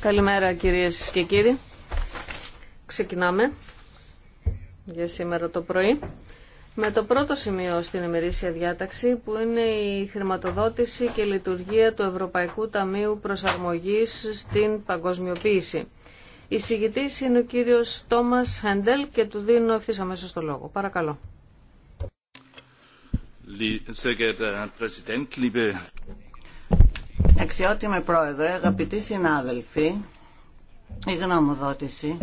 Καλημέρα κυρίες και κύριοι. Ξεκινάμε για σήμερα το πρωί με το πρώτο σημείο στην ημερήσια διάταξη που είναι η χρηματοδότηση και λειτουργία του Ευρωπαϊκού Ταμείου Προσαρμογής στην Παγκοσμιοποίηση. Η συγητής είναι ο κύριος Τόμας Χέντελ και του δίνω ευθύς αμέσως το λόγο. Παρακαλώ. Sehr Πρόεδρε, αγαπητοί συνάδελφοι, η γνωμοδότηση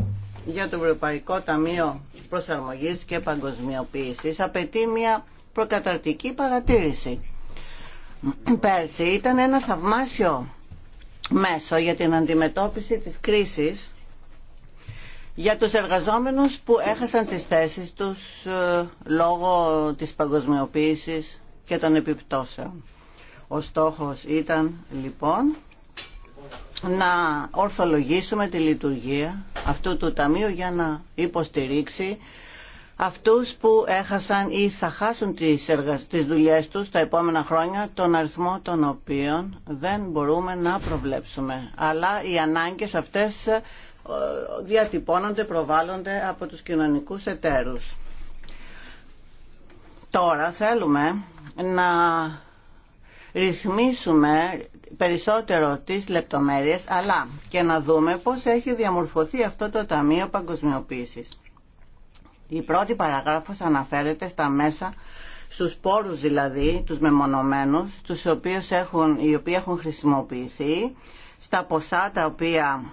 για το Ευρωπαϊκό Ταμείο Προσαρμογής και Παγκοσμιοποίησης απαιτεί μια προκαταρτική παρατήρηση. Πέρσι ήταν ένα θαυμάσιο μέσο για την αντιμετώπιση της κρίσης για τους εργαζόμενους που έχασαν τις θέσεις τους ε, λόγω της παγκοσμιοποίησης και των επιπτώσεων. Ο στόχος ήταν λοιπόν να ορθολογήσουμε τη λειτουργία αυτού του Ταμείου για να υποστηρίξει αυτούς που έχασαν ή θα χάσουν τις, εργα... τις τους τα επόμενα χρόνια, τον αριθμό των οποίων δεν μπορούμε να προβλέψουμε. Αλλά οι ανάγκες αυτές διατυπώνονται, προβάλλονται από τους κοινωνικούς εταίρους. Τώρα θέλουμε να ρυθμίσουμε περισσότερο τις λεπτομέρειες, αλλά και να δούμε πώς έχει διαμορφωθεί αυτό το Ταμείο Παγκοσμιοποίησης. Η πρώτη παραγράφος αναφέρεται στα μέσα στους πόρους δηλαδή, τους μεμονωμένους, τους οποίους έχουν, οι οποίοι έχουν χρησιμοποιηθεί, στα ποσά τα οποία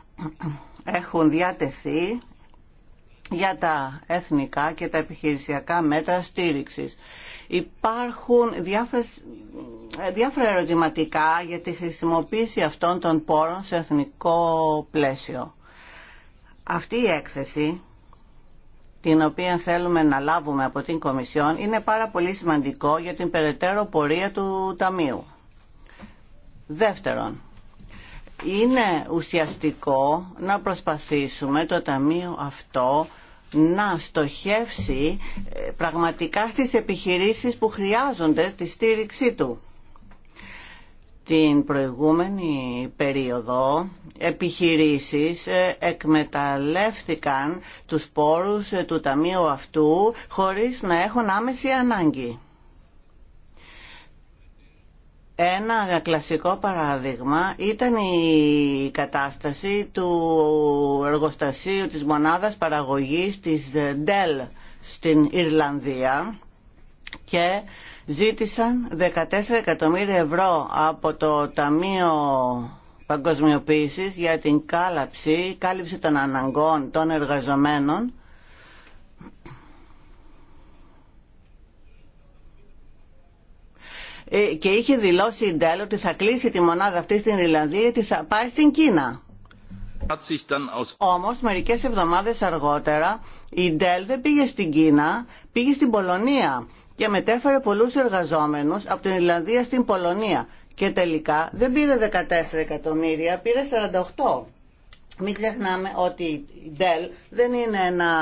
έχουν διατεθεί για τα εθνικά και τα επιχειρησιακά μέτρα στήριξης. Υπάρχουν διάφορα ερωτηματικά για τη χρησιμοποίηση αυτών των πόρων σε εθνικό πλαίσιο. Αυτή η έκθεση την οποία θέλουμε να λάβουμε από την Κομισιόν είναι πάρα πολύ σημαντικό για την περαιτέρω πορεία του Ταμείου. Δεύτερον, είναι ουσιαστικό να προσπαθήσουμε το Ταμείο αυτό να στοχεύσει ε, πραγματικά στις επιχειρήσεις που χρειάζονται τη στήριξή του. Την προηγούμενη περίοδο επιχειρήσεις ε, εκμεταλλεύτηκαν τους πόρους ε, του ταμείου αυτού χωρίς να έχουν άμεση ανάγκη. Ένα κλασικό παράδειγμα ήταν η κατάσταση του εργοστασίου της μονάδας παραγωγής της Dell στην Ιρλανδία και ζήτησαν 14 εκατομμύρια ευρώ από το Ταμείο Παγκοσμιοποίησης για την κάλυψη, κάλυψη των αναγκών των εργαζομένων Ε, και είχε δηλώσει η Ντέλ ότι θα κλείσει τη μονάδα αυτή στην Ιρλανδία και θα πάει στην Κίνα. Όμως μερικές εβδομάδες αργότερα η Ντέλ δεν πήγε στην Κίνα, πήγε στην Πολωνία και μετέφερε πολλούς εργαζόμενους από την Ιρλανδία στην Πολωνία. Και τελικά δεν πήρε 14 εκατομμύρια, πήρε 48. Μην ξεχνάμε ότι η Dell δεν είναι ένα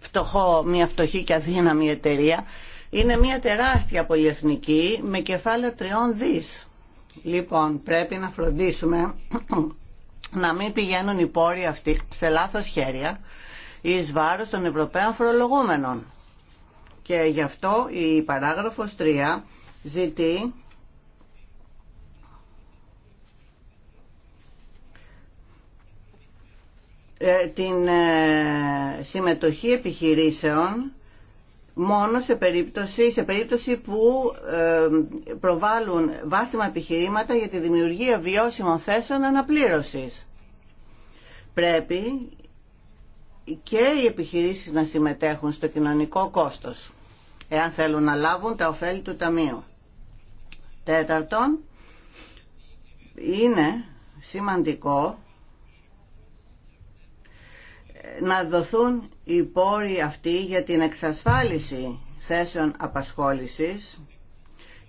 φτωχό, μια φτωχή και αδύναμη εταιρεία είναι μια τεράστια πολυεθνική με κεφάλαιο τριών δις. Λοιπόν, πρέπει να φροντίσουμε να μην πηγαίνουν οι πόροι αυτοί σε λάθος χέρια εις βάρος των Ευρωπαίων φορολογούμενων. Και γι' αυτό η παράγραφος 3 ζητεί ε, την ε, συμμετοχή επιχειρήσεων μόνο σε περίπτωση, σε περίπτωση που ε, προβάλλουν βάσιμα επιχειρήματα για τη δημιουργία βιώσιμων θέσεων αναπλήρωσης. Πρέπει και οι επιχειρήσεις να συμμετέχουν στο κοινωνικό κόστος, εάν θέλουν να λάβουν τα ωφέλη του Ταμείου. Τέταρτον, είναι σημαντικό να δοθούν οι πόροι αυτοί για την εξασφάλιση θέσεων απασχόλησης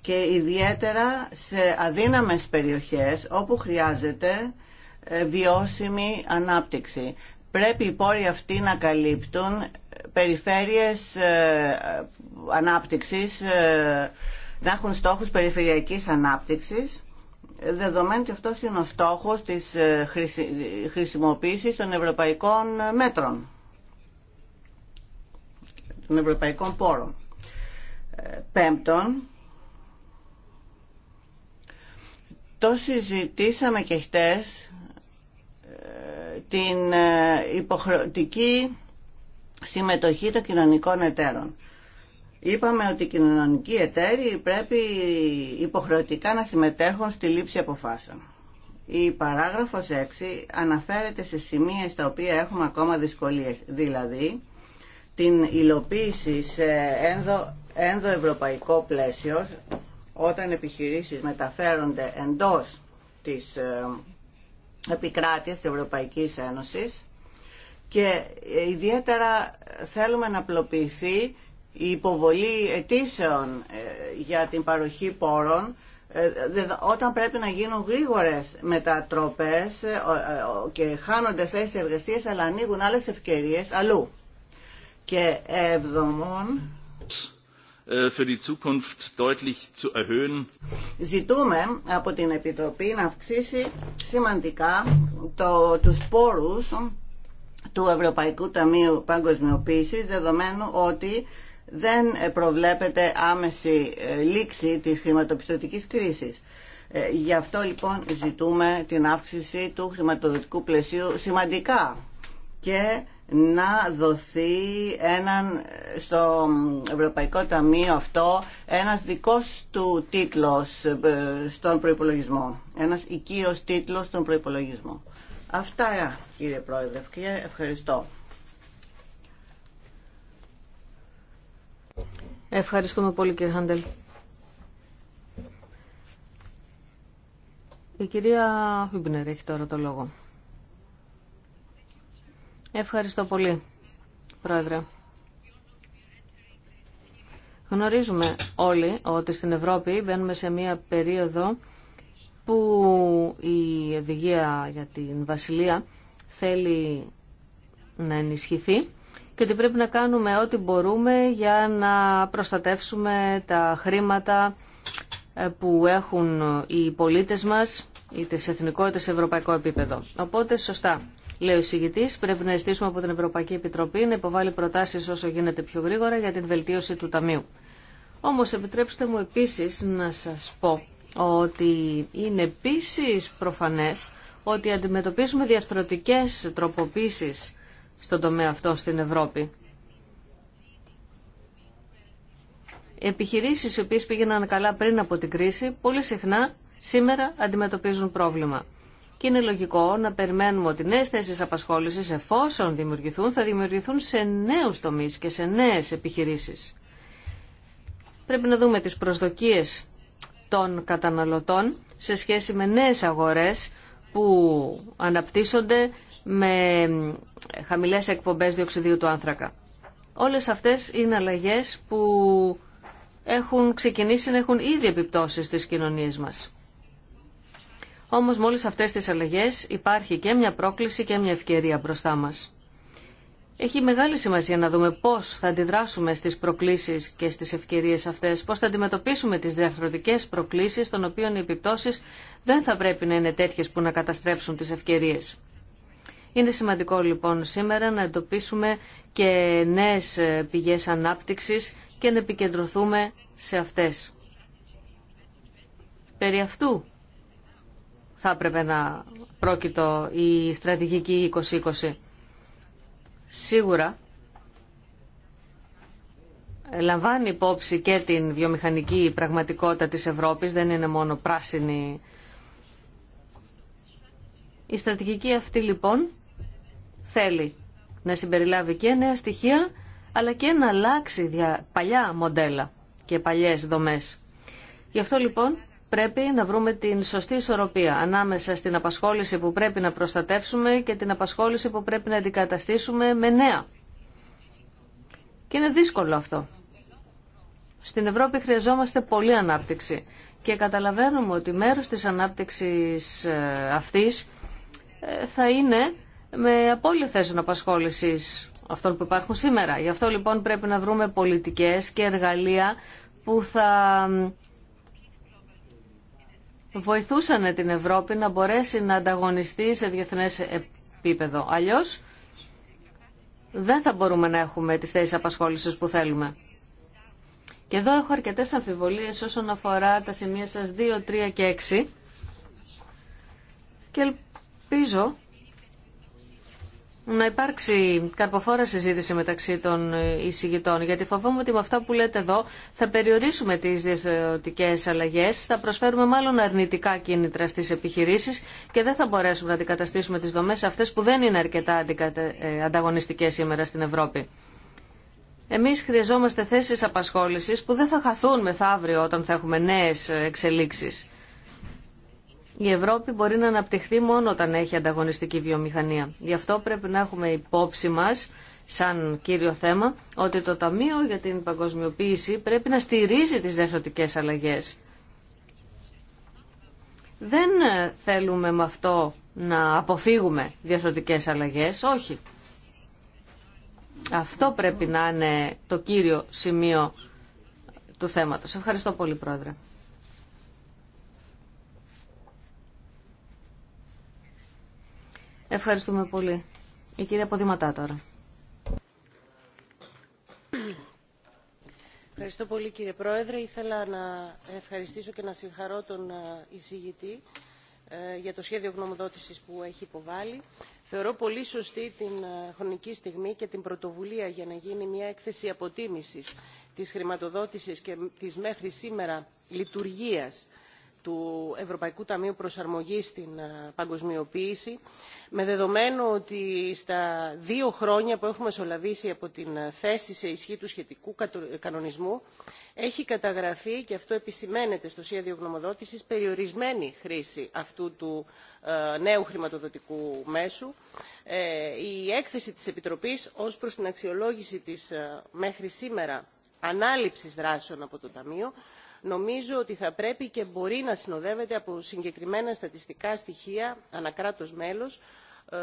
και ιδιαίτερα σε αδύναμες περιοχές όπου χρειάζεται ε, βιώσιμη ανάπτυξη. Πρέπει οι πόροι αυτοί να καλύπτουν ε, περιφέρειες ε, ανάπτυξης, να έχουν στόχους περιφερειακής ανάπτυξης δεδομένου ότι αυτός είναι ο στόχος της ε, χρησιμοποίησης των ευρωπαϊκών μέτρων, των ευρωπαϊκών πόρων. Ε, πέμπτον, το συζητήσαμε και χτες ε, την υποχρεωτική συμμετοχή των κοινωνικών εταίρων. Είπαμε ότι οι κοινωνικοί εταίροι πρέπει υποχρεωτικά να συμμετέχουν στη λήψη αποφάσεων. Η παράγραφος 6 αναφέρεται σε σημεία στα οποία έχουμε ακόμα δυσκολίες, δηλαδή την υλοποίηση σε ένδο, ενδοευρωπαϊκό πλαίσιο όταν επιχειρήσεις μεταφέρονται εντός της ε, επικράτειας της Ευρωπαϊκής Ένωσης και ιδιαίτερα θέλουμε να απλοποιηθεί η υποβολή αιτήσεων ε, για την παροχή πόρων ε, όταν πρέπει να γίνουν γρήγορες μετατροπές ε, και χάνονται θέσεις εργασίας αλλά ανοίγουν άλλες ευκαιρίες αλλού. Και έβδομον deutlich Ζητούμε από την Επιτροπή να αυξήσει σημαντικά το, τους πόρους του Ευρωπαϊκού Ταμείου Παγκοσμιοποίησης δεδομένου ότι δεν προβλέπεται άμεση ε, λήξη της χρηματοπιστωτικής κρίσης. Ε, γι' αυτό λοιπόν ζητούμε την αύξηση του χρηματοδοτικού πλαισίου σημαντικά και να δοθεί έναν, στο Ευρωπαϊκό Ταμείο αυτό ένας δικός του τίτλος ε, στον προϋπολογισμό. Ένας οικείος τίτλος στον προϋπολογισμό. Αυτά κύριε Πρόεδρε και ευχαριστώ. Ευχαριστούμε πολύ κύριε Χάντελ. Η κυρία Χούμπνερ έχει τώρα το λόγο. Ευχαριστώ πολύ, Πρόεδρε. Γνωρίζουμε όλοι ότι στην Ευρώπη μπαίνουμε σε μία περίοδο που η οδηγία για την Βασιλεία θέλει να ενισχυθεί και ότι πρέπει να κάνουμε ό,τι μπορούμε για να προστατεύσουμε τα χρήματα ε, που έχουν οι πολίτες μας είτε σε εθνικό είτε σε ευρωπαϊκό επίπεδο. Οπότε, σωστά, λέει ο εισηγητή, πρέπει να αισθήσουμε από την Ευρωπαϊκή Επιτροπή να υποβάλει προτάσεις όσο γίνεται πιο γρήγορα για την βελτίωση του Ταμείου. Όμως, επιτρέψτε μου επίσης να σας πω ότι είναι επίση προφανές ότι αντιμετωπίζουμε διαρθρωτικές τροποποίησεις στον τομέα αυτό στην Ευρώπη. Επιχειρήσεις οι οποίες πήγαιναν καλά πριν από την κρίση, πολύ συχνά σήμερα αντιμετωπίζουν πρόβλημα. Και είναι λογικό να περιμένουμε ότι νέε θέσει απασχόληση, εφόσον δημιουργηθούν, θα δημιουργηθούν σε νέου τομεί και σε νέε επιχειρήσει. Πρέπει να δούμε τι προσδοκίε των καταναλωτών σε σχέση με νέες αγορές που αναπτύσσονται με χαμηλές εκπομπές διοξιδίου του άνθρακα. Όλες αυτές είναι αλλαγές που έχουν ξεκινήσει να έχουν ήδη επιπτώσεις στις κοινωνίες μας. Όμως με όλες αυτές τις αλλαγές υπάρχει και μια πρόκληση και μια ευκαιρία μπροστά μας. Έχει μεγάλη σημασία να δούμε πώς θα αντιδράσουμε στις προκλήσεις και στις ευκαιρίες αυτές, πώς θα αντιμετωπίσουμε τις διαφορετικές προκλήσεις των οποίων οι επιπτώσεις δεν θα πρέπει να είναι τέτοιες που να καταστρέψουν τις ευκαιρίες. Είναι σημαντικό λοιπόν σήμερα να εντοπίσουμε και νέες πηγές ανάπτυξης και να επικεντρωθούμε σε αυτές. Περί αυτού θα έπρεπε να πρόκειτο η στρατηγική 2020. Σίγουρα λαμβάνει υπόψη και την βιομηχανική πραγματικότητα της Ευρώπης, δεν είναι μόνο πράσινη. Η στρατηγική αυτή λοιπόν θέλει να συμπεριλάβει και νέα στοιχεία, αλλά και να αλλάξει δια... παλιά μοντέλα και παλιές δομές. Γι' αυτό λοιπόν πρέπει να βρούμε την σωστή ισορροπία ανάμεσα στην απασχόληση που πρέπει να προστατεύσουμε και την απασχόληση που πρέπει να αντικαταστήσουμε με νέα. Και είναι δύσκολο αυτό. Στην Ευρώπη χρειαζόμαστε πολλή ανάπτυξη και καταλαβαίνουμε ότι μέρος της ανάπτυξης ε, αυτής ε, θα είναι με απόλυτη θέση απασχόλησης αυτών που υπάρχουν σήμερα. Γι' αυτό λοιπόν πρέπει να βρούμε πολιτικές και εργαλεία που θα βοηθούσαν την Ευρώπη να μπορέσει να ανταγωνιστεί σε διεθνές επίπεδο. Αλλιώς δεν θα μπορούμε να έχουμε τις θέσεις απασχόλησης που θέλουμε. Και εδώ έχω αρκετές αμφιβολίες όσον αφορά τα σημεία σας 2, 3 και 6 και ελπίζω να υπάρξει καρποφόρα συζήτηση μεταξύ των εισηγητών, γιατί φοβόμαι ότι με αυτά που λέτε εδώ θα περιορίσουμε τις διευθυντικές αλλαγέ, θα προσφέρουμε μάλλον αρνητικά κίνητρα στι επιχειρήσεις και δεν θα μπορέσουμε να αντικαταστήσουμε τις δομές αυτές που δεν είναι αρκετά ε, ανταγωνιστικές σήμερα στην Ευρώπη. Εμεί χρειαζόμαστε θέσει απασχόληση που δεν θα χαθούν μεθαύριο όταν θα έχουμε νέε εξελίξει. Η Ευρώπη μπορεί να αναπτυχθεί μόνο όταν έχει ανταγωνιστική βιομηχανία. Γι' αυτό πρέπει να έχουμε υπόψη μας, σαν κύριο θέμα, ότι το Ταμείο για την Παγκοσμιοποίηση πρέπει να στηρίζει τις διαφορετικές αλλαγές. Δεν θέλουμε με αυτό να αποφύγουμε διαφορετικές αλλαγές, όχι. Αυτό πρέπει να είναι το κύριο σημείο του θέματος. Ευχαριστώ πολύ, Πρόεδρε. Ευχαριστούμε πολύ. Η κυρία Ποδηματά τώρα. Ευχαριστώ πολύ κύριε Πρόεδρε. Ήθελα να ευχαριστήσω και να συγχαρώ τον ε, εισηγητή ε, για το σχέδιο γνωμοδότησης που έχει υποβάλει. Θεωρώ πολύ σωστή την ε, χρονική στιγμή και την πρωτοβουλία για να γίνει μια έκθεση αποτίμησης της χρηματοδότησης και της μέχρι σήμερα λειτουργίας του Ευρωπαϊκού Ταμείου Προσαρμογής στην ε, παγκοσμιοποίηση με δεδομένο ότι στα δύο χρόνια που έχουμε μεσολαβήσει από την ε, θέση σε ισχύ του σχετικού ε, κανονισμού έχει καταγραφεί και αυτό επισημαίνεται στο σχέδιο γνωμοδότησης περιορισμένη χρήση αυτού του νέου χρηματοδοτικού μέσου. Η έκθεση της Επιτροπής ως προς την αξιολόγηση της μέχρι σήμερα ανάληψης δράσεων από το Ταμείο νομίζω ότι θα πρέπει και μπορεί να συνοδεύεται από συγκεκριμένα στατιστικά στοιχεία κράτος μέλος ε,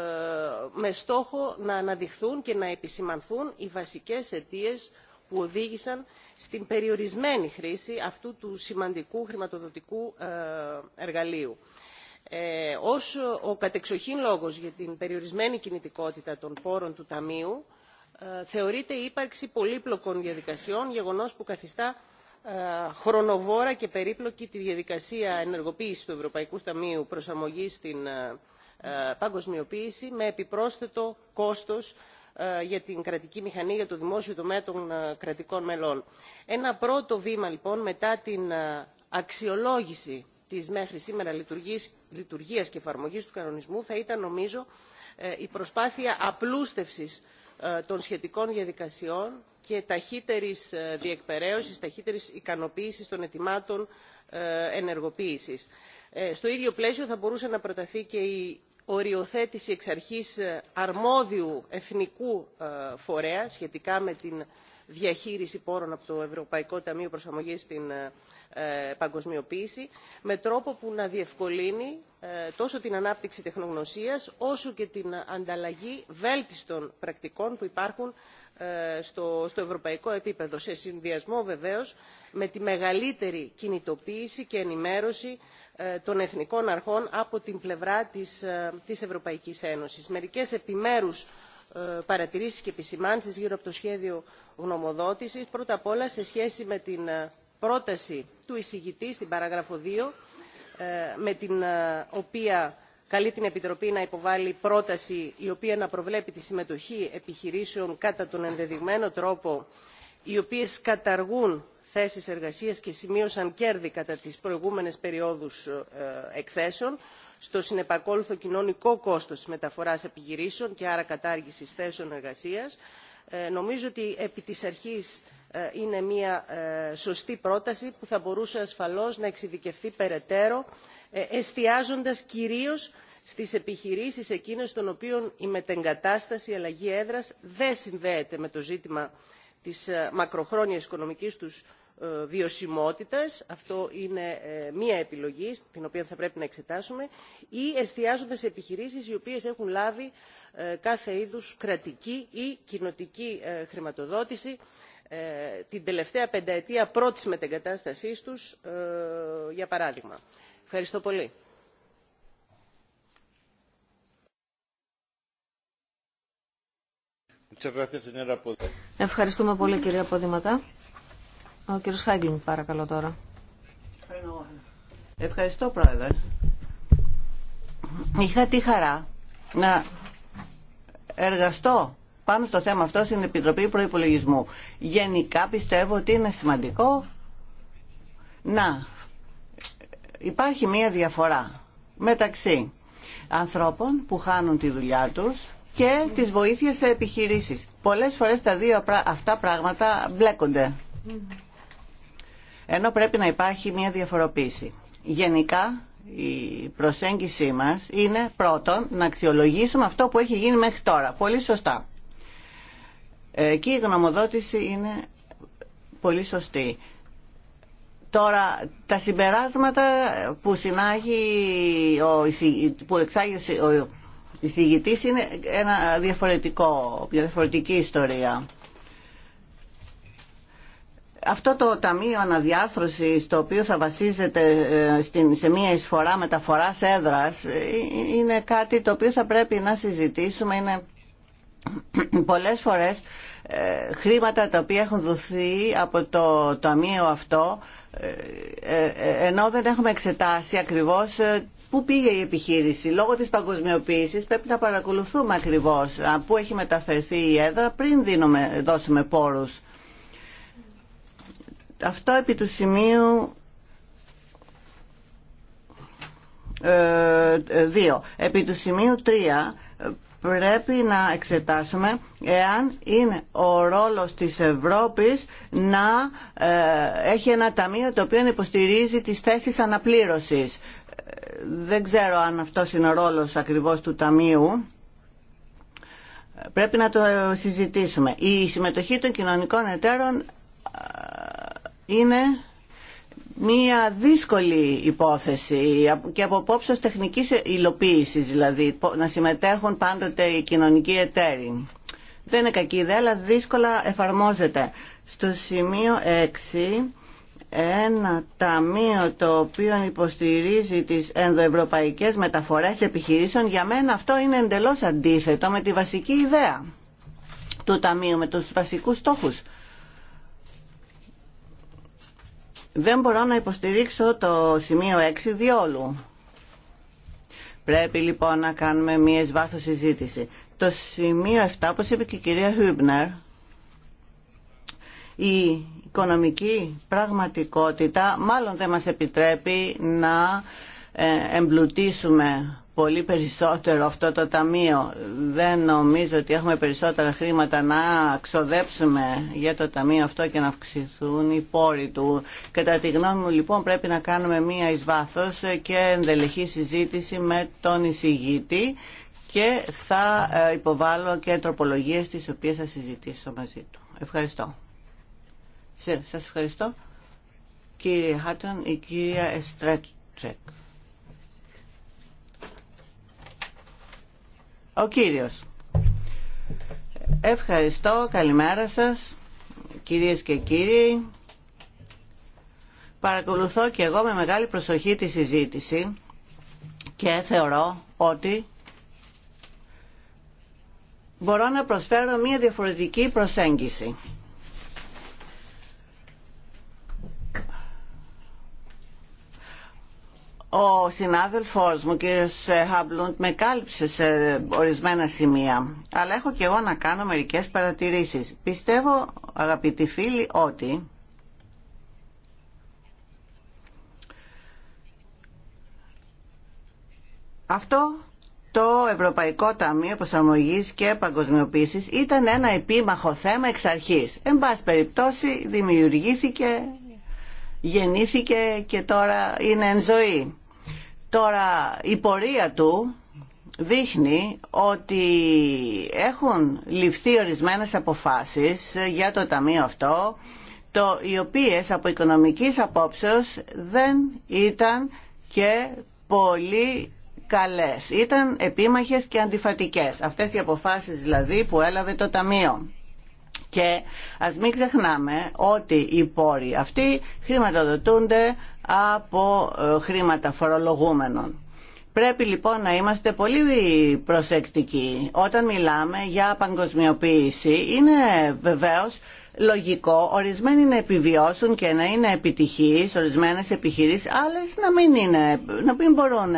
με στόχο να αναδειχθούν και να επισημανθούν οι βασικές αιτίες που οδήγησαν στην περιορισμένη χρήση αυτού του σημαντικού χρηματοδοτικού ε, εργαλείου. Ε, ως ο κατεξοχήν λόγος για την περιορισμένη κινητικότητα των πόρων του Ταμείου ε, θεωρείται η ύπαρξη πολύπλοκων διαδικασιών, γεγονός που καθιστά ε, χρονοβόρα και περίπλοκη τη διαδικασία ενεργοποίησης του Ευρωπαϊκού Ταμείου προσαρμογής στην ε, ε, παγκοσμιοποίηση με επιπρόσθετο κόστος για την κρατική μηχανή για το δημόσιο τομέα των κρατικών μελών. Ένα πρώτο βήμα λοιπόν μετά την αξιολόγηση της μέχρι σήμερα λειτουργίας και εφαρμογής του κανονισμού θα ήταν νομίζω η προσπάθεια απλούστευσης ε, των σχετικών διαδικασιών και ταχύτερης ε, διεκπαιρέωσης, ταχύτερης ικανοποίησης των ετοιμάτων ε, ενεργοποίησης. Στο ίδιο πλαίσιο θα μπορούσε να προταθεί και η οριοθέτηση εξ αρχής αρμόδιου εθνικού φορέα σχετικά με την διαχείριση πόρων από το Ευρωπαϊκό Ταμείο Προσαρμογής στην Παγκοσμιοποίηση με τρόπο που να διευκολύνει ε, τόσο την ανάπτυξη τεχνογνωσίας όσο και την ανταλλαγή βέλτιστων πρακτικών που υπάρχουν ε, στο, ευρωπαϊκό επίπεδο σε συνδυασμό βεβαίως με τη μεγαλύτερη κινητοποίηση και ενημέρωση ε, των εθνικών αρχών από την πλευρά της, της Ευρωπαϊκής Ένωσης. Μερικές επιμέρους παρατηρήσεις και επισημάνσεις γύρω από το σχέδιο γνωμοδότησης. Πρώτα απ' όλα σε σχέση με την πρόταση του εισηγητή στην παράγραφο 2 ε, με την ε, οποία καλεί την Επιτροπή να υποβάλει πρόταση η οποία να προβλέπει τη συμμετοχή επιχειρήσεων κατά τον ενδεδειγμένο τρόπο οι οποίες καταργούν θέσεις εργασίας και σημείωσαν κέρδη κατά τις προηγούμενες περιόδους ε, εκθέσεων στο συνεπακόλουθο κοινωνικό κόστος της μεταφοράς επιχειρήσεων και άρα κατάργησης θέσεων εργασίας. Νομίζω ότι επί της αρχής ε, είναι μια ε, σωστή πρόταση που θα μπορούσε ασφαλώς να εξειδικευτεί περαιτέρω ε, εστιάζοντας κυρίως στις επιχειρήσεις εκείνες των οποίων η μετεγκατάσταση η αλλαγή έδρας δεν συνδέεται με το ζήτημα της μακροχρόνιας οικονομικής τους βιωσιμότητας αυτό είναι μία επιλογή την οποία θα πρέπει να εξετάσουμε ή εστιάζοντας σε επιχειρήσεις οι οποίες έχουν λάβει κάθε είδους κρατική ή κοινοτική χρηματοδότηση ε, την τελευταία πενταετία πρώτης μετεγκατάστασής τους, ε, για παράδειγμα. Ευχαριστώ πολύ. Ευχαριστούμε πολύ κυρία Ποδηματά. Ο κύριος Χάγκλινγκ παρακαλώ τώρα. Ευχαριστώ πρόεδρε. Είχα τη χαρά να εργαστώ πάνω στο θέμα αυτό στην Επιτροπή Προϋπολογισμού. Γενικά πιστεύω ότι είναι σημαντικό να υπάρχει μία διαφορά μεταξύ ανθρώπων που χάνουν τη δουλειά τους και τις βοήθειες σε επιχειρήσεις. Πολλές φορές τα δύο αυτά πράγματα μπλέκονται. Ενώ πρέπει να υπάρχει μία διαφοροποίηση. Γενικά η προσέγγιση μας είναι πρώτον να αξιολογήσουμε αυτό που έχει γίνει μέχρι τώρα. Πολύ σωστά και η γνωμοδότηση είναι πολύ σωστή. Τώρα, τα συμπεράσματα που, συνάγει που εξάγει ο εισηγητής είναι ένα διαφορετικό, διαφορετική ιστορία. Αυτό το Ταμείο Αναδιάρθρωσης, το οποίο θα βασίζεται ε, σε μία εισφορά μεταφοράς έδρας, ε, ε, είναι κάτι το οποίο θα πρέπει να συζητήσουμε, είναι πολλές φορές ε, χρήματα τα οποία έχουν δοθεί από το ταμείο αυτό ε, ε, ενώ δεν έχουμε εξετάσει ακριβώς πού πήγε η επιχείρηση. Λόγω της παγκοσμιοποίησης πρέπει να παρακολουθούμε ακριβώς πού έχει μεταφερθεί η έδρα πριν δίνουμε, δώσουμε πόρους. Αυτό επί του σημείου δύο. Επί του σημείου 3 πρέπει να εξετάσουμε εάν είναι ο ρόλος της Ευρώπης να ε, έχει ένα ταμείο το οποίο υποστηρίζει τις θέσεις αναπλήρωσης. Ε, δεν ξέρω αν αυτό είναι ο ρόλος ακριβώς του ταμείου. Πρέπει να το συζητήσουμε. Η συμμετοχή των κοινωνικών εταίρων ε, είναι μία δύσκολη υπόθεση και από απόψε τεχνικής υλοποίησης δηλαδή, να συμμετέχουν πάντοτε οι κοινωνικοί εταίροι. Δεν είναι κακή ιδέα, αλλά δύσκολα εφαρμόζεται. Στο σημείο 6, ένα ταμείο το οποίο υποστηρίζει τις ενδοευρωπαϊκές μεταφορές επιχειρήσεων, για μένα αυτό είναι εντελώς αντίθετο με τη βασική ιδέα του ταμείου, με τους βασικούς στόχους δεν μπορώ να υποστηρίξω το σημείο 6 διόλου. Πρέπει λοιπόν να κάνουμε μία εις συζήτηση. Το σημείο 7, όπως είπε και η κυρία Χούμπνερ, η οικονομική πραγματικότητα μάλλον δεν μας επιτρέπει να ε, εμπλουτίσουμε πολύ περισσότερο αυτό το ταμείο. Δεν νομίζω ότι έχουμε περισσότερα χρήματα να ξοδέψουμε για το ταμείο αυτό και να αυξηθούν οι πόροι του. Κατά τη γνώμη μου λοιπόν πρέπει να κάνουμε μία εις και ενδελεχή συζήτηση με τον εισηγήτη και θα ε, υποβάλω και τροπολογίες τις οποίες θα συζητήσω μαζί του. Ευχαριστώ. Σας ευχαριστώ. Κύριε Χάτον, η κυρία Εστρέτσεκ. Ο κύριος. Ευχαριστώ, καλημέρα σας, κυρίες και κύριοι. Παρακολουθώ και εγώ με μεγάλη προσοχή τη συζήτηση και θεωρώ ότι μπορώ να προσφέρω μια διαφορετική προσέγγιση. Ο συνάδελφός μου, κύριος ε, Χαμπλούντ, με κάλυψε σε ορισμένα σημεία, αλλά έχω και εγώ να κάνω μερικές παρατηρήσεις. Πιστεύω, αγαπητοί φίλοι, ότι αυτό το Ευρωπαϊκό Ταμείο Προσαρμογής και Παγκοσμιοποίησης ήταν ένα επίμαχο θέμα εξ αρχή. Εν πάση περιπτώσει, δημιουργήθηκε γεννήθηκε και τώρα είναι εν ζωή. Τώρα η πορεία του δείχνει ότι έχουν ληφθεί ορισμένες αποφάσεις για το ταμείο αυτό, το οι οποίες από οικονομικής απόψεως δεν ήταν και πολύ καλές. Ήταν επίμαχες και αντιφατικές. Αυτές οι αποφάσεις δηλαδή που έλαβε το Ταμείο. Και ας μην ξεχνάμε ότι οι πόροι αυτοί χρηματοδοτούνται από ε, χρήματα φορολογούμενων. Πρέπει λοιπόν να είμαστε πολύ προσεκτικοί. Όταν μιλάμε για παγκοσμιοποίηση είναι βεβαίως λογικό ορισμένοι να επιβιώσουν και να είναι επιτυχείς, ορισμένες επιχειρήσεις, άλλες να μην, είναι, να μην μπορούν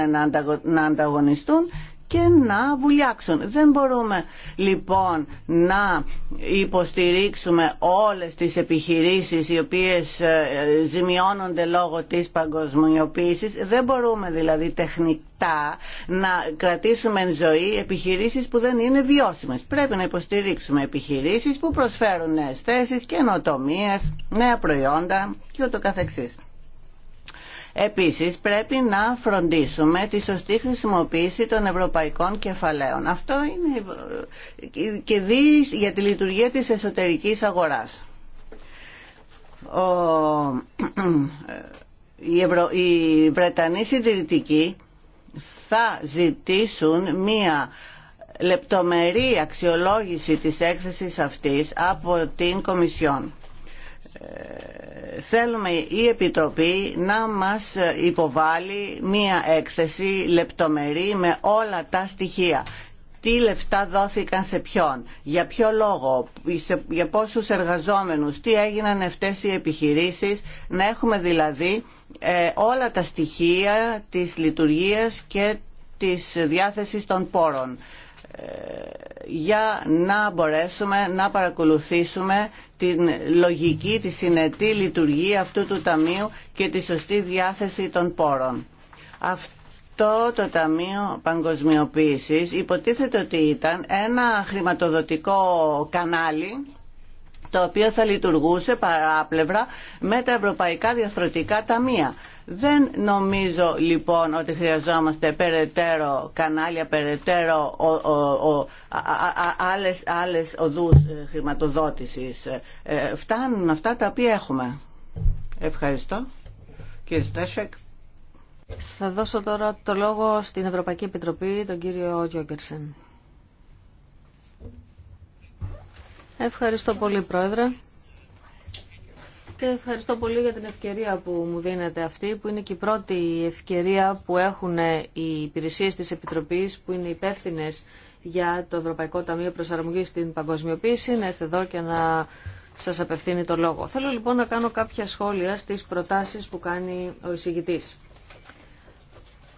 να ανταγωνιστούν και να βουλιάξουν. Δεν μπορούμε λοιπόν να υποστηρίξουμε όλες τις επιχειρήσεις οι οποίες ε, ζημιώνονται λόγω της παγκοσμιοποίησης. Δεν μπορούμε δηλαδή τεχνικά, να κρατήσουμε εν ζωή επιχειρήσεις που δεν είναι βιώσιμες. Πρέπει να υποστηρίξουμε επιχειρήσεις που προσφέρουν νέες θέσεις, καινοτομίες, νέα προϊόντα και ούτω καθεξής. Επίσης πρέπει να φροντίσουμε τη σωστή χρησιμοποίηση των ευρωπαϊκών κεφαλαίων. Αυτό είναι ε, και δει για τη λειτουργία της εσωτερικής αγοράς. Ο... Οι, ε, Ευρω... οι Βρετανοί συντηρητικοί θα ζητήσουν μία λεπτομερή αξιολόγηση της έκθεσης αυτής από την Κομισιόν. Ε, θέλουμε η Επιτροπή να μας υποβάλει μία έκθεση λεπτομερή με όλα τα στοιχεία. Τι λεφτά δόθηκαν σε ποιον, για ποιο λόγο, για πόσους εργαζόμενους, τι έγιναν αυτές οι επιχειρήσεις, να έχουμε δηλαδή ε, όλα τα στοιχεία της λειτουργίας και της διάθεσης των πόρων για να μπορέσουμε να παρακολουθήσουμε την λογική, τη συνετή λειτουργία αυτού του Ταμείου και τη σωστή διάθεση των πόρων. Αυτό το Ταμείο Παγκοσμιοποίησης υποτίθεται ότι ήταν ένα χρηματοδοτικό κανάλι το οποίο θα λειτουργούσε παράπλευρα με τα ευρωπαϊκά διαστρωτικά ταμεία. Δεν νομίζω λοιπόν ότι χρειαζόμαστε περαιτέρω κανάλια, περαιτέρω ο, ο, ο, άλλες, άλλες οδούς ε, χρηματοδότησης. Ε, ε, φτάνουν αυτά τα οποία έχουμε. Ευχαριστώ. Κύριε Στέσσεκ. Θα δώσω τώρα το λόγο στην Ευρωπαϊκή Επιτροπή, τον κύριο Γιόγκερσεν. Ευχαριστώ πολύ, Πρόεδρε. Και ευχαριστώ πολύ για την ευκαιρία που μου δίνετε αυτή, που είναι και η πρώτη ευκαιρία που έχουν οι υπηρεσίες της Επιτροπής, που είναι υπεύθυνε για το Ευρωπαϊκό Ταμείο Προσαρμογής στην Παγκοσμιοποίηση, να έρθει εδώ και να σας απευθύνει το λόγο. Θέλω λοιπόν να κάνω κάποια σχόλια στις προτάσεις που κάνει ο εισηγητής.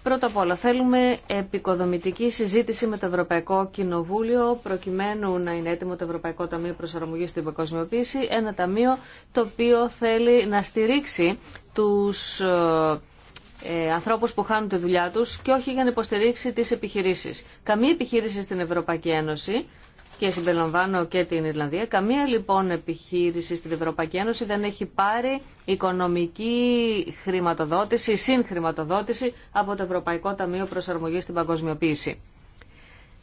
Πρώτα απ' όλα θέλουμε επικοδομητική συζήτηση με το Ευρωπαϊκό Κοινοβούλιο προκειμένου να είναι έτοιμο το Ευρωπαϊκό Ταμείο Προσαρμογής στην Παγκοσμιοποίηση, ένα ταμείο το οποίο θέλει να στηρίξει τους ε, ε ανθρώπους που χάνουν τη δουλειά τους και όχι για να υποστηρίξει τις επιχειρήσεις. Καμία επιχείρηση στην Ευρωπαϊκή Ένωση και συμπεριλαμβάνω και την Ιρλανδία. Καμία λοιπόν επιχείρηση στην Ευρωπαϊκή Ένωση δεν έχει πάρει οικονομική χρηματοδότηση, συγχρηματοδότηση από το Ευρωπαϊκό Ταμείο Προσαρμογή στην Παγκοσμιοποίηση.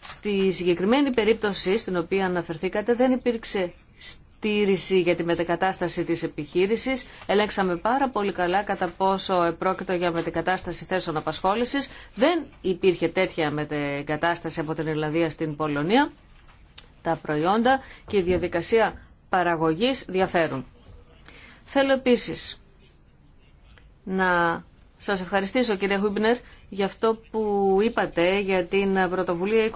Στη συγκεκριμένη περίπτωση στην οποία αναφερθήκατε δεν υπήρξε στήριση για τη μετεκατάσταση της επιχείρησης. Ελέξαμε πάρα πολύ καλά κατά πόσο επρόκειτο για μετεκατάσταση θέσεων απασχόλησης. Δεν υπήρχε τέτοια μετεκατάσταση από την Ιρλανδία στην Πολωνία. Τα προϊόντα και η διαδικασία παραγωγής διαφέρουν. Θέλω επίσης να σας ευχαριστήσω κύριε Χούμπνερ για αυτό που είπατε για την πρωτοβουλία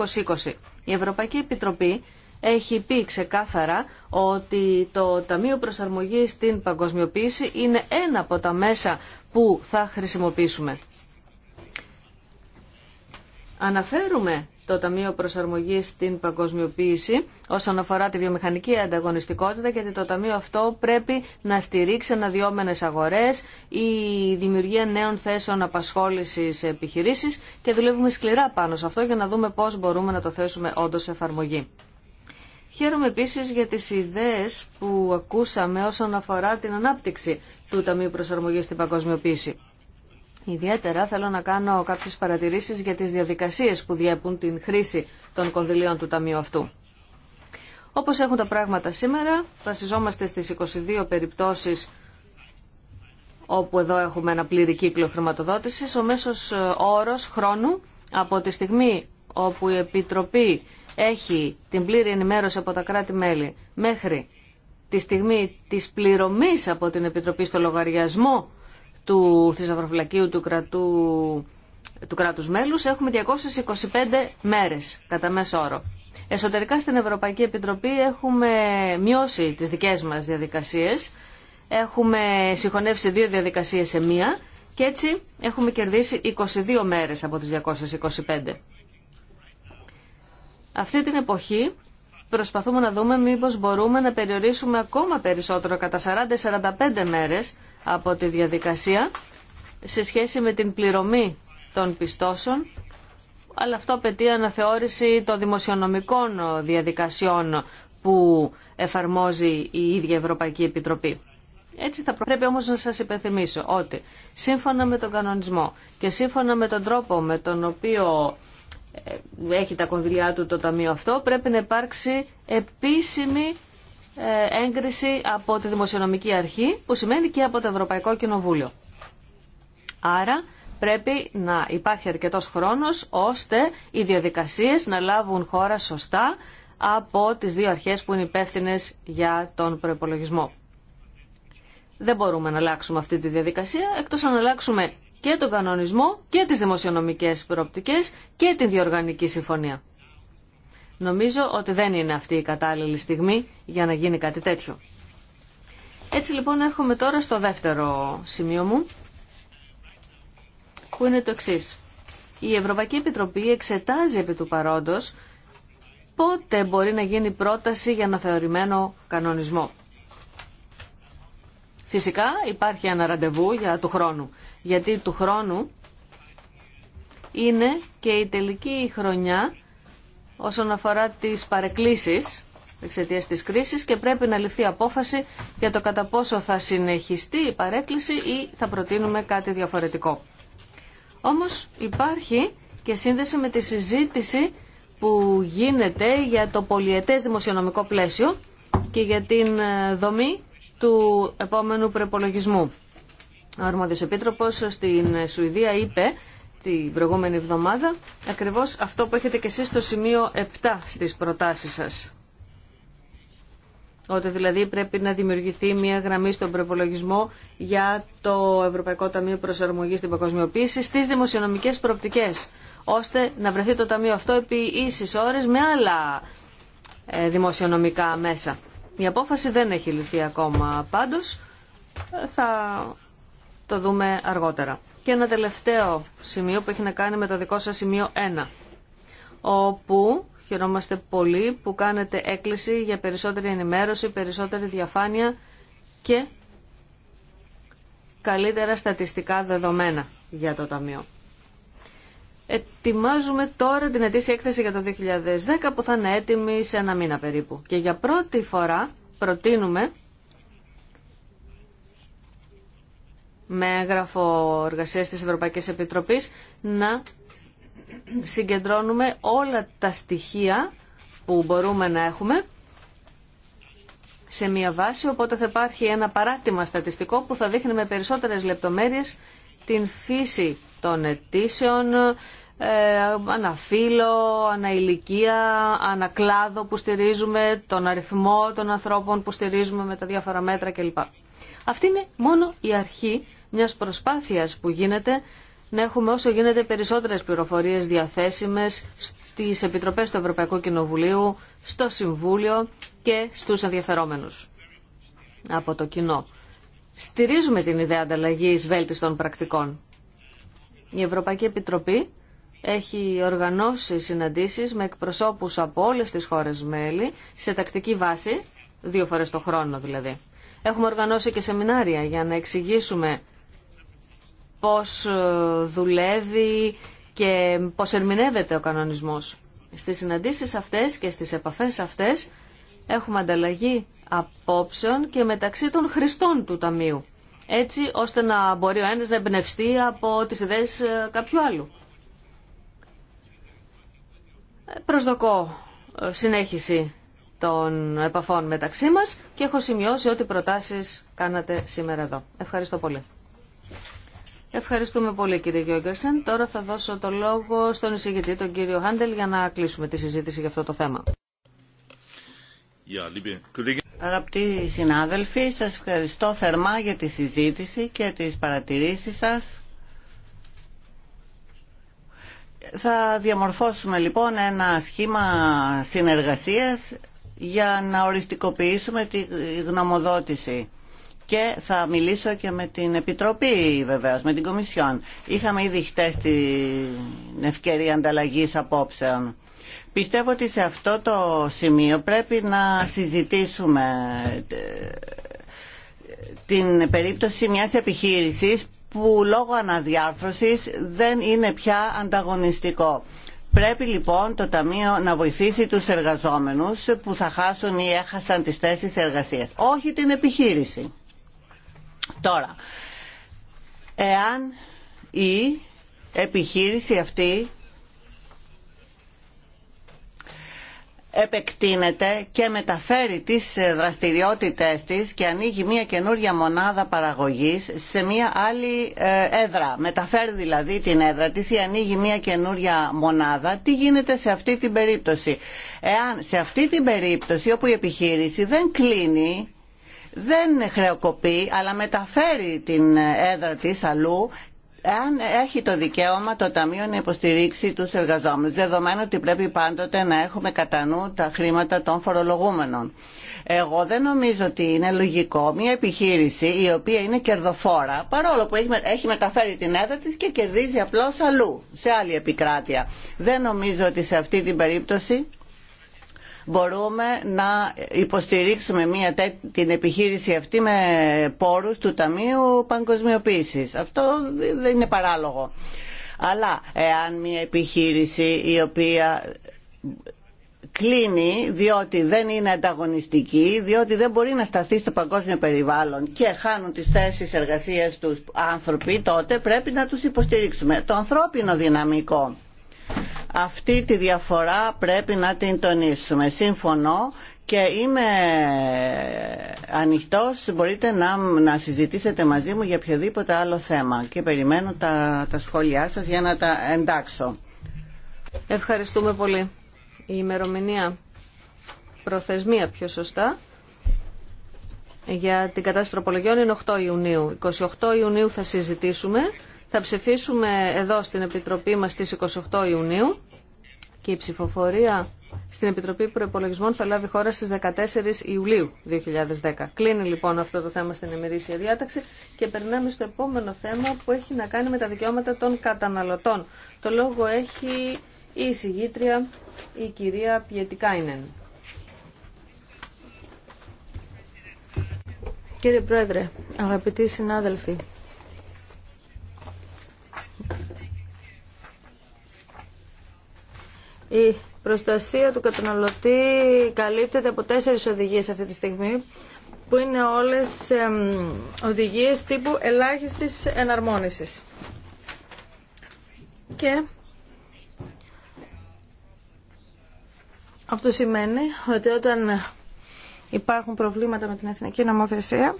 2020. Η Ευρωπαϊκή Επιτροπή έχει πει ξεκάθαρα ότι το Ταμείο Προσαρμογής στην Παγκοσμιοποίηση είναι ένα από τα μέσα που θα χρησιμοποιήσουμε. Αναφέρουμε το Ταμείο Προσαρμογής στην Παγκοσμιοποίηση όσον αφορά τη βιομηχανική ανταγωνιστικότητα γιατί το Ταμείο αυτό πρέπει να στηρίξει αναδυόμενε αγορές η δημιουργία νέων θέσεων απασχόλησης σε επιχειρήσεις και δουλεύουμε σκληρά πάνω σε αυτό για να δούμε πώς μπορούμε να το θέσουμε όντω σε εφαρμογή. Χαίρομαι επίση για τι ιδέε που ακούσαμε όσον αφορά την ανάπτυξη του Ταμείου προσαρμογή στην Παγκοσμιοποίηση. Ιδιαίτερα θέλω να κάνω κάποιες παρατηρήσεις για τις διαδικασίες που διέπουν την χρήση των κονδυλίων του Ταμείου αυτού. Όπως έχουν τα πράγματα σήμερα, βασιζόμαστε στις 22 περιπτώσεις όπου εδώ έχουμε ένα πλήρη κύκλο χρηματοδότησης. Ο μέσος ε, όρος χρόνου από τη στιγμή όπου η Επιτροπή έχει την πλήρη ενημέρωση από τα κράτη-μέλη μέχρι τη στιγμή της πληρωμής από την Επιτροπή στο λογαριασμό του θησαυροφυλακίου του, κρατού, του κράτους μέλους έχουμε 225 μέρες κατά μέσο όρο. Εσωτερικά στην Ευρωπαϊκή Επιτροπή έχουμε μειώσει τις δικές μας διαδικασίες. Έχουμε συγχωνεύσει δύο διαδικασίες σε μία και έτσι έχουμε κερδίσει 22 μέρες από τις 225. Αυτή την εποχή προσπαθούμε να δούμε μήπως μπορούμε να περιορίσουμε ακόμα περισσότερο κατά 40-45 μέρες από τη διαδικασία σε σχέση με την πληρωμή των πιστώσεων αλλά αυτό απαιτεί αναθεώρηση των δημοσιονομικών διαδικασιών που εφαρμόζει η ίδια Ευρωπαϊκή Επιτροπή. Έτσι θα πρέπει όμως να σας υπενθυμίσω ότι σύμφωνα με τον κανονισμό και σύμφωνα με τον τρόπο με τον οποίο ε, έχει τα κονδυλιά του το ταμείο αυτό πρέπει να υπάρξει επίσημη ε, έγκριση από τη Δημοσιονομική Αρχή, που σημαίνει και από το Ευρωπαϊκό Κοινοβούλιο. Άρα πρέπει να υπάρχει αρκετός χρόνος ώστε οι διαδικασίες να λάβουν χώρα σωστά από τις δύο αρχές που είναι υπεύθυνε για τον προπολογισμό. Δεν μπορούμε να αλλάξουμε αυτή τη διαδικασία εκτός αν αλλάξουμε και τον κανονισμό και τις δημοσιονομικές προοπτικές και την διοργανική συμφωνία. Νομίζω ότι δεν είναι αυτή η κατάλληλη στιγμή για να γίνει κάτι τέτοιο. Έτσι λοιπόν έρχομαι τώρα στο δεύτερο σημείο μου, που είναι το εξή. Η Ευρωπαϊκή Επιτροπή εξετάζει επί του παρόντος πότε μπορεί να γίνει πρόταση για θεωρημένο κανονισμό. Φυσικά υπάρχει ένα ραντεβού για του χρόνου, γιατί του χρόνου είναι και η τελική χρονιά όσον αφορά τις παρεκκλήσεις εξαιτία τη κρίση και πρέπει να ληφθεί απόφαση για το κατά πόσο θα συνεχιστεί η παρέκκληση ή θα προτείνουμε κάτι διαφορετικό. Όμω υπάρχει και σύνδεση με τη συζήτηση που γίνεται για το πολιετές δημοσιονομικό πλαίσιο και για την ε, δομή του επόμενου προπολογισμού. Ο Αρμόδιος Επίτροπος στην Σουηδία είπε την προηγούμενη εβδομάδα ακριβώς αυτό που έχετε και εσείς στο σημείο 7 στις προτάσεις σας. Ότι δηλαδή πρέπει να δημιουργηθεί μια γραμμή στον προπολογισμό για το Ευρωπαϊκό Ταμείο Προσαρμογής στην Παγκοσμιοποίηση στις δημοσιονομικές προοπτικές, ώστε να βρεθεί το Ταμείο αυτό επί ίσης ώρες με άλλα ε, δημοσιονομικά μέσα. Η απόφαση δεν έχει ληφθεί ακόμα πάντως. Ε, θα το δούμε αργότερα. Και ένα τελευταίο σημείο που έχει να κάνει με το δικό σας σημείο 1, όπου χαιρόμαστε πολύ που κάνετε έκκληση για περισσότερη ενημέρωση, περισσότερη διαφάνεια και καλύτερα στατιστικά δεδομένα για το Ταμείο. Ετοιμάζουμε τώρα την ετήσια έκθεση για το 2010 που θα είναι έτοιμη σε ένα μήνα περίπου. Και για πρώτη φορά προτείνουμε με έγγραφο εργασίας της Ευρωπαϊκής Επιτροπής να συγκεντρώνουμε όλα τα στοιχεία που μπορούμε να έχουμε σε μία βάση, οπότε θα υπάρχει ένα παράτημα στατιστικό που θα δείχνει με περισσότερες λεπτομέρειες την φύση των αιτήσεων, ε, αναφύλλο, αναηλικία, ανακλάδο που στηρίζουμε, τον αριθμό των ανθρώπων που στηρίζουμε με τα διάφορα μέτρα κλπ. Αυτή είναι μόνο η αρχή μιας προσπάθειας που γίνεται να έχουμε όσο γίνεται περισσότερες πληροφορίες διαθέσιμες στις Επιτροπές του Ευρωπαϊκού Κοινοβουλίου, στο Συμβούλιο και στους ενδιαφερόμενους από το κοινό. Στηρίζουμε την ιδέα ανταλλαγή βέλτιστων πρακτικών. Η Ευρωπαϊκή Επιτροπή έχει οργανώσει συναντήσεις με εκπροσώπους από όλες τις χώρες μέλη σε τακτική βάση, δύο φορές το χρόνο δηλαδή. Έχουμε οργανώσει και σεμινάρια για να εξηγήσουμε πώς ε, δουλεύει και πώς ερμηνεύεται ο κανονισμός. Στις συναντήσεις αυτές και στις επαφές αυτές έχουμε ανταλλαγή απόψεων και μεταξύ των χρηστών του Ταμείου, έτσι ώστε να μπορεί ο ένας να εμπνευστεί από τις ιδέες ε, κάποιου άλλου. Προσδοκώ ε, συνέχιση των επαφών μεταξύ μας και έχω σημειώσει ό,τι προτάσεις κάνατε σήμερα εδώ. Ευχαριστώ πολύ. Ευχαριστούμε πολύ κύριε Γιόγκερσεν. Τώρα θα δώσω το λόγο στον εισηγητή, τον κύριο Χάντελ, για να κλείσουμε τη συζήτηση για αυτό το θέμα. Αγαπητοί συνάδελφοι, σας ευχαριστώ θερμά για τη συζήτηση και τις παρατηρήσεις σας. Θα διαμορφώσουμε λοιπόν ένα σχήμα συνεργασίας για να οριστικοποιήσουμε τη γνωμοδότηση και θα μιλήσω και με την Επιτροπή βεβαίω με την Κομισιόν. Είχαμε ήδη χτες την ευκαιρία ανταλλαγής απόψεων. Πιστεύω ότι σε αυτό το σημείο πρέπει να συζητήσουμε ε, την περίπτωση μιας επιχείρησης που λόγω αναδιάρθρωσης δεν είναι πια ανταγωνιστικό. Πρέπει λοιπόν το Ταμείο να βοηθήσει τους εργαζόμενους που θα χάσουν ή έχασαν τις θέσεις εργασίας, όχι την επιχείρηση. Τώρα, εάν η επιχείρηση αυτή επεκτείνεται και μεταφέρει τις δραστηριότητες της και ανοίγει μια καινούρια μονάδα παραγωγής σε μια άλλη ε, έδρα. Μεταφέρει δηλαδή την έδρα της ή ανοίγει μια καινούρια μονάδα. Τι γίνεται σε αυτή την περίπτωση. Εάν σε αυτή την περίπτωση όπου η επιχείρηση δεν κλείνει δεν χρεοκοπεί αλλά μεταφέρει την έδρα της αλλού αν έχει το δικαίωμα το Ταμείο να υποστηρίξει τους εργαζόμενους, δεδομένου ότι πρέπει πάντοτε να έχουμε κατά νου τα χρήματα των φορολογούμενων. Εγώ δεν νομίζω ότι είναι λογικό μια επιχείρηση η οποία είναι κερδοφόρα, παρόλο που έχει μεταφέρει την έδρα της και κερδίζει απλώς αλλού, σε άλλη επικράτεια. Δεν νομίζω ότι σε αυτή την περίπτωση μπορούμε να υποστηρίξουμε μια την επιχείρηση αυτή με πόρους του Ταμείου Παγκοσμιοποίησης. Αυτό δεν είναι παράλογο. Αλλά εάν μια επιχείρηση η οποία κλείνει διότι δεν είναι ανταγωνιστική, διότι δεν μπορεί να σταθεί στο παγκόσμιο περιβάλλον και χάνουν τις θέσεις εργασίας τους άνθρωποι, τότε πρέπει να τους υποστηρίξουμε. Το ανθρώπινο δυναμικό αυτή τη διαφορά πρέπει να την τονίσουμε. Σύμφωνο και είμαι ανοιχτός, μπορείτε να, να συζητήσετε μαζί μου για οποιοδήποτε άλλο θέμα και περιμένω τα, τα σχόλιά σας για να τα εντάξω. Ευχαριστούμε πολύ. Η ημερομηνία προθεσμία πιο σωστά για την κατάσταση τροπολογιών είναι 8 Ιουνίου. 28 Ιουνίου θα συζητήσουμε. Θα ψηφίσουμε εδώ στην Επιτροπή μας στις 28 Ιουνίου και η ψηφοφορία στην Επιτροπή Προπολογισμών θα λάβει χώρα στις 14 Ιουλίου 2010. Κλείνει λοιπόν αυτό το θέμα στην ημερήσια διάταξη και περνάμε στο επόμενο θέμα που έχει να κάνει με τα δικαιώματα των καταναλωτών. Το λόγο έχει η εισηγήτρια η κυρία Πιετικάινεν. Κύριε Πρόεδρε, αγαπητοί συνάδελφοι, η προστασία του καταναλωτή καλύπτεται από τέσσερις οδηγίες αυτή τη στιγμή που είναι όλες οδηγίες τύπου ελάχιστης εναρμόνισης. Και αυτό σημαίνει ότι όταν υπάρχουν προβλήματα με την εθνική νομοθεσία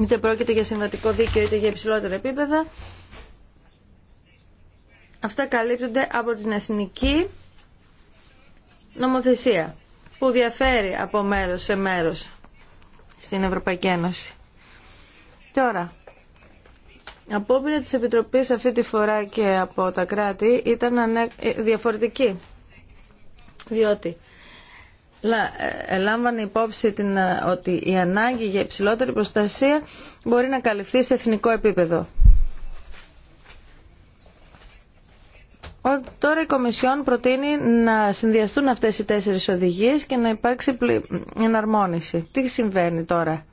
είτε πρόκειται για συμβατικό δίκαιο είτε για υψηλότερα επίπεδα αυτά καλύπτονται από την εθνική νομοθεσία που διαφέρει από μέρος σε μέρος στην Ευρωπαϊκή Ένωση. Τώρα, απόπειρα της Επιτροπής αυτή τη φορά και από τα κράτη ήταν ε, διαφορετική, διότι ε, λάμβανε υπόψη την, ε, ότι η ανάγκη για υψηλότερη προστασία μπορεί να καλυφθεί σε εθνικό επίπεδο. Τώρα η Κομισιόν προτείνει να συνδυαστούν αυτές οι τέσσερις οδηγίες και να υπάρξει εναρμόνιση. Τι συμβαίνει τώρα.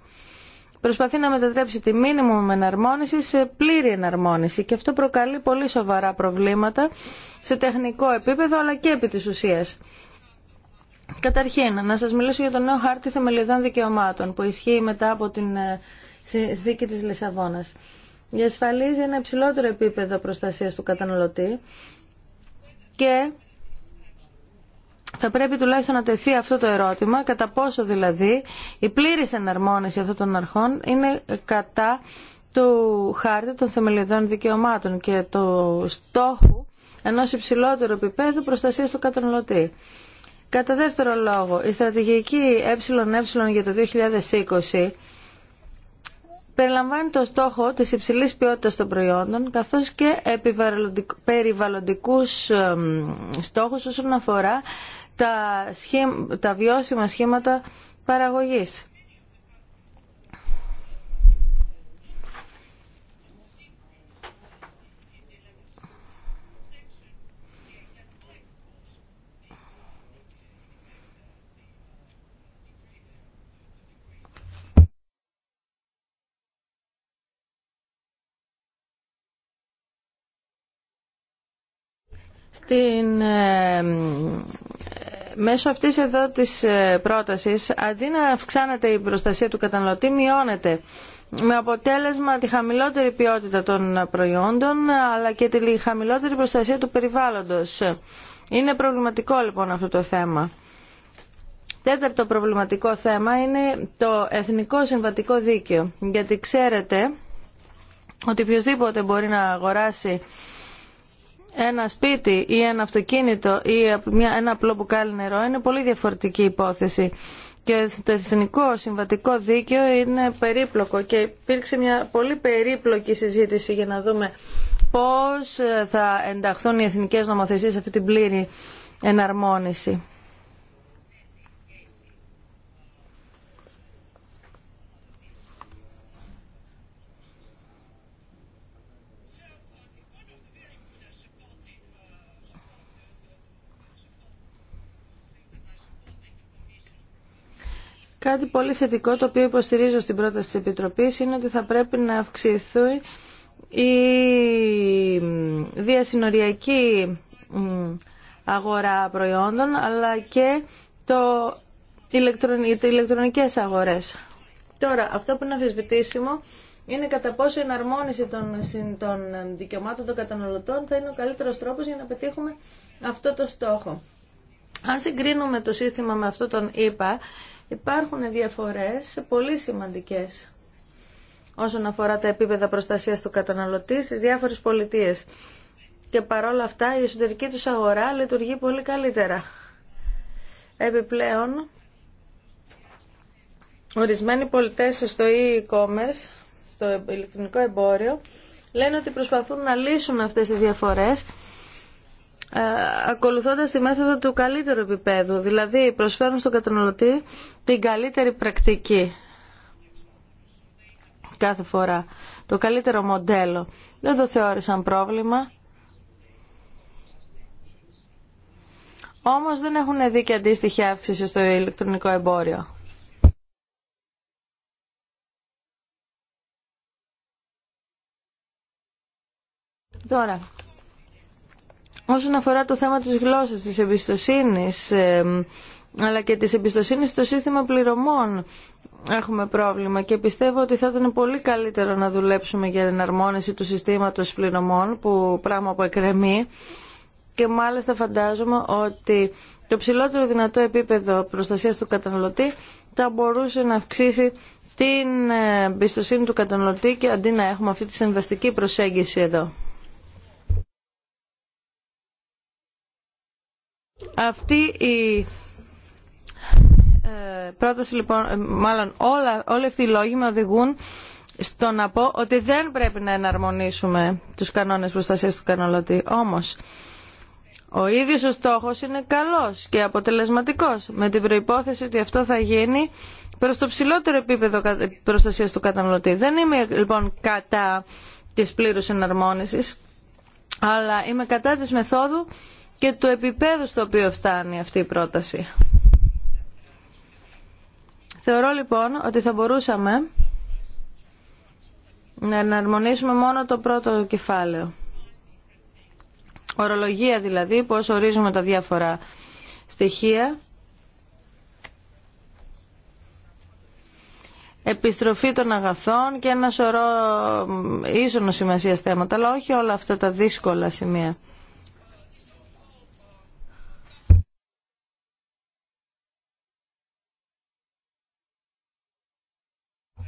Προσπαθεί να μετατρέψει τη με εναρμόνιση σε πλήρη εναρμόνιση και αυτό προκαλεί πολύ σοβαρά προβλήματα σε τεχνικό επίπεδο αλλά και επί της ουσίας. Καταρχήν, να σας μιλήσω για το νέο χάρτη θεμελιωδών δικαιωμάτων που ισχύει μετά από την ε, συνθήκη της Λισαβόνας. Διασφαλίζει ένα υψηλότερο επίπεδο προστασίας του καταναλωτή και θα πρέπει τουλάχιστον να τεθεί αυτό το ερώτημα, κατά πόσο δηλαδή η πλήρης εναρμόνιση αυτών των αρχών είναι κατά του χάρτη των θεμελιδών δικαιωμάτων και του στόχου ενός υψηλότερου επίπεδου προστασίας του καταναλωτή. Κατά δεύτερο λόγο, η στρατηγική ΕΕ για το 2020 περιλαμβάνει το στόχο της υψηλής ποιότητας των προϊόντων καθώς και περιβαλλοντικούς στόχους όσον αφορά τα, βιώσιμα σχήματα παραγωγής. Ε, ε, μέσω αυτής εδώ της ε, πρότασης, αντί να αυξάνεται η προστασία του καταναλωτή, μειώνεται. Με αποτέλεσμα τη χαμηλότερη ποιότητα των προϊόντων, αλλά και τη χαμηλότερη προστασία του περιβάλλοντος. Είναι προβληματικό λοιπόν αυτό το θέμα. Τέταρτο προβληματικό θέμα είναι το εθνικό συμβατικό δίκαιο. Γιατί ξέρετε ότι οποιοδήποτε μπορεί να αγοράσει ένα σπίτι ή ένα αυτοκίνητο ή ένα απλό μπουκάλι νερό είναι πολύ διαφορετική υπόθεση. Και το εθνικό συμβατικό δίκαιο είναι περίπλοκο και υπήρξε μια πολύ περίπλοκη συζήτηση για να δούμε πώς θα ενταχθούν οι εθνικές νομοθεσίες σε αυτή την πλήρη εναρμόνιση. Κάτι πολύ θετικό το οποίο υποστηρίζω στην πρόταση της Επιτροπής είναι ότι θα πρέπει να αυξηθούν η διασυνοριακή αγορά προϊόντων αλλά και το οι ηλεκτρονικές αγορές. Τώρα, αυτό που είναι αμφισβητήσιμο είναι κατά πόσο η εναρμόνιση των, των δικαιωμάτων των καταναλωτών θα είναι ο καλύτερος τρόπος για να πετύχουμε αυτό το στόχο. Αν συγκρίνουμε το σύστημα με αυτό τον ΕΠΑ, υπάρχουν διαφορές πολύ σημαντικές όσον αφορά τα επίπεδα προστασίας του καταναλωτή στις διάφορες πολιτείες. Και παρόλα αυτά η εσωτερική τους αγορά λειτουργεί πολύ καλύτερα. Επιπλέον, ορισμένοι πολιτές στο e-commerce, στο ηλεκτρονικό εμπόριο, λένε ότι προσπαθούν να λύσουν αυτές τις διαφορές ε, ακολουθώντας τη μέθοδο του καλύτερου επίπεδου, δηλαδή προσφέρουν στον καταναλωτή την καλύτερη πρακτική κάθε φορά, το καλύτερο μοντέλο. Δεν το θεώρησαν πρόβλημα. Όμως δεν έχουν δει και αντίστοιχη αύξηση στο ηλεκτρονικό εμπόριο. Τώρα, Όσον αφορά το θέμα της γλώσσας, της εμπιστοσύνης, αλλά και της εμπιστοσύνης στο σύστημα πληρωμών έχουμε πρόβλημα και πιστεύω ότι θα ήταν πολύ καλύτερο να δουλέψουμε για την αρμόνιση του συστήματος πληρωμών, που πράγμα που εκκρεμεί και μάλιστα φαντάζομαι ότι το ψηλότερο δυνατό επίπεδο προστασίας του καταναλωτή θα μπορούσε να αυξήσει την ε, εμπιστοσύνη του καταναλωτή και αντί να έχουμε αυτή τη συμβαστική προσέγγιση εδώ. Αυτή η ε, πρόταση λοιπόν, ε, μάλλον όλοι αυτοί οι λόγοι με οδηγούν στο να πω ότι δεν πρέπει να εναρμονίσουμε τους κανόνες προστασίας του καταναλωτή. Όμως, ο ίδιος ο στόχος είναι καλός και αποτελεσματικός με την προϋπόθεση ότι αυτό θα γίνει προς το ψηλότερο επίπεδο προστασίας του καταναλωτή. Δεν είμαι λοιπόν κατά της πλήρους εναρμόνισης, αλλά είμαι κατά της μεθόδου και του επίπεδου στο οποίο φτάνει αυτή η πρόταση. Θεωρώ λοιπόν ότι θα μπορούσαμε να εναρμονίσουμε μόνο το πρώτο κεφάλαιο. Ορολογία δηλαδή, πώς ορίζουμε τα διάφορα στοιχεία. Επιστροφή των αγαθών και ένα σωρό ίσονο σημασία θέματα, αλλά όχι όλα αυτά τα δύσκολα σημεία.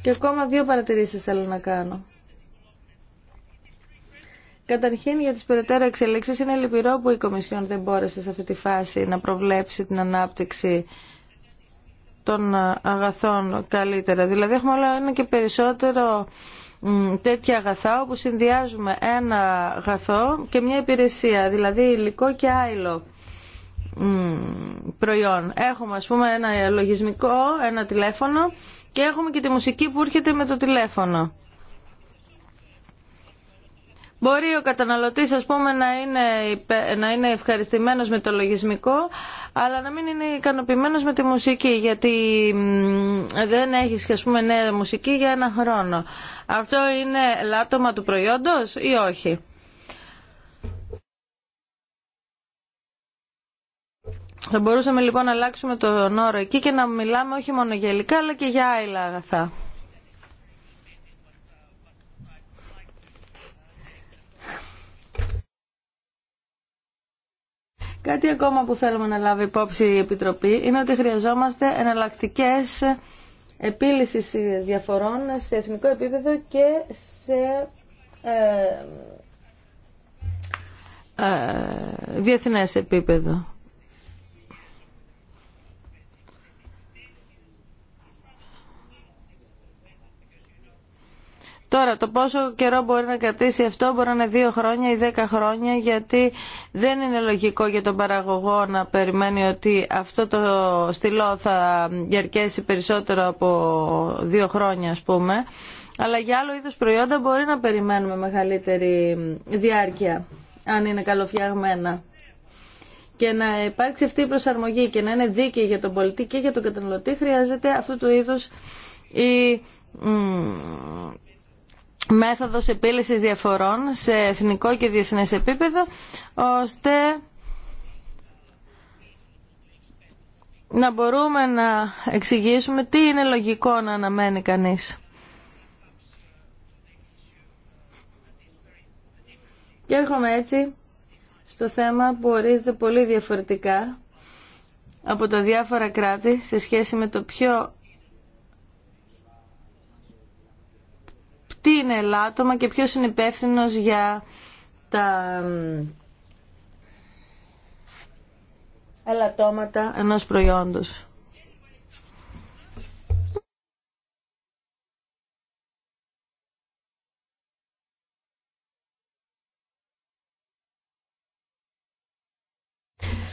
Και ακόμα δύο παρατηρήσεις θέλω να κάνω. Καταρχήν για τις περαιτέρω εξελίξεις είναι λυπηρό που η Κομισιόν δεν μπόρεσε σε αυτή τη φάση να προβλέψει την ανάπτυξη των αγαθών καλύτερα. Δηλαδή έχουμε όλο ένα και περισσότερο τέτοια αγαθά όπου συνδυάζουμε ένα αγαθό και μια υπηρεσία, δηλαδή υλικό και άϊλο προϊόν. Έχουμε ας πούμε ένα λογισμικό, ένα τηλέφωνο και έχουμε και τη μουσική που έρχεται με το τηλέφωνο. Μπορεί ο καταναλωτής ας πούμε να είναι, να είναι ευχαριστημένος με το λογισμικό αλλά να μην είναι ικανοποιημένος με τη μουσική γιατί δεν έχεις ας νέα μουσική για ένα χρόνο. Αυτό είναι λάτωμα του προϊόντος ή όχι. Θα μπορούσαμε λοιπόν να αλλάξουμε τον όρο εκεί και να μιλάμε όχι μόνο για υλικά αλλά και για άλλα αγαθά. Κάτι ακόμα που θέλουμε να λάβει υπόψη η Επιτροπή είναι ότι χρειαζόμαστε εναλλακτικέ επίλυσης διαφορών σε εθνικό επίπεδο και σε ε, ε διεθνές επίπεδο. Τώρα το πόσο καιρό μπορεί να κρατήσει αυτό μπορεί να είναι δύο χρόνια ή δέκα χρόνια γιατί δεν είναι λογικό για τον παραγωγό να περιμένει ότι αυτό το στυλό θα διαρκέσει περισσότερο από δύο χρόνια ας πούμε αλλά για άλλο είδους προϊόντα μπορεί να περιμένουμε μεγαλύτερη διάρκεια αν είναι καλοφτιαγμένα και να υπάρξει αυτή η προσαρμογή και να είναι δίκαιη για τον πολιτή και για τον καταναλωτή χρειάζεται αυτού του είδους η μέθοδος επίλυσης διαφορών σε εθνικό και διεθνές επίπεδο, ώστε να μπορούμε να εξηγήσουμε τι είναι λογικό να αναμένει κανείς. Και έρχομαι έτσι στο θέμα που ορίζεται πολύ διαφορετικά από τα διάφορα κράτη σε σχέση με το πιο τι είναι ελάττωμα και ποιος είναι υπεύθυνο για τα ελαττώματα ενός προϊόντος.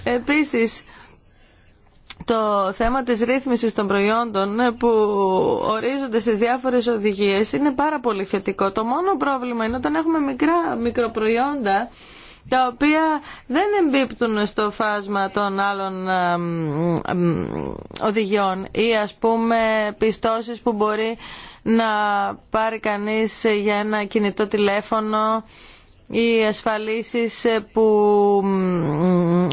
Επίσης, το θέμα της ρύθμισης των προϊόντων ε, που ορίζονται στις διάφορες οδηγίες είναι πάρα πολύ θετικό. Το μόνο πρόβλημα είναι όταν έχουμε μικρά μικροπροϊόντα τα οποία δεν εμπίπτουν στο φάσμα των άλλων οδηγιών ή ας πούμε πιστώσεις που μπορεί να πάρει κανείς για ένα κινητό τηλέφωνο οι ασφαλίσεις που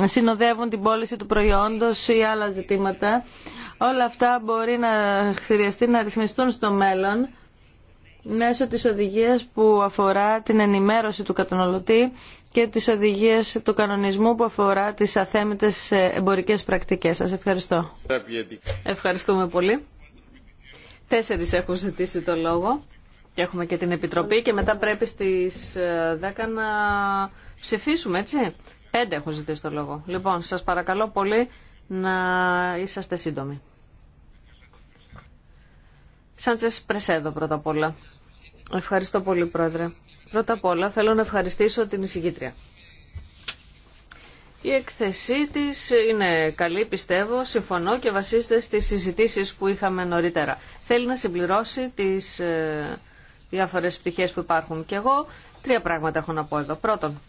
συνοδεύουν την πώληση του προϊόντος ή άλλα ζητήματα. Όλα αυτά μπορεί να χρειαστεί να ρυθμιστούν στο μέλλον μέσω της οδηγίας που αφορά την ενημέρωση του καταναλωτή και της οδηγίας του κανονισμού που αφορά τις αθέμητες εμπορικές πρακτικές. Σας ευχαριστώ. Ευχαριστούμε πολύ. Τέσσερις έχουν ζητήσει το λόγο. Και έχουμε και την Επιτροπή και μετά πρέπει στις 10 ε, να ψηφίσουμε, έτσι. Πέντε έχω ζητήσει το λόγο. Λοιπόν, σας παρακαλώ πολύ να είσαστε σύντομοι. σας Πρεσέδο πρώτα απ' όλα. Ευχαριστώ πολύ Πρόεδρε. Πρώτα απ' όλα θέλω να ευχαριστήσω την εισηγήτρια. Η εκθεσή της είναι καλή, πιστεύω, συμφωνώ και βασίστε στις συζητήσεις που είχαμε νωρίτερα. Θέλει να συμπληρώσει τις ε, διάφορες πτυχές που υπάρχουν. Και εγώ τρία πράγματα έχω να πω εδώ. Πρώτον,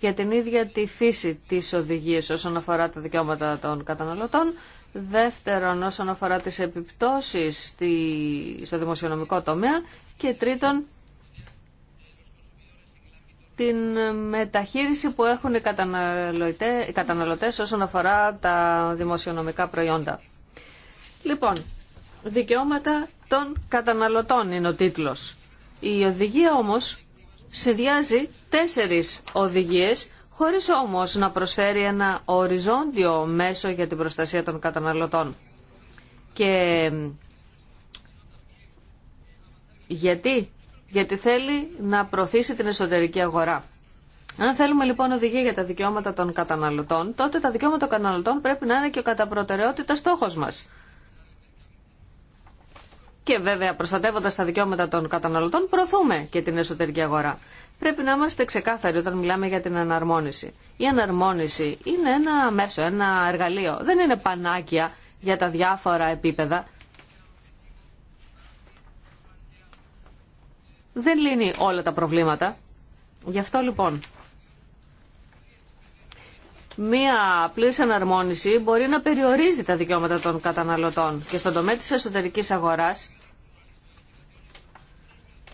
για την ίδια τη φύση της οδηγίας όσον αφορά τα δικαιώματα των καταναλωτών. Δεύτερον, όσον αφορά τις επιπτώσεις στη... στο δημοσιονομικό τομέα. Και τρίτον, την μεταχείριση που έχουν οι καταναλωτέ οι καταναλωτές όσον αφορά τα δημοσιονομικά προϊόντα. Λοιπόν, δικαιώματα των καταναλωτών είναι ο τίτλος. Η οδηγία όμως συνδυάζει τέσσερις οδηγίες χωρίς όμως να προσφέρει ένα οριζόντιο μέσο για την προστασία των καταναλωτών. Και γιατί, γιατί θέλει να προωθήσει την εσωτερική αγορά. Αν θέλουμε λοιπόν οδηγία για τα δικαιώματα των καταναλωτών, τότε τα δικαιώματα των καταναλωτών πρέπει να είναι και ο κατά προτεραιότητα στόχος μας και βέβαια προστατεύοντα τα δικαιώματα των καταναλωτών, προωθούμε και την εσωτερική αγορά. Πρέπει να είμαστε ξεκάθαροι όταν μιλάμε για την αναρμόνιση. Η αναρμόνιση είναι ένα μέσο, ένα εργαλείο. Δεν είναι πανάκια για τα διάφορα επίπεδα. Δεν λύνει όλα τα προβλήματα. Γι' αυτό λοιπόν μία απλή αναρμόνιση μπορεί να περιορίζει τα δικαιώματα των καταναλωτών και στον τομέα της εσωτερικής αγοράς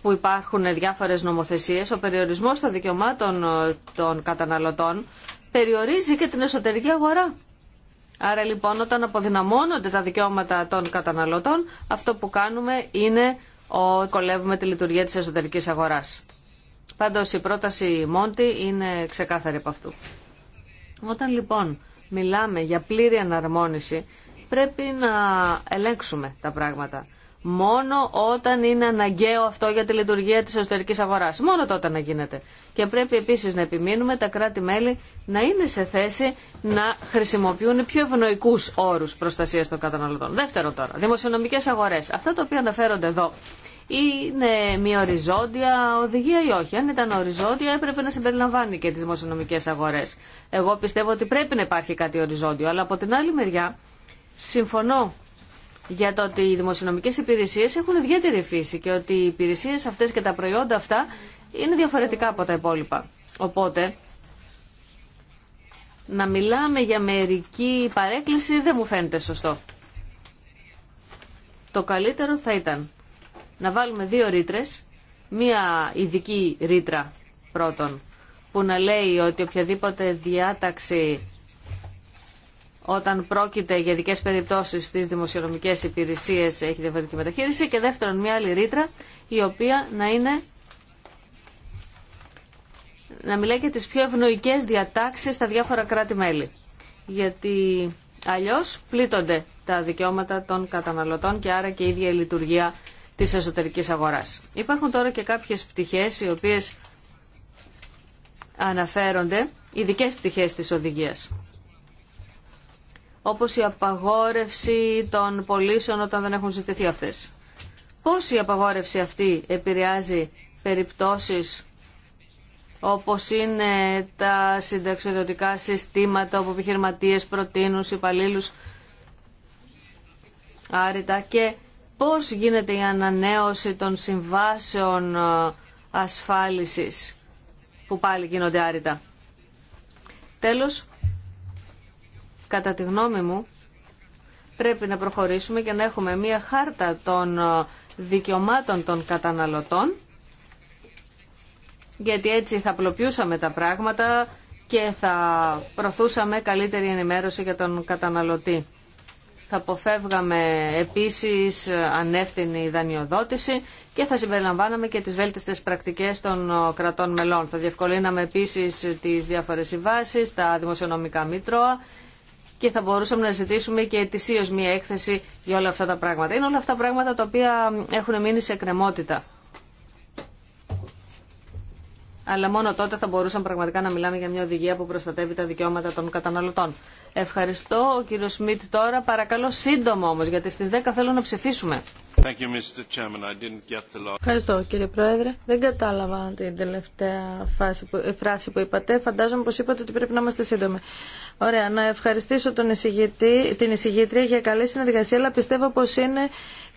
που υπάρχουν διάφορες νομοθεσίες, ο περιορισμός των δικαιωμάτων ε, των καταναλωτών περιορίζει και την εσωτερική αγορά. Άρα λοιπόν όταν αποδυναμώνονται τα δικαιώματα των καταναλωτών, αυτό που κάνουμε είναι ο κολεύουμε τη λειτουργία της εσωτερικής αγοράς. Πάντως η πρόταση Μόντι είναι ξεκάθαρη από αυτού. Όταν λοιπόν μιλάμε για πλήρη αναρμόνιση, πρέπει να ελέγξουμε τα πράγματα. Μόνο όταν είναι αναγκαίο αυτό για τη λειτουργία της εσωτερικής αγοράς. Μόνο τότε να γίνεται. Και πρέπει επίσης να επιμείνουμε τα κράτη-μέλη να είναι σε θέση να χρησιμοποιούν πιο ευνοϊκούς όρους προστασίας των καταναλωτών. Δεύτερο τώρα, δημοσιονομικές αγορές. Αυτά τα οποία αναφέρονται εδώ είναι μια οριζόντια οδηγία ή όχι. Αν ήταν οριζόντια έπρεπε να συμπεριλαμβάνει και τις δημοσιονομικέ αγορές. Εγώ πιστεύω ότι πρέπει να υπάρχει κάτι οριζόντιο, αλλά από την άλλη μεριά συμφωνώ για το ότι οι δημοσιονομικές υπηρεσίες έχουν ιδιαίτερη φύση και ότι οι υπηρεσίες αυτές και τα προϊόντα αυτά είναι διαφορετικά από τα υπόλοιπα. Οπότε, να μιλάμε για μερική παρέκκληση δεν μου φαίνεται σωστό. Το καλύτερο θα ήταν να βάλουμε δύο ρήτρε. Μία ειδική ρήτρα πρώτον που να λέει ότι οποιαδήποτε διάταξη όταν πρόκειται για ειδικέ περιπτώσεις στις δημοσιονομικές υπηρεσίες έχει διαφορετική μεταχείριση. Και δεύτερον, μια άλλη ρήτρα η οποία να είναι να μιλάει για τις πιο ευνοϊκές διατάξεις στα διάφορα κράτη-μέλη. Γιατί αλλιώς πλήττονται τα δικαιώματα των καταναλωτών και άρα και η ίδια η λειτουργία Τη εσωτερική αγοράς. Υπάρχουν τώρα και κάποιε πτυχές οι οποίες αναφέρονται, ειδικέ πτυχές της οδηγία. Όπως η απαγόρευση των πωλήσεων όταν δεν έχουν ζητηθεί αυτές. Πώς η απαγόρευση αυτή επηρεάζει περιπτώσεις όπως είναι τα συνταξιδοτικά συστήματα όπου επιχειρηματίε προτείνουν υπαλλήλου άρρητα και πώς γίνεται η ανανέωση των συμβάσεων ε, ασφάλισης που πάλι γίνονται άρρητα. Τέλος, κατά τη γνώμη μου, πρέπει να προχωρήσουμε και να έχουμε μία χάρτα των ε, δικαιωμάτων των καταναλωτών, γιατί έτσι θα απλοποιούσαμε τα πράγματα και θα προθούσαμε καλύτερη ενημέρωση για τον καταναλωτή. Θα αποφεύγαμε επίσης ανεύθυνη δανειοδότηση και θα συμπεριλαμβάναμε και τις βέλτιστες πρακτικές των ε, κρατών μελών. Θα διευκολύναμε επίσης τις διάφορες συμβάσει, τα δημοσιονομικά μήτρωα και θα μπορούσαμε να ζητήσουμε και ετησίω μία έκθεση για όλα αυτά τα πράγματα. Είναι όλα αυτά πράγματα τα οποία έχουν μείνει σε κρεμότητα αλλά μόνο τότε θα μπορούσαν πραγματικά να μιλάμε για μια οδηγία που προστατεύει τα δικαιώματα των καταναλωτών. Ευχαριστώ. Ο κύριο Σμιτ τώρα παρακαλώ σύντομο όμω, γιατί στι 10 θέλω να ψηφίσουμε. you, Ευχαριστώ κύριε Πρόεδρε. Δεν κατάλαβα την τελευταία φάση που, ε, φράση που είπατε. Φαντάζομαι πω είπατε ότι πρέπει να είμαστε σύντομοι. Ωραία, να ευχαριστήσω τον εισηγητή, την εισηγήτρια για καλή συνεργασία, αλλά πιστεύω πω είναι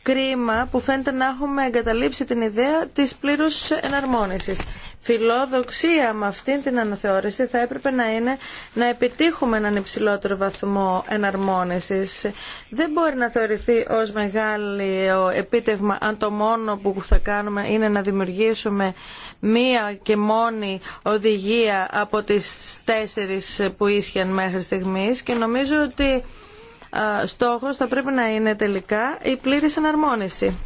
κρίμα που φαίνεται να έχουμε εγκαταλείψει την ιδέα της πλήρους εναρμόνισης. Φιλόδοξία με αυτήν την αναθεώρηση θα έπρεπε να είναι να επιτύχουμε έναν υψηλότερο βαθμό εναρμόνισης. Δεν μπορεί να θεωρηθεί ως μεγάλο επίτευγμα αν το μόνο που θα κάνουμε είναι να δημιουργήσουμε μία και μόνη οδηγία από τις τέσσερις που ίσχυαν μέχρι στιγμής και νομίζω ότι στόχος θα πρέπει να είναι τελικά η πλήρης εναρμόνιση.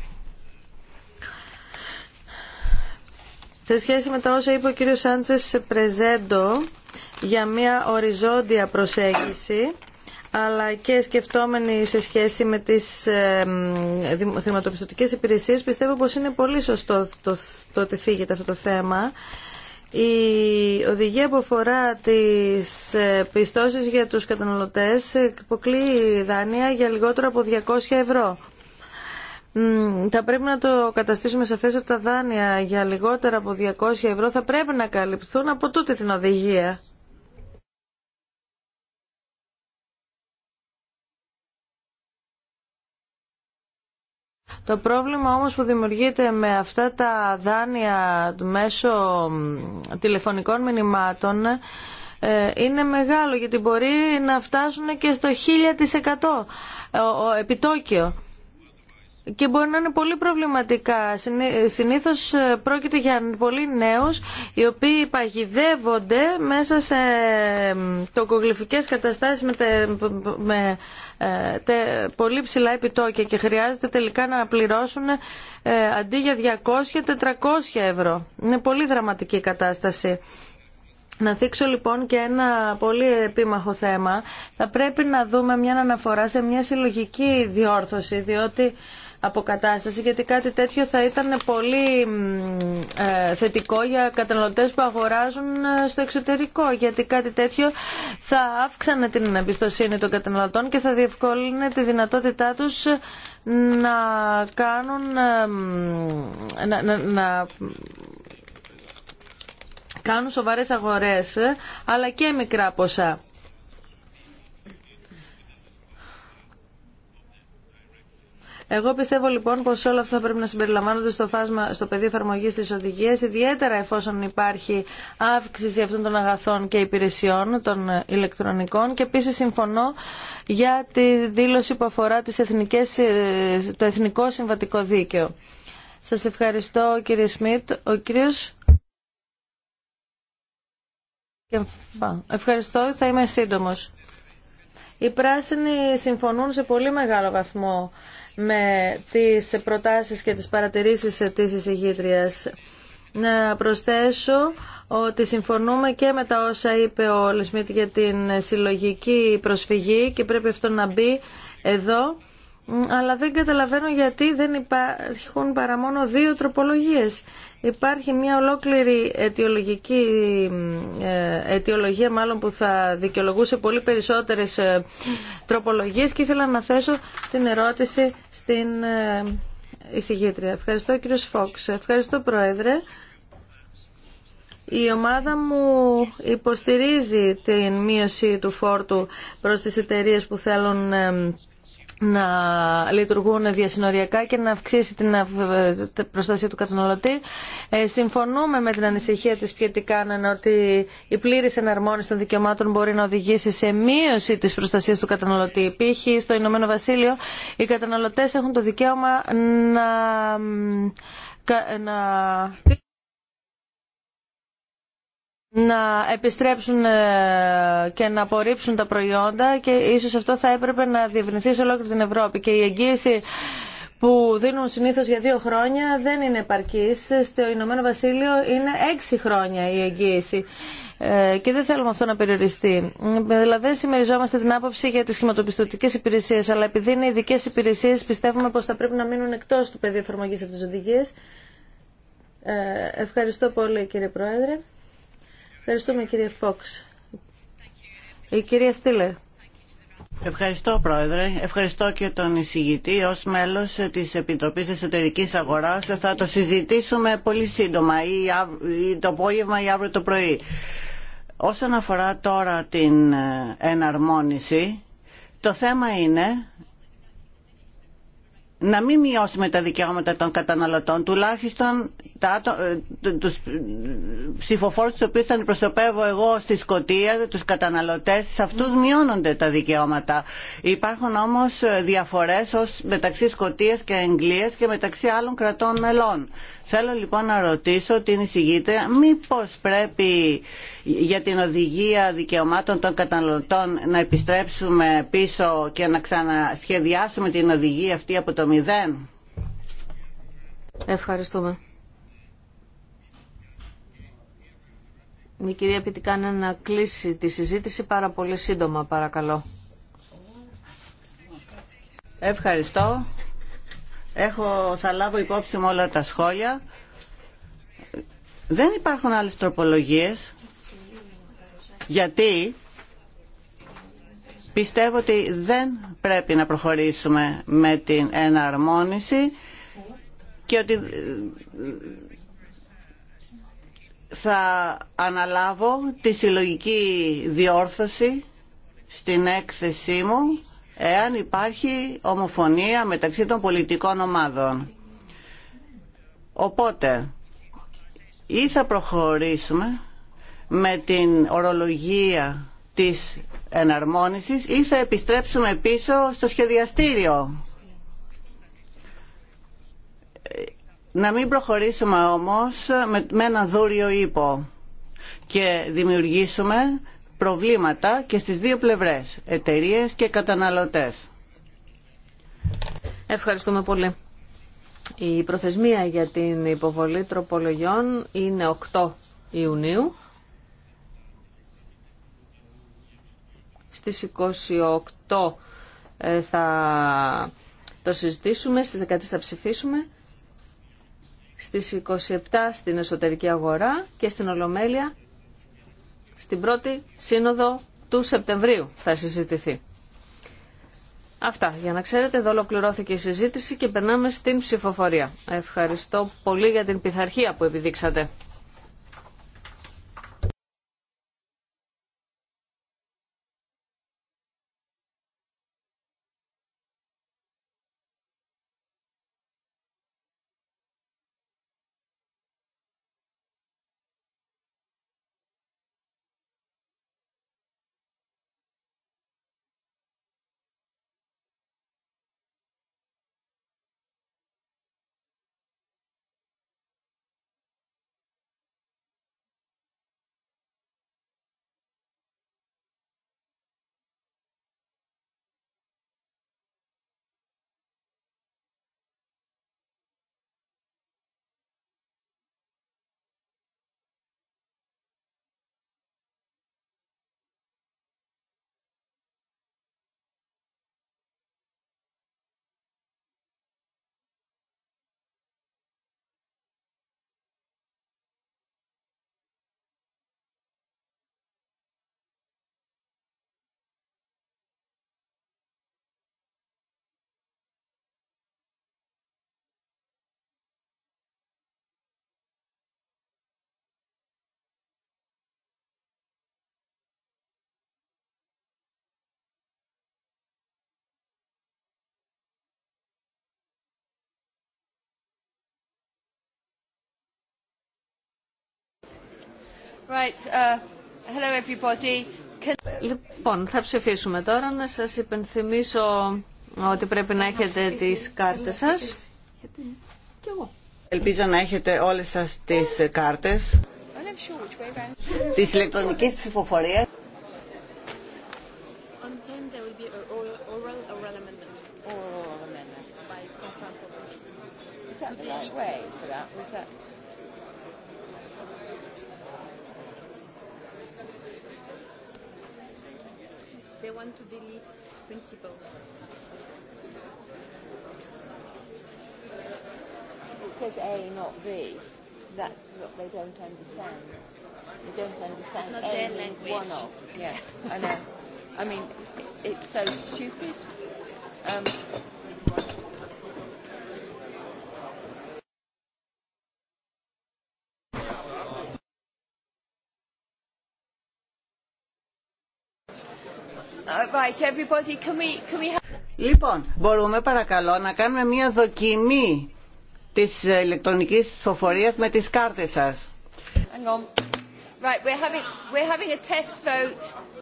Σε σχέση με τα όσα είπε ο κύριος Σάντσες Πρεζέντο για μια οριζόντια προσέγγιση, αλλά και σκεφτόμενοι σε σχέση με τις ε, χρηματοπιστωτικές υπηρεσίες, πιστεύω πως είναι πολύ σωστό το ότι φύγεται αυτό το θέμα η οδηγία που αφορά τις ε, πιστώσεις για τους καταναλωτές υποκλεί δάνεια για λιγότερο από 200 ευρώ. Θα πρέπει να το καταστήσουμε σαφές ότι τα δάνεια για λιγότερα από 200 ευρώ θα πρέπει να καλυφθούν από τούτη την οδηγία. Το πρόβλημα όμως που δημιουργείται με αυτά τα δάνεια μέσω τηλεφωνικών μηνυμάτων ε, είναι μεγάλο γιατί μπορεί να φτάσουν και στο 1000% επιτόκιο και μπορεί να είναι πολύ προβληματικά. Συνήθως ε, πρόκειται για πολύ νέους οι οποίοι παγιδεύονται μέσα σε τοκογλυφικές καταστάσεις με, με ε, πολύ ψηλά επιτόκια και χρειάζεται τελικά να πληρώσουν ε, αντί για 200-400 ευρώ. Είναι πολύ δραματική κατάσταση. Να θίξω λοιπόν και ένα πολύ επίμαχο θέμα. Θα πρέπει να δούμε μια αναφορά σε μια συλλογική διόρθωση, διότι αποκατάσταση γιατί κάτι τέτοιο θα ήταν πολύ ε, θετικό για καταναλωτές που αγοράζουν ε, στο εξωτερικό γιατί κάτι τέτοιο θα αύξανε την εμπιστοσύνη των καταναλωτών και θα διευκόλυνε τη δυνατότητά τους να κάνουν ε, να, να, να κάνουν σοβαρές αγορές αλλά και μικρά ποσά. Εγώ πιστεύω λοιπόν πω όλα αυτά θα πρέπει να συμπεριλαμβάνονται στο, φάσμα, στο πεδίο εφαρμογή τη οδηγία, ιδιαίτερα εφόσον υπάρχει αύξηση αυτών των αγαθών και υπηρεσιών των ηλεκτρονικών. Και επίση συμφωνώ για τη δήλωση που αφορά εθνικές, το εθνικό συμβατικό δίκαιο. Σας ευχαριστώ κύριε Σμιτ. Ο Ευχαριστώ, θα είμαι σύντομος. Οι πράσινοι συμφωνούν σε πολύ μεγάλο βαθμό με τις προτάσεις και τις παρατηρήσεις της εισηγήτριας. Να προσθέσω ότι συμφωνούμε και με τα όσα είπε ο Λεσμίτ για την συλλογική προσφυγή και πρέπει αυτό να μπει εδώ αλλά δεν καταλαβαίνω γιατί δεν υπάρχουν παρά μόνο δύο τροπολογίες. Υπάρχει μια ολόκληρη αιτιολογική, ε, αιτιολογία μάλλον που θα δικαιολογούσε πολύ περισσότερες ε, τροπολογίες και ήθελα να θέσω την ερώτηση στην ε, εισηγήτρια. Ευχαριστώ κύριο Φόξ. Ευχαριστώ Πρόεδρε. Η ομάδα μου υποστηρίζει την μείωση του φόρτου προς τις εταιρείες που θέλουν να λειτουργούν διασυνοριακά και να αυξήσει την προστασία του καταναλωτή. Ε, συμφωνούμε με την ανησυχία της Πιέτη Κάναν ότι η πλήρης εναρμόνιση των δικαιωμάτων μπορεί να οδηγήσει σε μείωση της προστασίας του καταναλωτή. Π.χ. στο Ηνωμένο Βασίλειο οι καταναλωτές έχουν το δικαίωμα να... να να επιστρέψουν ε, και να απορρίψουν τα προϊόντα και ίσως αυτό θα έπρεπε να διευρυνθεί σε ολόκληρη την Ευρώπη. Και η εγγύηση που δίνουν συνήθως για δύο χρόνια δεν είναι επαρκής. Στο Ηνωμένο Βασίλειο είναι έξι χρόνια η εγγύηση ε, και δεν θέλουμε αυτό να περιοριστεί. Δηλαδή δεν συμμεριζόμαστε την άποψη για τις χρηματοπιστωτικές υπηρεσίες, αλλά επειδή είναι ειδικέ υπηρεσίες πιστεύουμε πως θα πρέπει να μείνουν εκτός του πεδίου εφαρμογή αυτής της οδηγίας. Ε, ευχαριστώ πολύ κύριε Πρόεδρε. Ευχαριστούμε κύριε Φόξ. Η κυρία Στήλερ. Ευχαριστώ Πρόεδρε. Ευχαριστώ και τον εισηγητή ως μέλος της Επιτροπής Εσωτερικής Αγοράς. Θα το συζητήσουμε πολύ σύντομα ή το απόγευμα ή αύριο το πρωί. Όσον αφορά τώρα την ε, εναρμόνιση, το θέμα είναι να μην μειώσουμε τα δικαιώματα των καταναλωτών, τουλάχιστον τα, ε, τους ψηφοφόρους τους οποίους αντιπροσωπεύω εγώ στη Σκωτία, τους καταναλωτές, σε αυτούς μειώνονται τα δικαιώματα. Υπάρχουν όμως ε, διαφορές ως μεταξύ Σκωτίας και Αγγλίας και μεταξύ άλλων κρατών μελών. Θέλω λοιπόν να ρωτήσω την εισηγήτρια μήπως πρέπει για την οδηγία δικαιωμάτων των καταναλωτών να επιστρέψουμε πίσω και να ξανασχεδιάσουμε την οδηγία αυτή από το μηδέν. Ευχαριστούμε. η κυρία Πιτικάνα να κλείσει τη συζήτηση πάρα πολύ σύντομα παρακαλώ. Ευχαριστώ. Έχω, θα λάβω υπόψη μου όλα τα σχόλια. Δεν υπάρχουν άλλες τροπολογίες. Γιατί πιστεύω ότι δεν πρέπει να προχωρήσουμε με την εναρμόνιση και ότι θα αναλάβω τη συλλογική διόρθωση στην έκθεσή μου εάν υπάρχει ομοφωνία μεταξύ των πολιτικών ομάδων. Οπότε, ή θα προχωρήσουμε με την ορολογία της εναρμόνισης ή θα επιστρέψουμε πίσω στο σχεδιαστήριο Να μην προχωρήσουμε όμως με, ένα δούριο ύπο και δημιουργήσουμε προβλήματα και στις δύο πλευρές, εταιρείες και καταναλωτές. Ευχαριστούμε πολύ. Η προθεσμία για την υποβολή τροπολογιών είναι 8 Ιουνίου. Στις 28 ε, θα το συζητήσουμε, στις 13 θα ψηφίσουμε στις 27 στην εσωτερική αγορά και στην Ολομέλεια στην πρώτη σύνοδο του Σεπτεμβρίου θα συζητηθεί. Αυτά. Για να ξέρετε, εδώ ολοκληρώθηκε η συζήτηση και περνάμε στην ψηφοφορία. Ευχαριστώ πολύ για την πειθαρχία που επιδείξατε. Right, uh, hello everybody. Can... Λοιπόν, θα ψηφίσουμε τώρα. Να σας υπενθυμίσω ότι πρέπει να έχετε τις κάρτες σας. Ελπίζω να έχετε όλες σας τις κάρτες sure της ηλεκτρονικής ψηφοφορίας. Is that the right way for that? Was that... want to delete principle. It says A, not B. That's what they don't understand. They don't understand A means one of. Yeah, I know. I mean, it's so stupid. Um, Uh, λοιπόν, μπορούμε παρακαλώ να κάνουμε μια δοκιμή της ηλεκτρονικής ψηφοφορίας με τις κάρτες σας.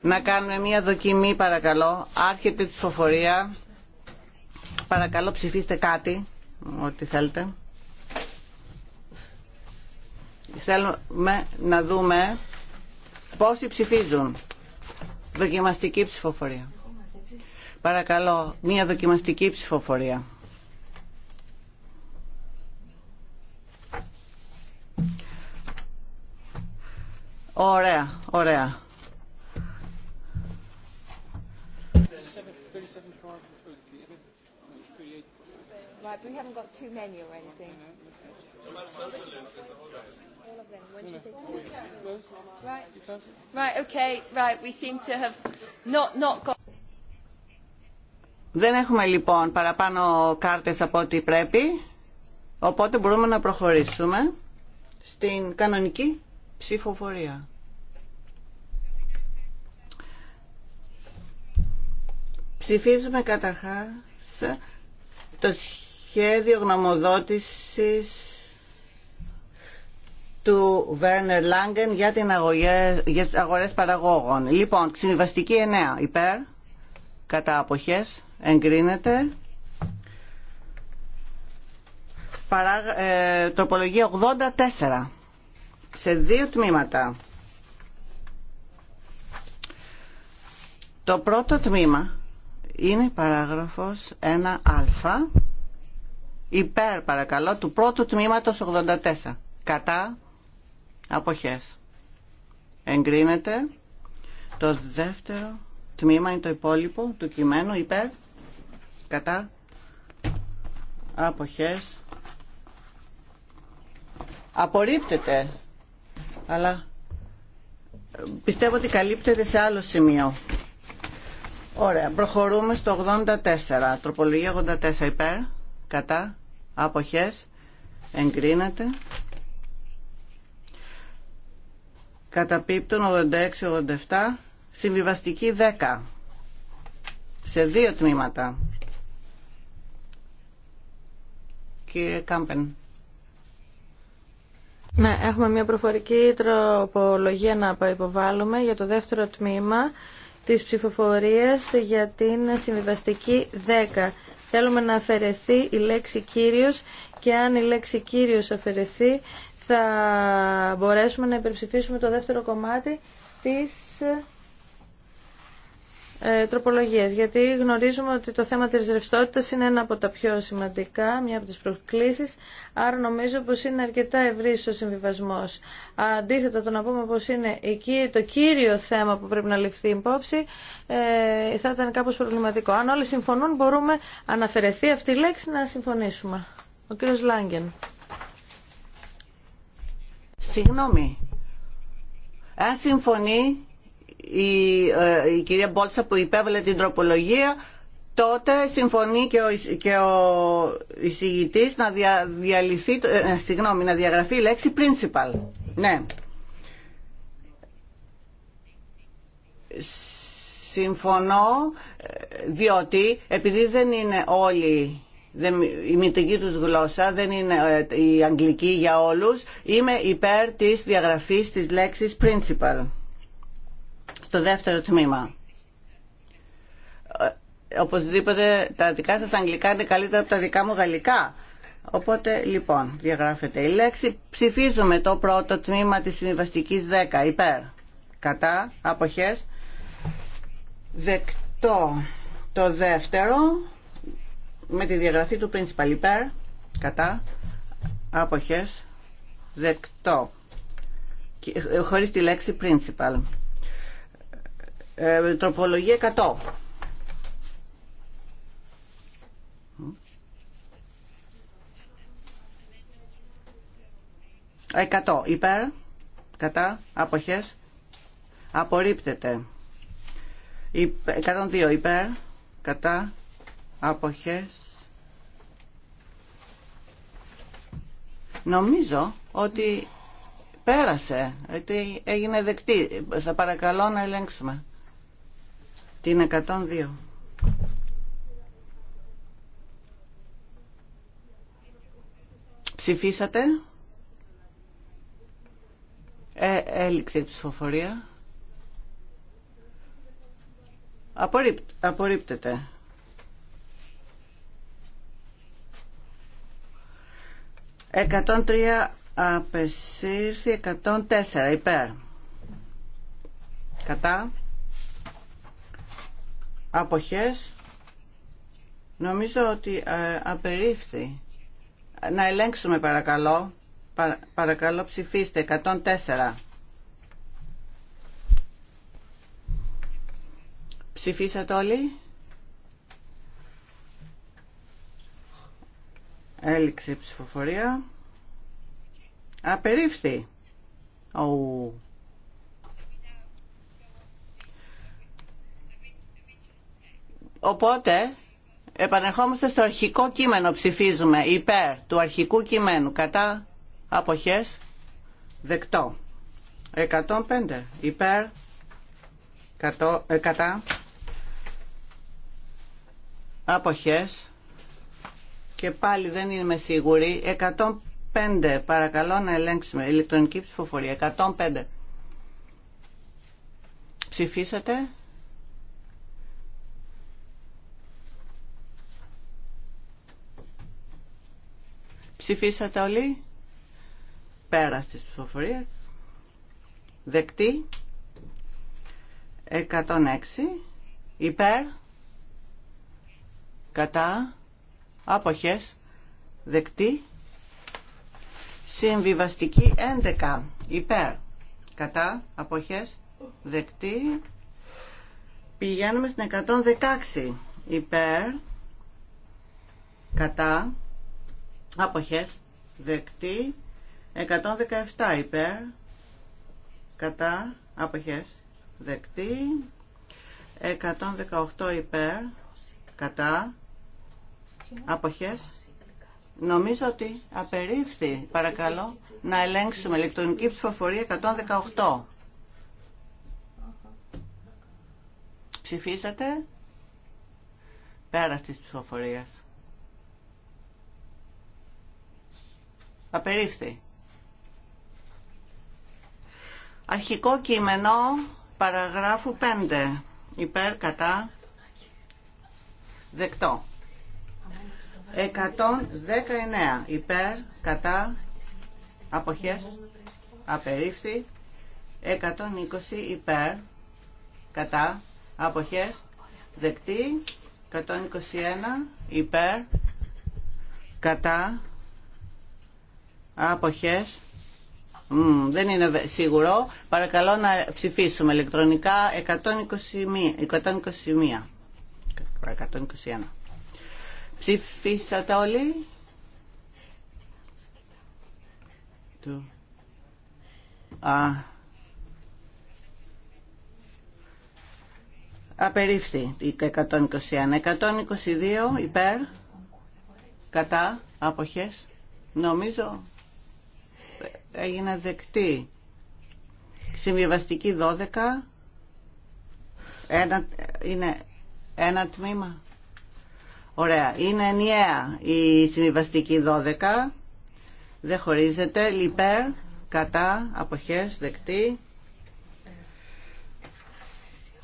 Να κάνουμε μια δοκιμή παρακαλώ. Άρχεται η ψηφοφορία. Παρακαλώ ψηφίστε κάτι, ό,τι θέλετε. Θέλουμε να δούμε πόσοι ψηφίζουν. Δοκιμαστική ψηφοφορία. Παρακαλώ, μία δοκιμαστική ψηφοφορία. Ωραία, ωραία. Right, δεν έχουμε λοιπόν παραπάνω κάρτες από ό,τι πρέπει, οπότε μπορούμε να προχωρήσουμε στην κανονική ψηφοφορία. Ψηφίζουμε καταρχάς το σχέδιο γνωμοδότησης του Βέρνερ Λάγκεν για, την αγορέ για τις αγορές παραγόγων. Λοιπόν, συμβαστική 9 υπέρ, κατά αποχές, εγκρίνεται. Παρά, ε, τροπολογία 84 σε δύο τμήματα. Το πρώτο τμήμα είναι παράγραφος 1α υπέρ παρακαλώ του πρώτου τμήματος 84 κατά Αποχές. Εγκρίνεται. Το δεύτερο τμήμα είναι το υπόλοιπο του κειμένου υπέρ. Κατά. Αποχές. Απορρίπτεται. Αλλά πιστεύω ότι καλύπτεται σε άλλο σημείο. Ωραία. Προχωρούμε στο 84. Τροπολογία 84 υπέρ. Κατά. Αποχές. Εγκρίνεται. καταπίπτουν 86-87 συμβιβαστική 10 σε δύο τμήματα κύριε Κάμπεν ναι, έχουμε μια προφορική τροπολογία να υποβάλουμε για το δεύτερο τμήμα της ψηφοφορίας για την συμβιβαστική 10. Θέλουμε να αφαιρεθεί η λέξη «κύριος» και αν η λέξη «κύριος» αφαιρεθεί θα μπορέσουμε να υπερψηφίσουμε το δεύτερο κομμάτι της ε, τροπολογίας, γιατί γνωρίζουμε ότι το θέμα της ρευστότητας είναι ένα από τα πιο σημαντικά, μια από τις προκλήσεις, άρα νομίζω πως είναι αρκετά ευρύς ο συμβιβασμός. Αντίθετα, το να πούμε πως είναι εκεί το κύριο θέμα που πρέπει να ληφθεί υπόψη, ε, θα ήταν κάπως προβληματικό. Αν όλοι συμφωνούν, μπορούμε, να αυτή η λέξη, να συμφωνήσουμε. Ο κύριος Λάγκεν. Συγγνώμη. Αν συμφωνεί η, ε, η κυρία Μπόλτσα που υπέβαλε την τροπολογία, τότε συμφωνεί και ο, και εισηγητής να, δια, διαλυθεί, ε, ε, συγγνώμη, να διαγραφεί η λέξη principal. Ναι. Συμφωνώ διότι επειδή δεν είναι όλοι δεν, η μητρική τους γλώσσα δεν είναι ε, η αγγλική για όλους. Είμαι υπέρ της διαγραφής της λέξης principal στο δεύτερο τμήμα. Ε, οπωσδήποτε τα δικά σας αγγλικά είναι καλύτερα από τα δικά μου γαλλικά. Οπότε λοιπόν διαγράφεται η λέξη. Ψηφίζουμε το πρώτο τμήμα της συμβαστικής 10 υπέρ. Κατά, αποχές. Δεκτό το δεύτερο με τη διαγραφή του principal υπέρ κατά άποχες δεκτό ε, χωρίς τη λέξη principal ε, τροπολογία 100 100 υπέρ κατά άποχες απορρίπτεται 102 υπέρ κατά άποχες Νομίζω ότι πέρασε, ότι έγινε δεκτή. Θα παρακαλώ να ελέγξουμε την 102. Ψηφίσατε. Ε, έληξε η ψηφοφορία. Απορρίπτεται. 103 απεσύρθη 104 υπέρ κατά αποχές νομίζω ότι ε, απερίφθη να ελέγξουμε παρακαλώ παρακαλώ ψηφίστε 104 ψηφίσατε όλοι Έληξε η ψηφοφορία. Απερίφθη. Οπότε, επανερχόμαστε στο αρχικό κείμενο ψηφίζουμε υπέρ του αρχικού κειμένου κατά αποχές δεκτό. 105 υπέρ ε, κατά αποχές και πάλι δεν είμαι σίγουρη. 105 παρακαλώ να ελέγξουμε. Ηλεκτρονική ψηφοφορία. 105. Ψηφίσατε. Ψηφίσατε όλοι. Πέρα στις ψηφοφορίες Δεκτή. 106. Υπέρ. Κατά αποχές δεκτή συμβιβαστική 11 υπέρ κατά αποχές δεκτή πηγαίνουμε στην 116 υπέρ κατά αποχές δεκτή 117 υπέρ κατά αποχές δεκτή 118 υπέρ κατά Αποχές. Νομίζω ότι απερίφθη. Παρακαλώ να ελέγξουμε ηλεκτρονική ψηφοφορία 118. Ψηφίσατε. Πέρα της ψηφοφορίας. Απερίφθη. Αρχικό κείμενο παραγράφου 5. Υπέρ κατά δεκτό. 119 υπέρ, κατά, αποχές, απερίφθη. 120 υπέρ, κατά, αποχές, δεκτή. 121 υπέρ, κατά, αποχές, δεν είναι σίγουρο. Παρακαλώ να ψηφίσουμε ηλεκτρονικά 121. 121. Ψηφίσατε όλοι. Του. Α. Απερίφθη η 121. 122 υπέρ. Κατά. Αποχές. Νομίζω Έγινε δεκτή. Συμβιβαστική 12. Ένα, είναι ένα τμήμα. Ωραία. Είναι ενιαία η συμβιβαστική 12. Δεν χωρίζεται. Λιπέρ, κατά, αποχές, δεκτή.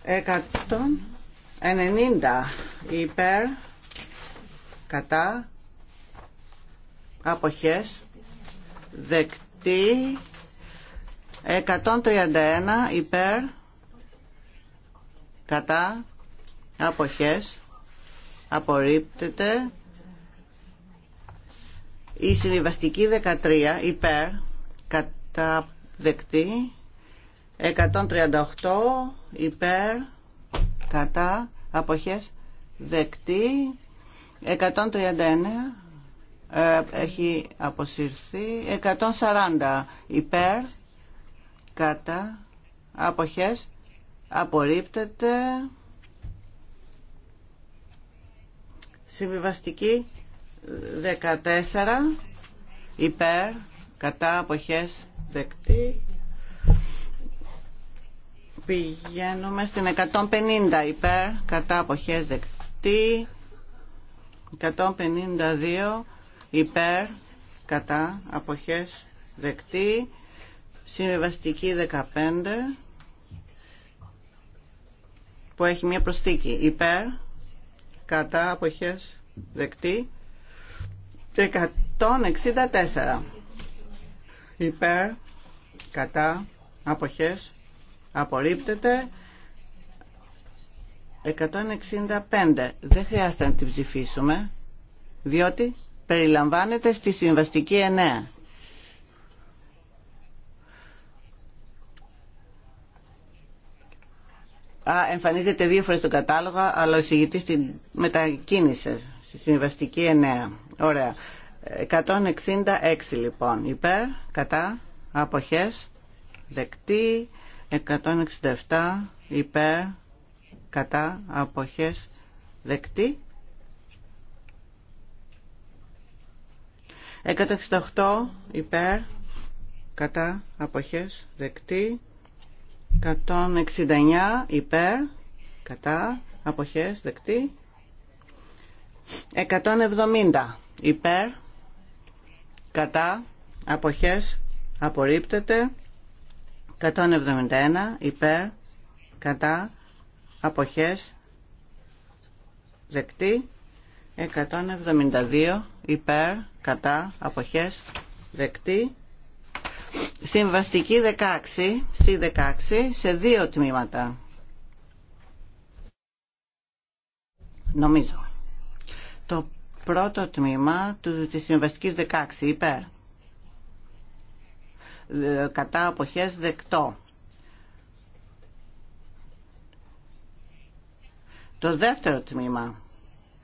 190 υπέρ, κατά, αποχές, δεκτή. 131 υπέρ, κατά, αποχές, απορρίπτεται η συμβιβαστική 13 υπέρ κατά δεκτή 138 υπέρ κατά αποχές δεκτή 139 ε, έχει αποσυρθεί 140 υπέρ κατά αποχές απορρίπτεται Συμβιβαστική 14 υπέρ κατά αποχές δεκτή. Πηγαίνουμε στην 150 υπέρ κατά αποχές δεκτή. 152 υπέρ κατά αποχές δεκτή. Συμβιβαστική 15 που έχει μια προσθήκη υπέρ κατά αποχές δεκτή 164 υπέρ κατά αποχές απορρίπτεται 165 δεν χρειάζεται να την ψηφίσουμε διότι περιλαμβάνεται στη συμβαστική 9 Α, εμφανίζεται δύο φορές στον κατάλογο, αλλά ο εισηγητής την μετακίνησε στη συμβαστική 9. Ωραία. 166 λοιπόν. Υπέρ, κατά, αποχές, δεκτή. 167 υπέρ, κατά, αποχές, δεκτή. 168 υπέρ, κατά, αποχές, δεκτή. 169 υπέρ, κατά, αποχές, δεκτή. 170 υπέρ, κατά, αποχές, απορρίπτεται. 171 υπέρ, κατά, αποχές, δεκτή. 172 υπέρ, κατά, αποχές, δεκτή. Συμβαστική 16, C16, σε δύο τμήματα. Νομίζω. Το πρώτο τμήμα του, της συμβαστικής 16, υπέρ. Κατά αποχές δεκτό. Το δεύτερο τμήμα.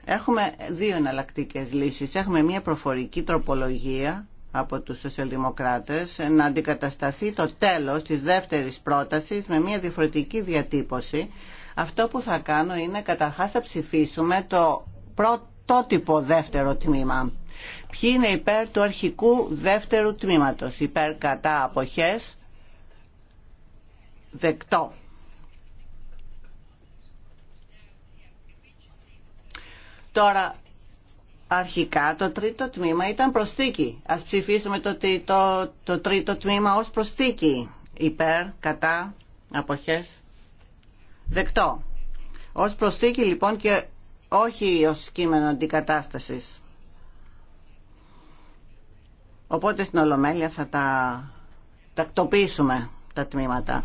Έχουμε δύο εναλλακτικέ λύσεις. Έχουμε μια προφορική τροπολογία από τους σοσιαλδημοκράτες να αντικατασταθεί το τέλος της δεύτερης πρότασης με μια διαφορετική διατύπωση. Αυτό που θα κάνω είναι καταρχάς να ψηφίσουμε το πρωτότυπο δεύτερο τμήμα. Ποιοι είναι υπέρ του αρχικού δεύτερου τμήματος, υπέρ κατά αποχές, δεκτό. Τώρα Αρχικά το τρίτο τμήμα ήταν προσθήκη. Ας ψηφίσουμε το, το, το τρίτο τμήμα ως προσθήκη Υπέρ, κατά, αποχές. Δεκτό. Ως προσθήκη λοιπόν και όχι ως κείμενο αντικατάστασης. Οπότε στην Ολομέλεια θα τα τακτοποιήσουμε τα τμήματα.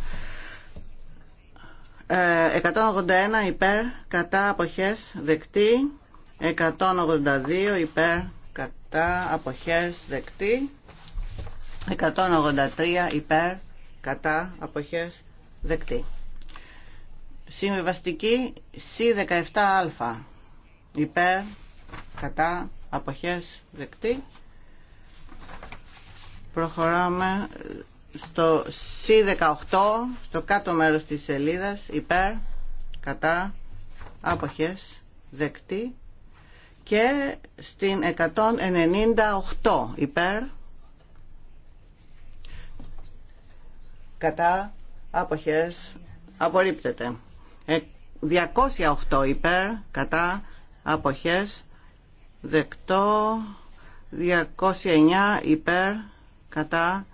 181 ε, υπέρ, κατά αποχές, δεκτή. 182 υπέρ κατά αποχές δεκτή 183 υπέρ κατά αποχές δεκτή Συμβιβαστική C17α υπέρ κατά αποχές δεκτή Προχωράμε στο C18 στο κάτω μέρος της σελίδας υπέρ κατά αποχές δεκτή και στην 198 υπέρ κατά αποχές απορρίπτεται 208 ε, υπέρ κατά αποχές δεκτό 209 υπέρ κατά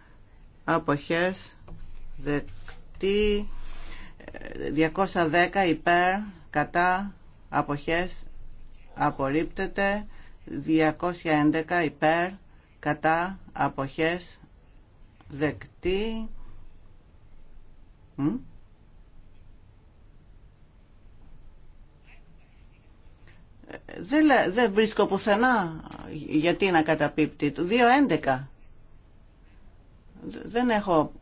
αποχές δεκτή 210 ε, υπέρ κατά αποχές απορρίπτεται 211 υπέρ κατά αποχές δεκτή δεν, δεν βρίσκω πουθενά γιατί να καταπίπτει του 2.11 δεν έχω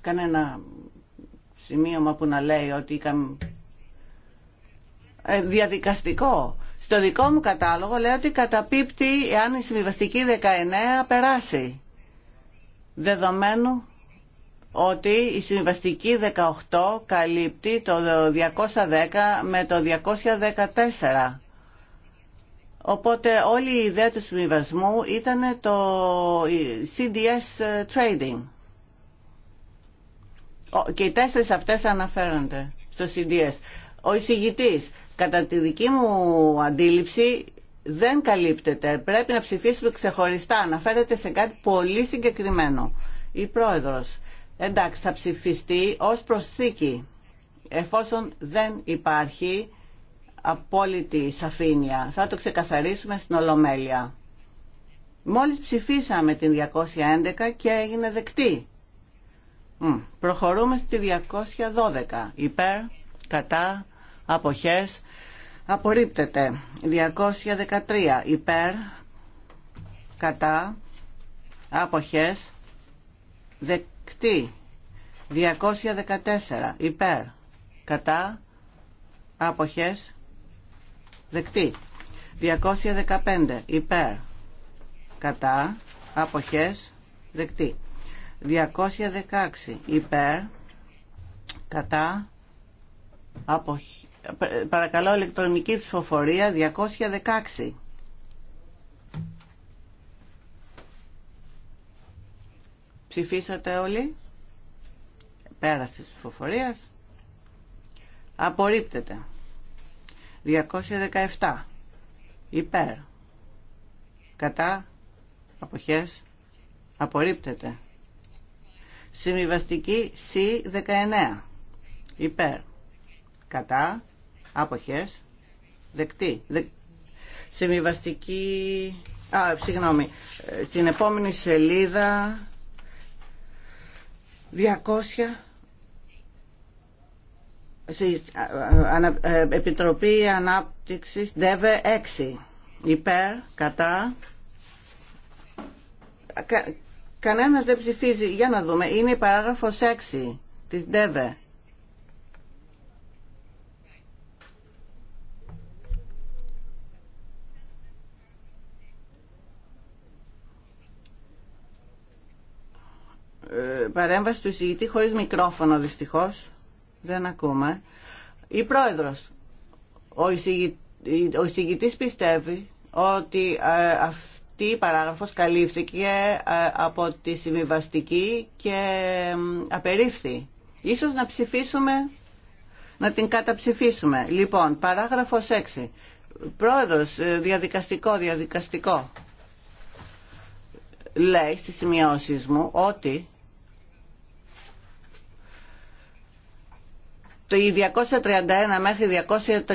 κανένα σημείωμα που να λέει ότι ε, διαδικαστικό. Στο δικό μου κατάλογο λέει ότι καταπίπτει εάν η συμβιβαστική 19 περάσει. Δεδομένου ότι η συμβαστική 18 καλύπτει το 210 με το 214. Οπότε όλη η ιδέα του συμβιβασμού ήταν το CDS ε, trading. Και οι τέσσερις αυτές αναφέρονται στο CDS. Ο εισηγητής κατά τη δική μου αντίληψη δεν καλύπτεται. Πρέπει να ψηφίσουμε ξεχωριστά. Αναφέρεται σε κάτι πολύ συγκεκριμένο. Η πρόεδρος. Εντάξει, θα ψηφιστεί ως προσθήκη. Εφόσον δεν υπάρχει απόλυτη σαφήνεια. Θα το ξεκαθαρίσουμε στην Ολομέλεια. Μόλις ψηφίσαμε την 211 και έγινε δεκτή. προχωρούμε στη 212. Υπέρ, κατά, αποχές, Απορρίπτεται. 213 υπέρ, κατά, άποχες, δεκτή. 214 υπέρ, κατά, άποχες, δεκτή. 215 υπέρ, κατά, άποχες, δεκτή. 216 υπέρ, κατά, άποχες, Παρακαλώ ηλεκτρονική ψηφοφορία 216. Ψηφίσατε όλοι. Πέρασε τη ψηφοφορία. Απορρίπτεται. 217. Υπέρ. Κατά. Αποχές. Απορρίπτεται. Συμβιβαστική C19. Υπέρ. Κατά. Αποχές. Δεκτή. Δε... Α, συγγνώμη. Ε, στην επόμενη σελίδα... 200... Ε, Επιτροπή Ανάπτυξης ΔΕΒΕ 6 υπέρ, κατά Κα, κανένας δεν ψηφίζει για να δούμε είναι η παράγραφος 6 της ΔΕΒΕ Ε, παρέμβαση του εισηγητή χωρίς μικρόφωνο δυστυχώς. Δεν ακούμε. Η πρόεδρος, ο, εισηγη, ο εισηγητής πιστεύει ότι ε, αυτή η παράγραφος καλύφθηκε ε, από τη συμβιβαστική και απερίφθη. Ίσως να ψηφίσουμε, να την καταψηφίσουμε. Λοιπόν, παράγραφος 6. Πρόεδρος, διαδικαστικό, διαδικαστικό. Λέει στις σημειώσεις μου ότι το 231 μέχρι 237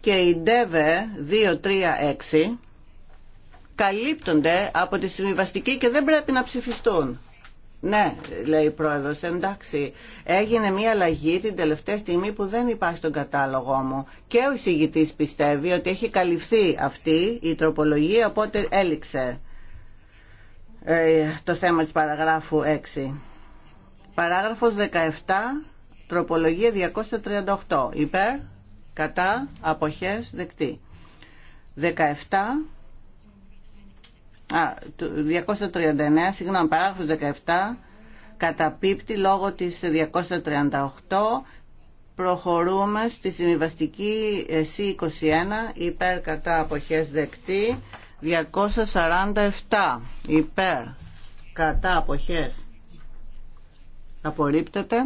και η ΔΕΒΕ 236 καλύπτονται από τη συμβιβαστική και δεν πρέπει να ψηφιστούν. Ναι, λέει η πρόεδρος, εντάξει. Έγινε μια αλλαγή την τελευταία στιγμή που δεν υπάρχει στον κατάλογό μου. Και ο εισηγητής πιστεύει ότι έχει καλυφθεί αυτή η τροπολογία, οπότε έληξε ε, το θέμα της παραγράφου 6. Παράγραφος 17 Τροπολογία 238. Υπέρ, κατά, αποχές, δεκτή. 17. Α, 239, συγγνώμη, παράγραφος 17. Καταπίπτει λόγω της 238. Προχωρούμε στη συμβιβαστική ε, C21. Υπέρ, κατά, αποχές, δεκτή. 247. Υπέρ, κατά, αποχές, απορρίπτεται.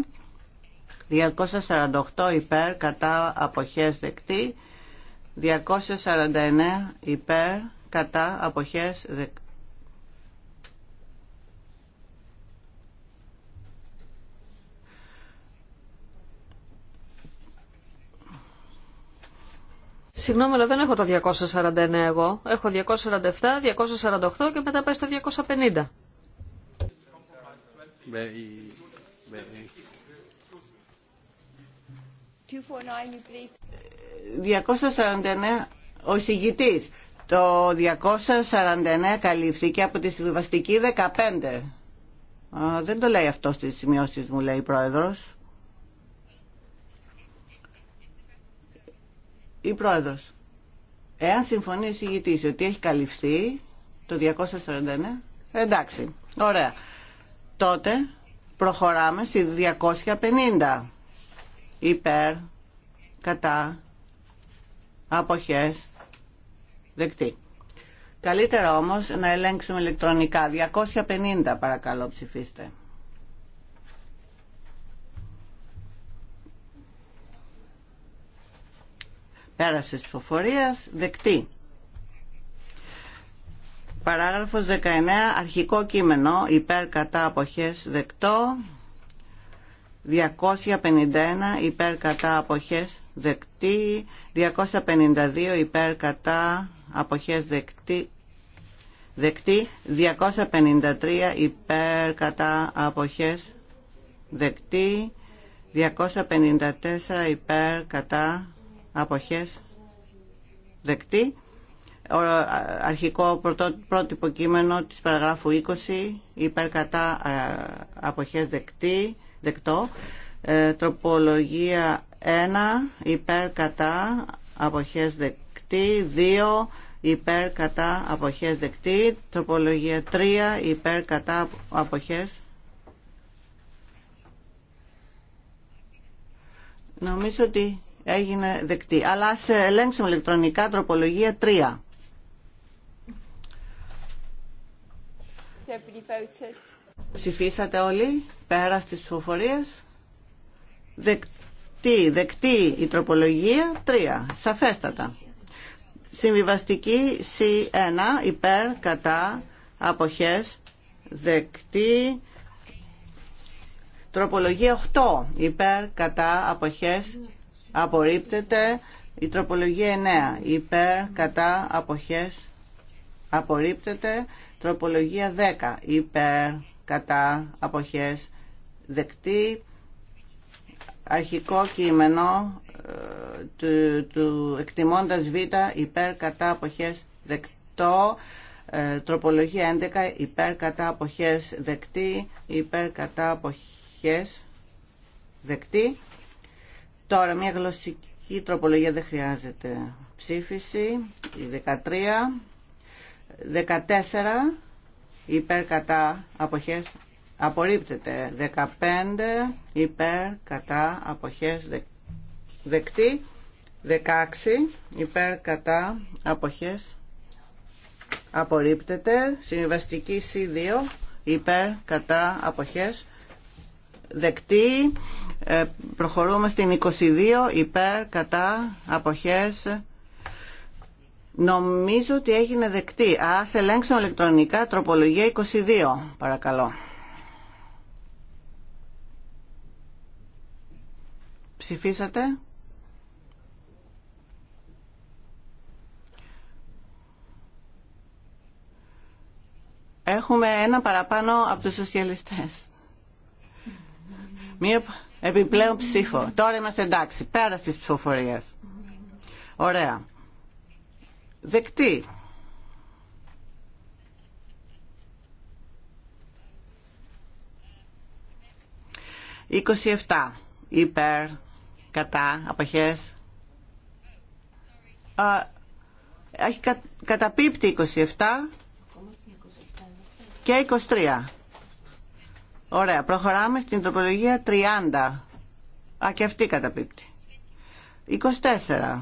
248 υπέρ κατά αποχές δεκτή. 249 υπέρ κατά αποχές δεκτή. Συγγνώμη, αλλά δεν έχω το 249 εγώ. Έχω 247, 248 και μετά πάει στο 250. 249 ο εισηγητής. Το 249 καλύφθηκε από τη συμβαστική 15. δεν το λέει αυτό στις σημειώσεις μου, λέει η πρόεδρος. Η πρόεδρος. Εάν συμφωνεί ο εισηγητής ότι έχει καλυφθεί το 249, εντάξει, ωραία. Τότε προχωράμε στη 250 υπέρ, κατά, αποχές, δεκτή. Καλύτερα όμως να ελέγξουμε ηλεκτρονικά. 250 παρακαλώ ψηφίστε. Πέρασε τη ψηφοφορίας, δεκτή. Παράγραφος 19, αρχικό κείμενο, υπέρ κατά αποχές δεκτό. 251 υπέρ κατά αποχές δεκτή, 252 υπέρ κατά αποχές δεκτή, δεκτή 253 υπέρ κατά αποχές δεκτή, 254 υπέρ κατά αποχές δεκτή. Αρχικό πρότυπο κείμενο της παραγράφου 20 υπέρ κατά αποχές δεκτή δεκτό. Ε, τροπολογία 1 υπέρ κατά αποχές δεκτή. 2 υπέρ κατά αποχές δεκτή. Τροπολογία 3 υπέρ κατά αποχές Νομίζω ότι έγινε δεκτή. Αλλά ας ελέγξουμε ηλεκτρονικά τροπολογία 3. Ψηφίσατε όλοι πέρα τη ψηφοφορία. Δεκτή, δεκτή η τροπολογία 3. Σαφέστατα. Συμβιβαστική C1 υπέρ κατά αποχές δεκτή τροπολογία 8 υπέρ κατά αποχές απορρίπτεται η τροπολογία 9 υπέρ κατά αποχές απορρίπτεται τροπολογία 10 υπέρ κατά αποχές δεκτή αρχικό κείμενο ε, του, του εκτιμώντας β υπέρ κατά αποχές δεκτό ε, τροπολογία 11 υπέρ κατά αποχές δεκτή υπέρ κατά αποχές δεκτή τώρα μια γλωσσική τροπολογία δεν χρειάζεται ψήφιση η 13 14 υπέρ κατά αποχές απορρίπτεται 15 υπέρ κατά αποχές δεκτή 16 υπέρ κατά αποχές απορρίπτεται συμβαστική C2 υπέρ κατά αποχές δεκτή ε, προχωρούμε στην 22 υπέρ κατά αποχές Νομίζω ότι έγινε δεκτή. Α ελέγξουν ηλεκτρονικά τροπολογία 22, παρακαλώ. Ψηφίσατε. Έχουμε ένα παραπάνω από τους σοσιαλιστές. Μία επιπλέον ψήφο. Τώρα είμαστε εντάξει, πέρα στις ψηφοφορίες Ωραία δεκτή. 27. Υπέρ, κατά, αποχές. έχει καταπίπτει 27 και 23. Ωραία, προχωράμε στην τροπολογία 30. Α, και αυτή καταπίπτει. 24.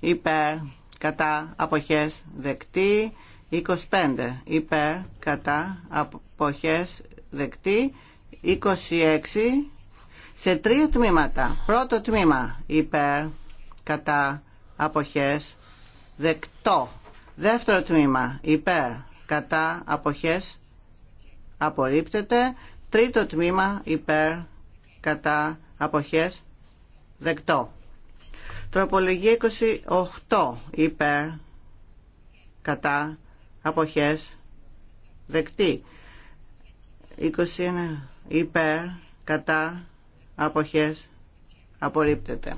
Υπέρ, κατά αποχές δεκτή 25 υπέρ κατά αποχές δεκτή 26 σε τρία τμήματα πρώτο τμήμα υπέρ κατά αποχές δεκτό δεύτερο τμήμα υπέρ κατά αποχές απορρίπτεται τρίτο τμήμα υπέρ κατά αποχές δεκτό Τροπολογία 28 υπέρ κατά αποχές δεκτή. 21 υπέρ κατά αποχές απορρίπτεται.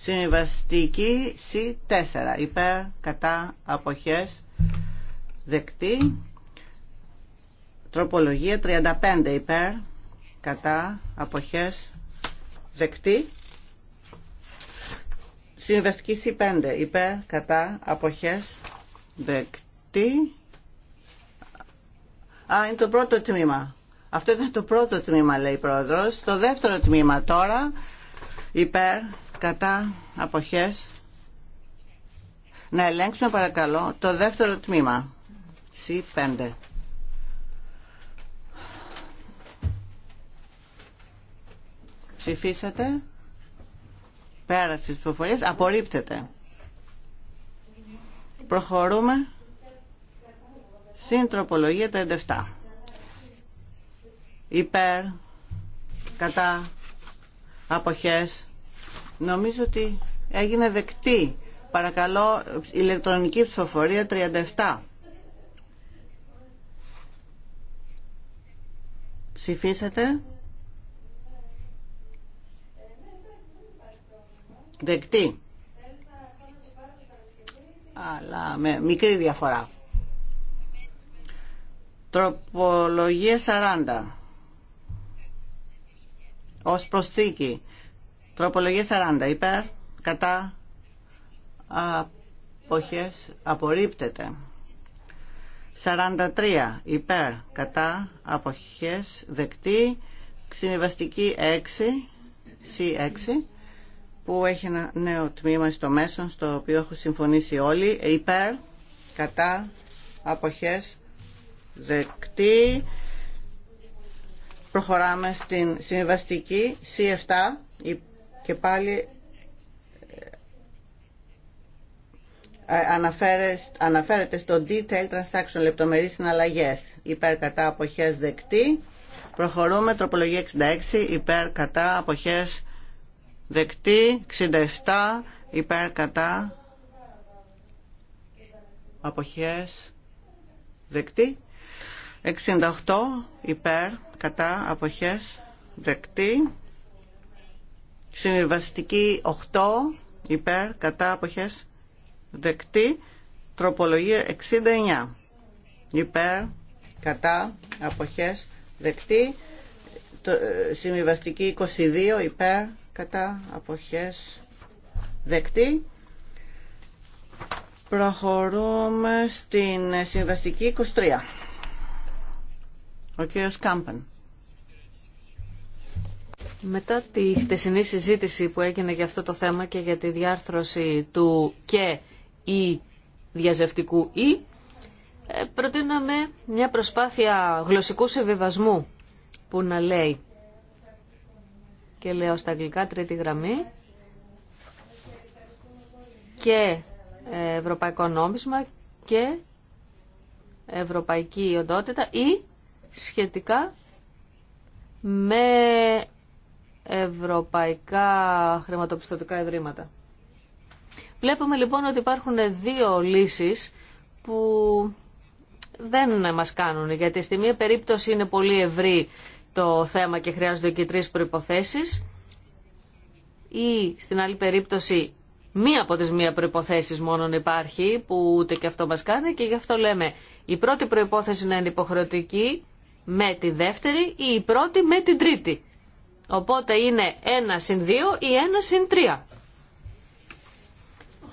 Συμβαστική C4 υπέρ κατά αποχές δεκτή. Τροπολογία 35 υπέρ κατά αποχές δεκτή. Συμβαστική C5 υπέρ, κατά, αποχές, δεκτή. Α, είναι το πρώτο τμήμα. Αυτό ήταν το πρώτο τμήμα, λέει η πρόεδρο. Το δεύτερο τμήμα τώρα, υπέρ, κατά, αποχές. Να ελέγξουμε παρακαλώ το δεύτερο τμήμα. C5. Ψηφίσατε. Πέραση τη ψηφοφορίας. Απορρίπτεται. Προχωρούμε στην τροπολογία 37. Υπέρ, κατά, αποχές. Νομίζω ότι έγινε δεκτή. Παρακαλώ, ηλεκτρονική ψηφοφορία 37. Ψηφίσατε. Δεκτή. Αλλά με μικρή διαφορά. Τροπολογία 40. Ως προσθήκη. Τροπολογία 40. Υπέρ, κατά, αποχές, απορρίπτεται. 43. Υπέρ, κατά, αποχές, δεκτή. Συνεβαστική 6. C6 που έχει ένα νέο τμήμα στο μέσον στο οποίο έχουν συμφωνήσει όλοι υπέρ, κατά, αποχές, δεκτή προχωράμε στην συμβαστική C7 και πάλι ε, αναφέρεται στο detail transaction λεπτομερείς συναλλαγές υπέρ κατά αποχές δεκτή προχωρούμε τροπολογία 66 υπέρ κατά αποχές δεκτή 67 υπέρ κατά αποχές δεκτή 68 υπέρ κατά αποχές δεκτή συμβιβαστική 8 υπέρ κατά αποχές δεκτή τροπολογία 69 υπέρ κατά αποχές δεκτή ε, συμβιβαστική 22 υπέρ κατά αποχές δεκτή. Προχωρούμε στην συμβαστική 23. Ο κύριος Κάμπεν Μετά τη χτεσινή συζήτηση που έγινε για αυτό το θέμα και για τη διάρθρωση του και ή διαζευτικού ή, ε, προτείναμε μια προσπάθεια γλωσσικού συμβιβασμού που να λέει και λέω στα αγγλικά τρίτη γραμμή και ε, ευρωπαϊκό νόμισμα και ευρωπαϊκή οντότητα ή σχετικά με ευρωπαϊκά χρηματοπιστωτικά ευρήματα. Βλέπουμε λοιπόν ότι υπάρχουν δύο λύσεις που δεν μας κάνουν, γιατί στη μία περίπτωση είναι πολύ ευρύ το θέμα και χρειάζονται και τρεις προϋποθέσεις ή στην άλλη περίπτωση μία από τις μία προϋποθέσεις μόνον υπάρχει που ούτε και αυτό μας κάνει και γι' αυτό λέμε η πρώτη προϋπόθεση να είναι υποχρεωτική με τη δεύτερη ή η πρώτη με την τρίτη. Οπότε είναι ένα συν δύο ή ένα συν τρία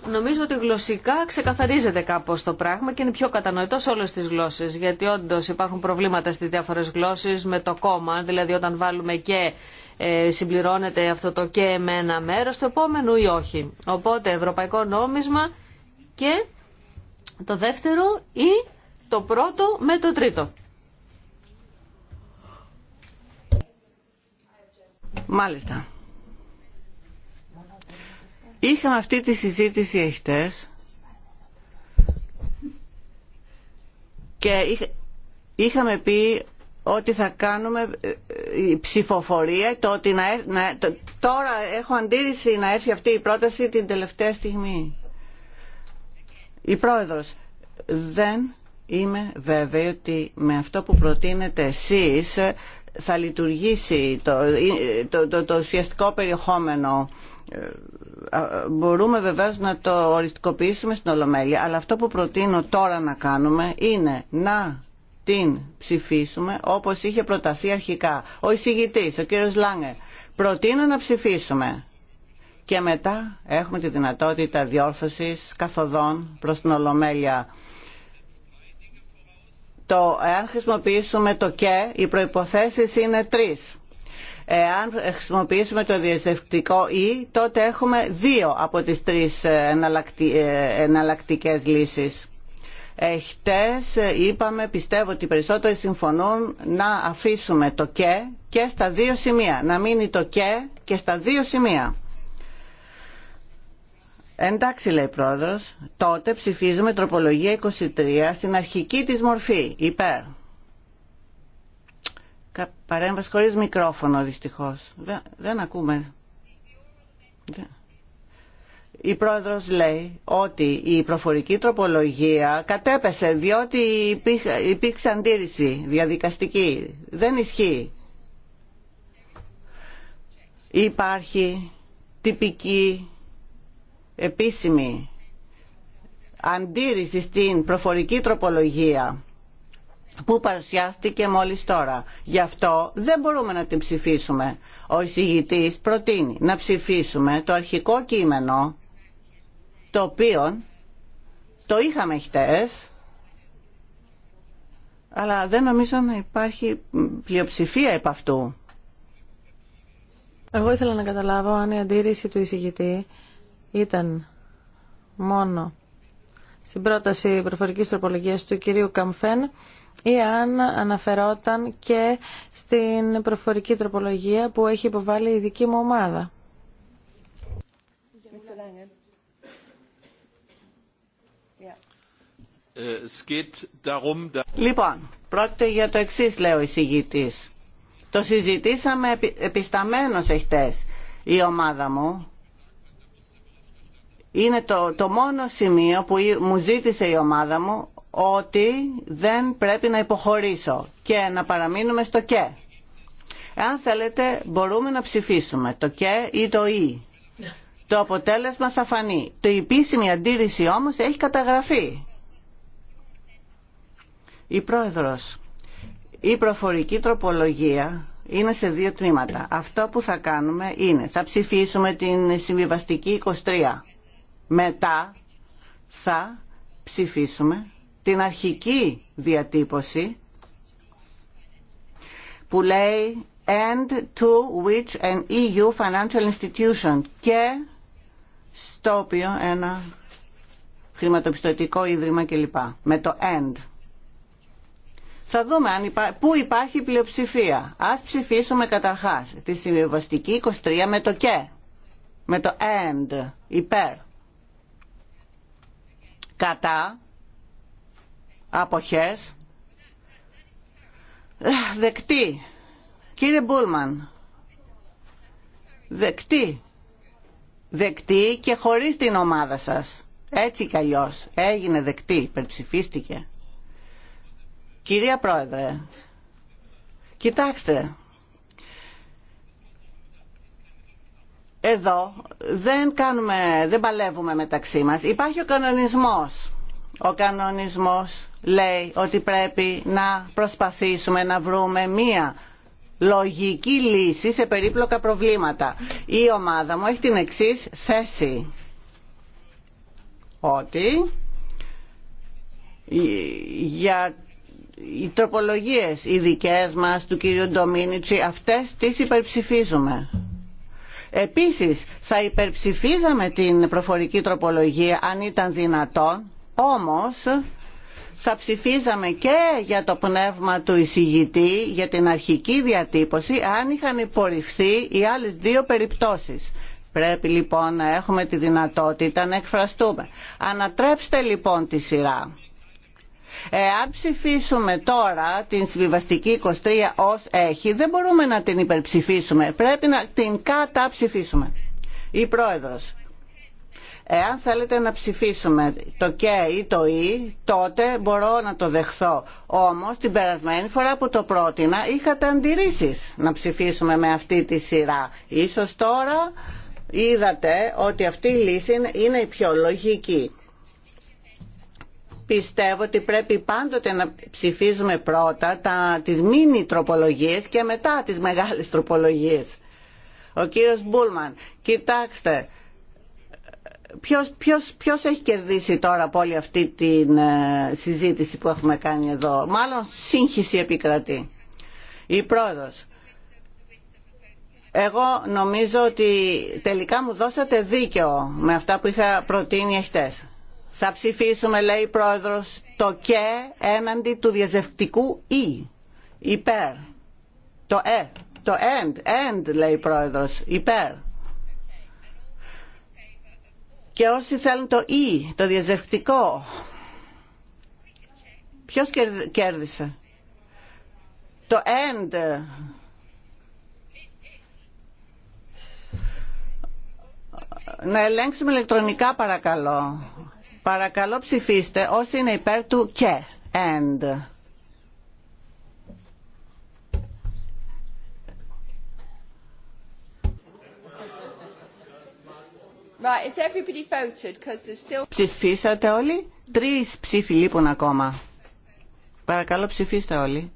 νομίζω ότι γλωσσικά ξεκαθαρίζεται κάπως το πράγμα και είναι πιο κατανοητό σε όλες τις γλώσσες, γιατί όντω υπάρχουν προβλήματα στις διάφορες γλώσσες με το κόμμα, δηλαδή όταν βάλουμε και ε, συμπληρώνεται αυτό το και με ένα μέρος, το επόμενο ή όχι. Οπότε ευρωπαϊκό νόμισμα και το δεύτερο ή το πρώτο με το τρίτο. Μάλιστα. Είχαμε αυτή τη συζήτηση εχθές και είχαμε πει ότι θα κάνουμε ε, ε, ψηφοφορία, το ότι να, τώρα έχω αντίρρηση να έρθει αυτή η πρόταση την τελευταία στιγμή. Η πρόεδρος, δεν είμαι βέβαιη ότι με αυτό που προτείνετε εσείς θα λειτουργήσει το, ε, το, το, το ουσιαστικό περιεχόμενο ε, μπορούμε βεβαίως να το οριστικοποιήσουμε στην Ολομέλεια, αλλά αυτό που προτείνω τώρα να κάνουμε είναι να την ψηφίσουμε όπως είχε προταθεί αρχικά. Ο εισηγητής, ο κύριος Λάγκε, προτείνω να ψηφίσουμε και μετά έχουμε τη δυνατότητα διόρθωσης καθοδών προς την Ολομέλεια. Το, εάν χρησιμοποιήσουμε το και, οι προϋποθέσεις είναι τρεις. Εάν χρησιμοποιήσουμε το διαζευτικό ή, τότε έχουμε δύο από τις τρεις ε, εναλλακτικές λύσεις. Εχτες είπαμε, πιστεύω ότι οι περισσότεροι συμφωνούν να αφήσουμε το και και στα δύο σημεία. Να μείνει το και και στα δύο σημεία. Εντάξει λέει πρόεδρος, τότε ψηφίζουμε τροπολογία 23 στην αρχική της μορφή, υπέρ. Παρέμβαση χωρίς μικρόφωνο δυστυχώς. Δεν, δεν ακούμε. Η πρόεδρος λέει ότι η προφορική τροπολογία κατέπεσε διότι υπήρξε αντίρρηση διαδικαστική. Δεν ισχύει. Υπάρχει τυπική επίσημη αντίρρηση στην προφορική τροπολογία που παρουσιάστηκε μόλις τώρα. Γι' αυτό δεν μπορούμε να την ψηφίσουμε. Ο εισηγητής προτείνει να ψηφίσουμε το αρχικό κείμενο το οποίο το είχαμε χτες αλλά δεν νομίζω να υπάρχει πλειοψηφία επ' αυτού. Εγώ ήθελα να καταλάβω αν η αντίρρηση του εισηγητή ήταν μόνο στην πρόταση προφορικής τροπολογίας του κυρίου Καμφέν ή αν αναφερόταν και στην προφορική τροπολογία που έχει υποβάλει η δική μου ομάδα. Ε, λοιπόν, πρόκειται για το εξή λέω εισηγητή. Το συζητήσαμε επισταμένως εχθές. Η ομάδα μου είναι το, το μόνο σημείο που μου ζήτησε η ομάδα μου ότι δεν πρέπει να υποχωρήσω και να παραμείνουμε στο και. Εάν θέλετε μπορούμε να ψηφίσουμε το και ή το ή. Το αποτέλεσμα θα φανεί. Το επίσημη αντίρρηση όμως έχει καταγραφεί. Η πρόεδρος, η προφορική τροπολογία είναι σε δύο τμήματα. Αυτό που θα κάνουμε είναι, θα ψηφίσουμε την συμβιβαστική 23. Μετά θα ψηφίσουμε την αρχική διατύπωση που λέει and to which an EU financial institution και στο οποίο ένα χρηματοπιστωτικό ίδρυμα κλπ. Με το end. Θα δούμε αν υπά... πού υπάρχει πλειοψηφία. Ας ψηφίσουμε καταρχάς τη συμβιβαστική 23 με το και. Με το end υπέρ. Κατά, αποχές ε, δεκτή κύριε Μπούλμαν δεκτή δεκτή και χωρίς την ομάδα σας έτσι κι έγινε δεκτή υπερψηφίστηκε κυρία Πρόεδρε κοιτάξτε εδώ δεν, κάνουμε, δεν παλεύουμε μεταξύ μας. Υπάρχει ο κανονισμός ο κανονισμός λέει ότι πρέπει να προσπαθήσουμε να βρούμε μία λογική λύση σε περίπλοκα προβλήματα. Η ομάδα μου έχει την εξής θέση. Ότι για οι τροπολογίες οι μας του κύριου Ντομίνιτσι αυτές τις υπερψηφίζουμε. Επίσης θα υπερψηφίζαμε την προφορική τροπολογία αν ήταν δυνατόν όμως θα ψηφίζαμε και για το πνεύμα του εισηγητή, για την αρχική διατύπωση, αν είχαν υπορριφθεί οι άλλες δύο περιπτώσεις. Πρέπει λοιπόν να έχουμε τη δυνατότητα να εκφραστούμε. Ανατρέψτε λοιπόν τη σειρά. Εάν ψηφίσουμε τώρα την συμβιβαστική 23 ως έχει, δεν μπορούμε να την υπερψηφίσουμε. Πρέπει να την καταψηφίσουμε. Η Πρόεδρος. Εάν θέλετε να ψηφίσουμε το και ή το ή, τότε μπορώ να το δεχθώ. Όμως την περασμένη φορά που το πρότεινα είχατε αντιρρήσεις να ψηφίσουμε με αυτή τη σειρά. Ίσως τώρα είδατε ότι αυτή η λύση είναι η πιο λογική. Πιστεύω ότι πρέπει πάντοτε να ψηφίζουμε πρώτα τα, τις μίνι τροπολογίες και μετά τις μεγάλες τροπολογίες. Ο κύριος Μπούλμαν, κοιτάξτε, ποιος, ποιος, ποιος έχει κερδίσει τώρα από όλη αυτή τη ε, συζήτηση που έχουμε κάνει εδώ. Μάλλον σύγχυση επικρατεί. Η πρόεδρος. Εγώ νομίζω ότι τελικά μου δώσατε δίκαιο με αυτά που είχα προτείνει εχθές. Θα ψηφίσουμε, λέει η πρόεδρος, το και έναντι του διαζευτικού «η». Υπέρ. Το «ε». Το «end». «End», λέει η πρόεδρος. Υπέρ και όσοι θέλουν το «ή», το διαζευτικό. Ποιος κέρδισε. Το «ΕΝΤ». Να ελέγξουμε ηλεκτρονικά παρακαλώ. Παρακαλώ ψηφίστε όσοι είναι υπέρ του «και». Ψηφίσατε όλοι. Τρεις ψήφοι λείπουν ακόμα. Παρακαλώ ψηφίστε όλοι.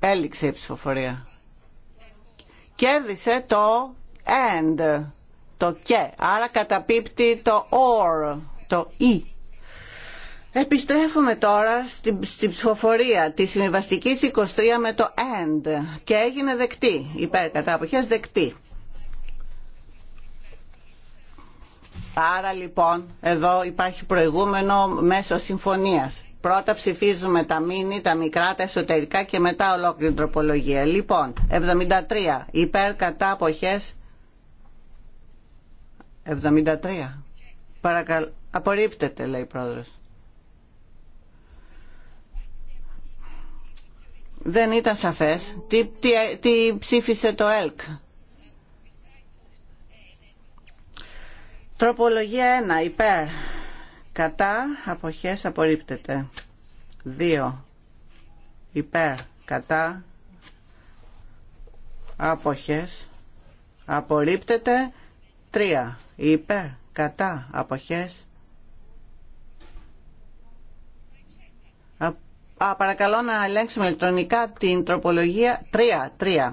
Έληξε η ψηφοφορία. Κέρδισε το and, το και. Άρα καταπίπτει το or, το e. Επιστρέφουμε τώρα στην, ψηφοφορία τη συμβαστική 23 με το END και έγινε δεκτή, υπέρ κατά δεκτή. Άρα λοιπόν εδώ υπάρχει προηγούμενο μέσο συμφωνίας. Πρώτα ψηφίζουμε τα μήνυ, τα μικρά, τα εσωτερικά και μετά ολόκληρη τροπολογία. Λοιπόν, 73 υπέρ κατά αποχές 73. Παρακαλώ, απορρίπτεται λέει η πρόεδρος. δεν ήταν σαφές τι, τι, ψήφισε το ΕΛΚ. Τροπολογία 1. Υπέρ. Κατά. Αποχές απορρίπτεται. 2. Υπέρ. Κατά. Αποχές. Απορρίπτεται. 3. Υπέρ. Κατά. Αποχές. Α, παρακαλώ να ελέγξουμε ηλεκτρονικά την τροπολογία 3, 3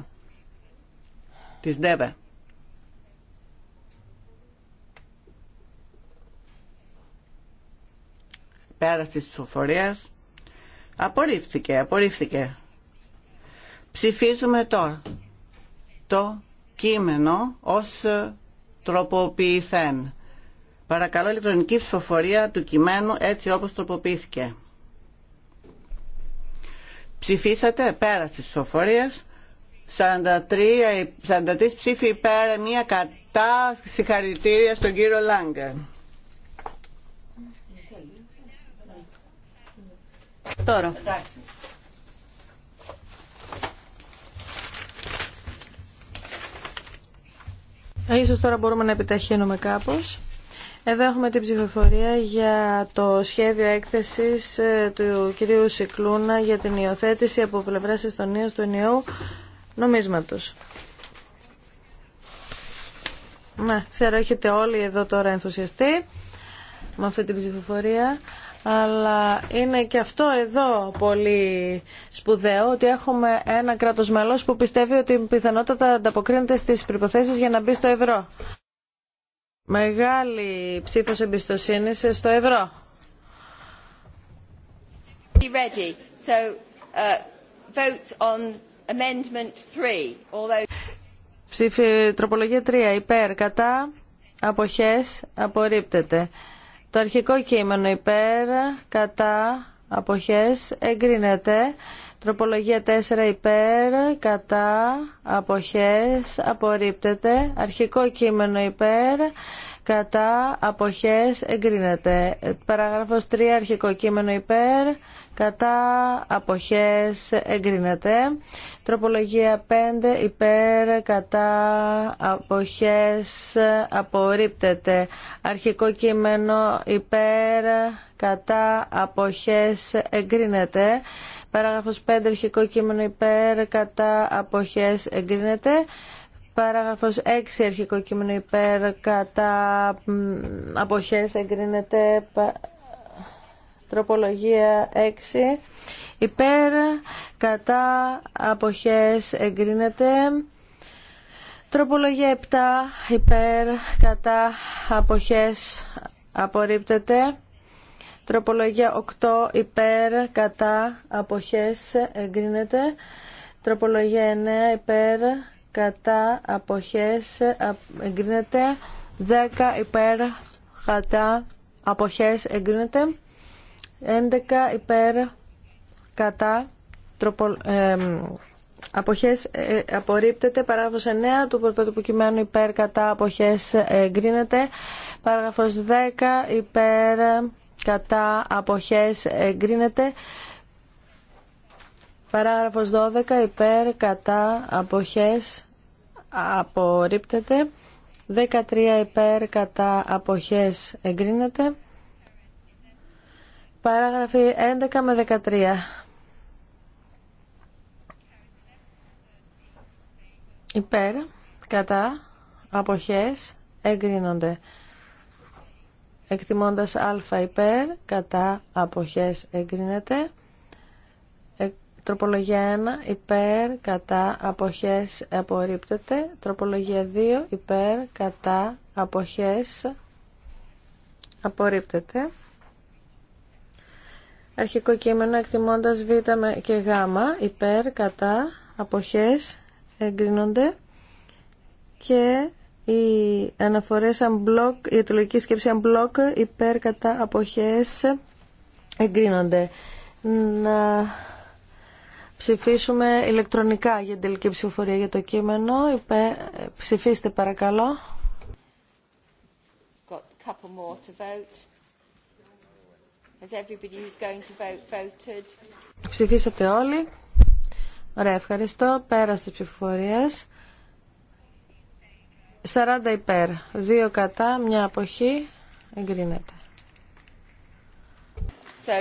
της ΔΕΒΕ. Πέρας της ψηφοφορίας. Απορρίφθηκε, απορρίφθηκε. Ψηφίζουμε τώρα το κείμενο ως τροποποιηθέν. Παρακαλώ ηλεκτρονική ψηφοφορία του κειμένου έτσι όπως τροποποιήθηκε. Ψηφίσατε πέρα τις ψηφοφορίες, 43, 43 ψήφοι υπέρ, μία κατά συγχαρητήρια στον κύριο Λάγκα. Τώρα. Εντάξει. Ίσως τώρα μπορούμε να επιταχύνουμε κάπως. Εδώ έχουμε την ψηφοφορία για το σχέδιο έκθεσης ε, του κυρίου Σικλούνα για την υιοθέτηση από πλευράς Εστονίας του ενιαίου νομίσματος. Ναι, ξέρω έχετε όλοι εδώ τώρα ενθουσιαστεί με αυτή την ψηφοφορία αλλά είναι και αυτό εδώ πολύ σπουδαίο ότι έχουμε ένα κράτος μέλος που πιστεύει ότι πιθανότατα ανταποκρίνεται στις προϋποθέσεις για να μπει στο ευρώ. Μεγάλη ψήφος εμπιστοσύνη στο ευρώ. Uh, Ψήφι τροπολογία 3. Υπέρ, κατά, αποχές, απορρίπτεται. Το αρχικό κείμενο υπέρ, κατά, αποχές, εγκρίνεται. Τροπολογία 4 υπέρ, κατά, αποχές, απορρίπτεται. Αρχικό κείμενο υπέρ, κατά, αποχές, εγκρίνεται. Παράγραφος 3, αρχικό κείμενο υπέρ, κατά, αποχές, εγκρίνεται. Τροπολογία 5 υπέρ, κατά, αποχές, απορρίπτεται. Αρχικό κείμενο υπέρ, κατά, αποχές, εγκρίνεται. Παράγραφος 5 αρχικό κείμενο υπέρ κατά αποχές εγκρίνεται. Παράγραφος 6 αρχικό κείμενο υπέρ κατά αποχές εγκρίνεται. Τροπολογία 6 υπέρ κατά αποχές εγκρίνεται. Τροπολογία 7 υπέρ κατά αποχές απορρίπτεται. Τροπολογία 8 υπέρ, κατά, αποχές, εγκρίνεται. Τροπολογία 9 υπέρ, κατά, αποχές, εγκρίνεται. 10 υπέρ, κατά, αποχές, εγκρίνεται. 11 υπέρ, κατά, τροπο, ε, αποχές, απορρίπτεται. Παράγραφος 9 του πρωτότυπου κειμένου υπέρ, κατά, αποχές, εγκρίνεται. Παράγραφος 10 υπέρ, κατά αποχές εγκρίνεται παράγραφος 12 υπέρ κατά αποχές απορρίπτεται 13 υπέρ κατά αποχές εγκρίνεται παράγραφοι 11 με 13 υπέρ κατά αποχές εγκρίνονται Εκτιμώντας α υπέρ, κατά αποχές εγκρίνεται. Ε, τροπολογία 1 υπέρ, κατά αποχές απορρίπτεται. Τροπολογία 2 υπέρ, κατά αποχές απορρίπτεται. Αρχικό κείμενο εκτιμώντας β και γ υπέρ, κατά αποχές εγκρίνονται και οι αναφορές unblock, η αιτιολογική σκέψη unblock υπέρ κατά αποχές εγκρίνονται. Να ψηφίσουμε ηλεκτρονικά για την τελική ψηφοφορία για το κείμενο. Ψηφίστε παρακαλώ. Ψηφίσατε όλοι. Ωραία, ευχαριστώ. Πέρασε τη ψηφοφορία. 40 υπέρ, 2 κατά, μια αποχή, εγκρίνεται. So,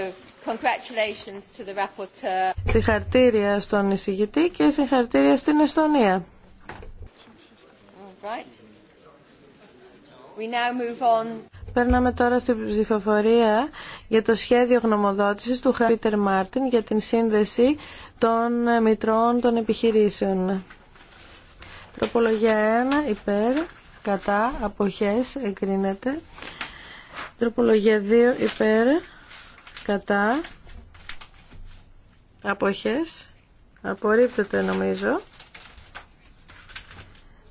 congratulations to the rapporteur. Συγχαρητήρια στον εισηγητή και συγχαρητήρια στην Εστονία. Right. We now move on. Περνάμε τώρα στην ψηφοφορία για το σχέδιο γνωμοδότησης του Χαρίτερ Μάρτιν για την σύνδεση των μητρών των επιχειρήσεων. Τροπολογία 1 υπέρ, κατά, αποχές, εγκρίνεται. Τροπολογία 2 υπέρ, κατά, αποχές, απορρίπτεται νομίζω.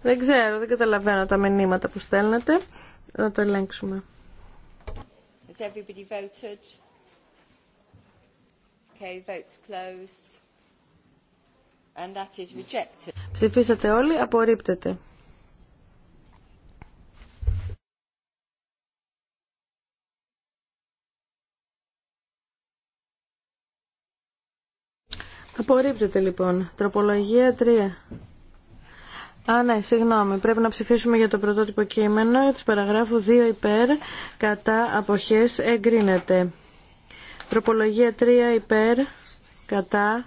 Δεν ξέρω, δεν καταλαβαίνω τα μηνύματα που στέλνετε. Να το ελέγξουμε. Has everybody voted? Okay, votes closed. Ψηφίσατε όλοι, απορρίπτεται. Απορρίπτεται λοιπόν. Τροπολογία 3. Α, ναι, συγγνώμη. Πρέπει να ψηφίσουμε για το πρωτότυπο κείμενο. Της παραγράφου 2 υπέρ, κατά, αποχές, εγκρίνεται. Τροπολογία 3 υπέρ, κατά,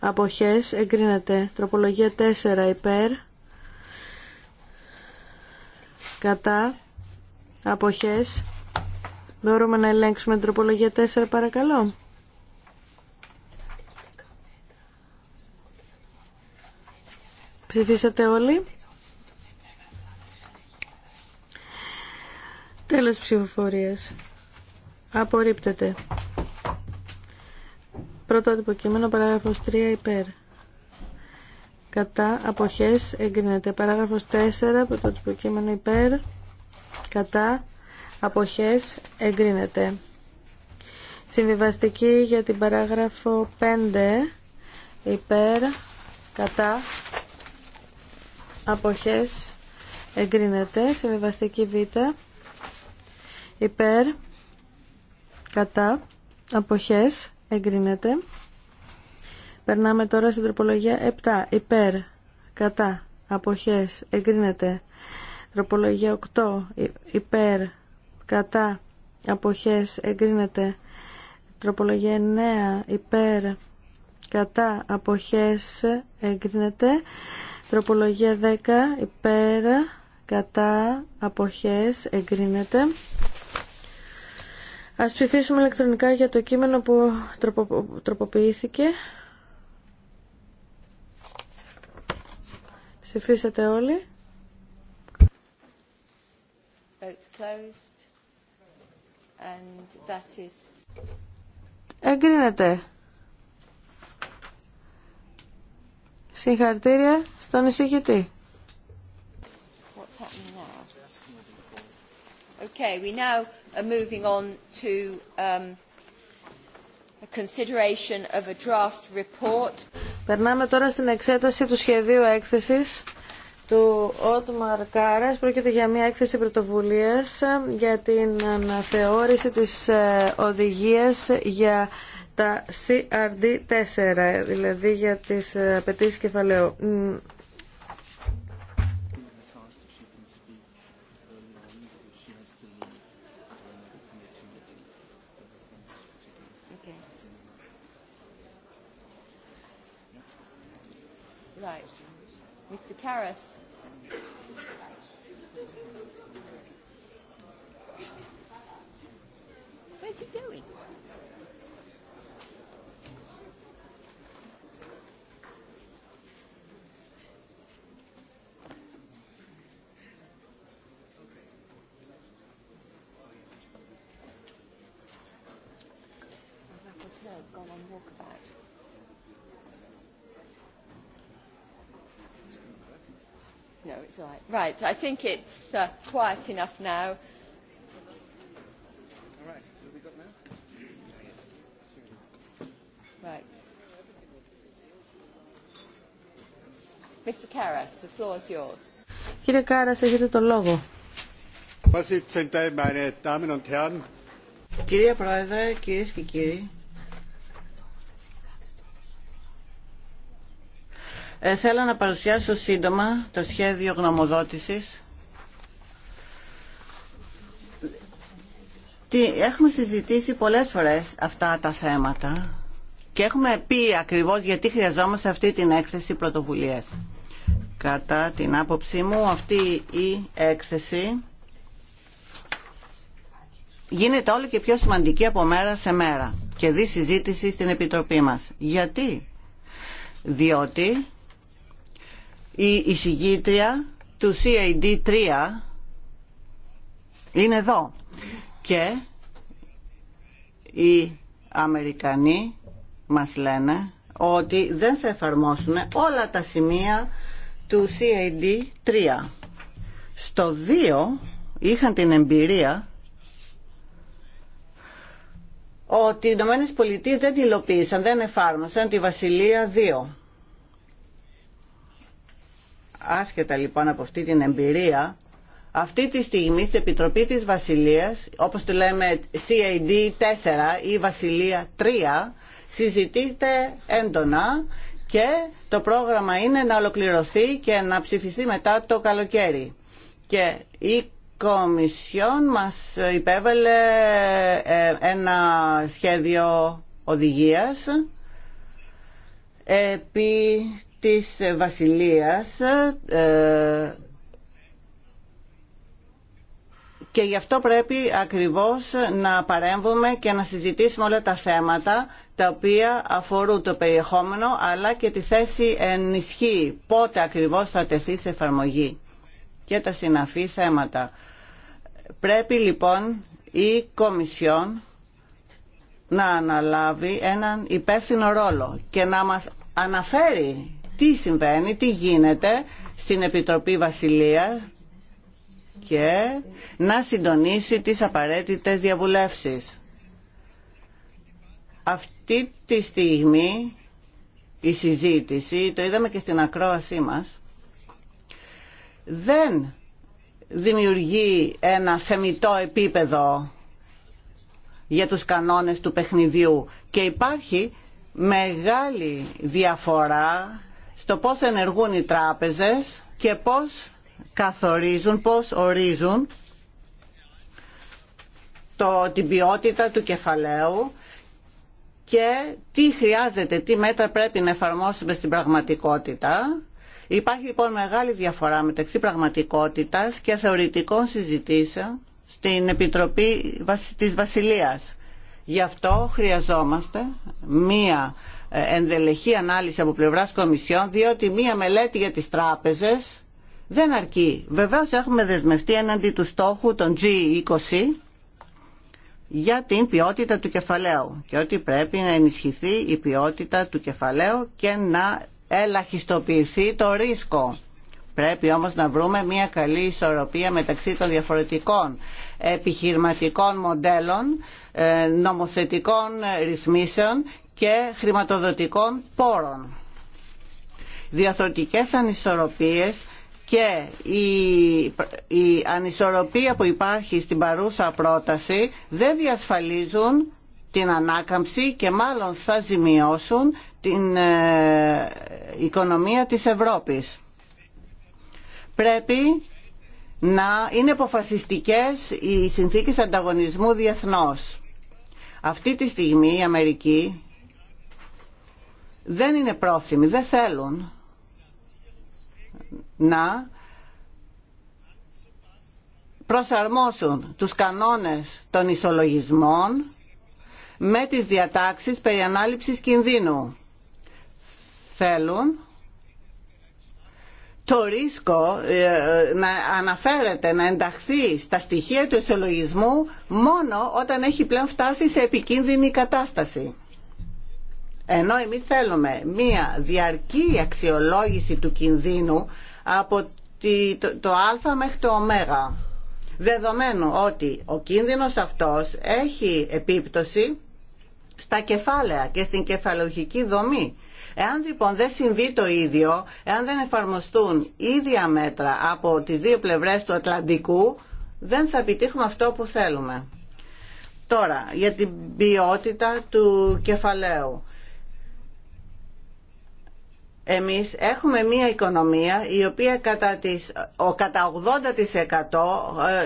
αποχές εγκρίνεται τροπολογία 4 υπέρ κατά αποχές μπορούμε να ελέγξουμε την τροπολογία 4 παρακαλώ ψηφίσατε όλοι τέλος ψηφοφορίας απορρίπτεται Πρώτο κείμενο παράγραφος 3 υπέρ. Κατά αποχές εγκρίνεται. Παράγραφος 4 πρώτο κείμενο υπέρ. Κατά αποχές εγκρίνεται. Συμβιβαστική για την παράγραφο 5 υπέρ. Κατά αποχές εγκρίνεται. Συμβιβαστική β υπέρ. Κατά αποχές εγκρίνεται. Περνάμε τώρα στην τροπολογία 7. Υπέρ, κατά, αποχές, εγκρίνεται. Τροπολογία 8. Υπέρ, κατά, αποχές, εγκρίνεται. Τροπολογία 9. Υπέρ, κατά, αποχές, εγκρίνεται. Τροπολογία 10. Υπέρ, κατά, αποχές, εγκρίνεται. Ας ψηφίσουμε ηλεκτρονικά για το κείμενο που τροποποιήθηκε. Ψηφίσατε όλοι. Εγκρίνεται. Συγχαρητήρια στον εισηγητή. Okay, we Περνάμε τώρα στην εξέταση του σχεδίου έκθεσης του Ότμαρ Κάρας. Πρόκειται για μια έκθεση πρωτοβουλίας για την αναθεώρηση της ε, οδηγίας για τα CRD4, δηλαδή για τις ε, απαιτήσεις κεφαλαίου. tariffs. Right, I think it's uh, quiet enough now. Right. Mr. Karas, the floor is yours. Κύριε Κάρας, έχετε το λόγο. Κυρία Πρόεδρε, κυρίες και κύριοι, Ε, θέλω να παρουσιάσω σύντομα το σχέδιο γνωμοδότησης. Τι, έχουμε συζητήσει πολλές φορές αυτά τα θέματα και έχουμε πει ακριβώς γιατί χρειαζόμαστε αυτή την έκθεση πρωτοβουλίας. Κατά την άποψή μου αυτή η έκθεση γίνεται όλο και πιο σημαντική από μέρα σε μέρα και δει συζήτηση στην Επιτροπή μας. Γιατί? Διότι η εισηγήτρια του CAD3 είναι εδώ και οι Αμερικανοί μας λένε ότι δεν σε εφαρμόσουν όλα τα σημεία του CAD3. Στο 2 είχαν την εμπειρία ότι οι Ηνωμένε Πολιτείε δεν υλοποίησαν, δεν εφάρμοσαν τη Βασιλεία 2. Άσχετα λοιπόν από αυτή την εμπειρία, αυτή τη στιγμή στην Επιτροπή της Βασιλείας, όπως τη λέμε CAD 4 ή Βασιλεία 3, συζητείται έντονα και το πρόγραμμα είναι να ολοκληρωθεί και να ψηφιστεί μετά το καλοκαίρι. Και η Κομισιόν μας υπέβαλε ε, ένα σχέδιο οδηγίας επί της Βασιλείας ε, και γι' αυτό πρέπει ακριβώς να παρέμβουμε και να συζητήσουμε όλα τα θέματα τα οποία αφορούν το περιεχόμενο αλλά και τη θέση ενισχύ πότε ακριβώς θα τεθεί σε εφαρμογή και τα συναφή θέματα. Πρέπει λοιπόν η Κομισιόν να αναλάβει έναν υπεύθυνο ρόλο και να μας αναφέρει τι συμβαίνει, τι γίνεται στην Επιτροπή Βασιλεία και να συντονίσει τις απαραίτητες διαβουλεύσεις. Αυτή τη στιγμή η συζήτηση, το είδαμε και στην ακρόασή μας, δεν δημιουργεί ένα σεμιτό επίπεδο για τους κανόνες του παιχνιδιού και υπάρχει μεγάλη διαφορά στο πώς ενεργούν οι τράπεζες και πώς καθορίζουν, πώς ορίζουν το, την ποιότητα του κεφαλαίου και τι χρειάζεται, τι μέτρα πρέπει να εφαρμόσουμε στην πραγματικότητα. Υπάρχει λοιπόν μεγάλη διαφορά μεταξύ πραγματικότητας και θεωρητικών συζητήσεων στην Επιτροπή της Βασιλείας. Γι' αυτό χρειαζόμαστε μία ενδελεχή ανάλυση από πλευράς Κομισιόν διότι μία μελέτη για τις τράπεζες δεν αρκεί. Βεβαίως έχουμε δεσμευτεί έναντι του στόχου των G20 για την ποιότητα του κεφαλαίου και ότι πρέπει να ενισχυθεί η ποιότητα του κεφαλαίου και να ελαχιστοποιηθεί το ρίσκο. Πρέπει όμως να βρούμε μια καλή ισορροπία μεταξύ των διαφορετικών επιχειρηματικών μοντέλων, ε, νομοθετικών ρυθμίσεων και χρηματοδοτικών πόρων. Διαθροτικές ανισορροπίες και η, ανισορροπία που υπάρχει στην παρούσα πρόταση δεν διασφαλίζουν την ανάκαμψη και μάλλον θα ζημιώσουν την ε, οικονομία της Ευρώπης. Πρέπει να είναι αποφασιστικές οι συνθήκες ανταγωνισμού διεθνώς. Αυτή τη στιγμή η Αμερική δεν είναι πρόθυμοι, δεν θέλουν να προσαρμόσουν τους κανόνες των ισολογισμών με τις διατάξεις περί ανάληψης κινδύνου. Θέλουν το ρίσκο ε, να αναφέρεται, να ενταχθεί στα στοιχεία του ισολογισμού μόνο όταν έχει πλέον φτάσει σε επικίνδυνη κατάσταση. Ενώ εμείς θέλουμε μία διαρκή αξιολόγηση του κινδύνου από το α μέχρι το ω. Δεδομένου ότι ο κίνδυνος αυτός έχει επίπτωση στα κεφάλαια και στην κεφαλογική δομή. Εάν λοιπόν δεν συμβεί το ίδιο, εάν δεν εφαρμοστούν ίδια μέτρα από τις δύο πλευρές του Ατλαντικού, δεν θα επιτύχουμε αυτό που θέλουμε. Τώρα, για την ποιότητα του κεφαλαίου εμείς έχουμε μία οικονομία η οποία κατά, τις, ο, κατά 80%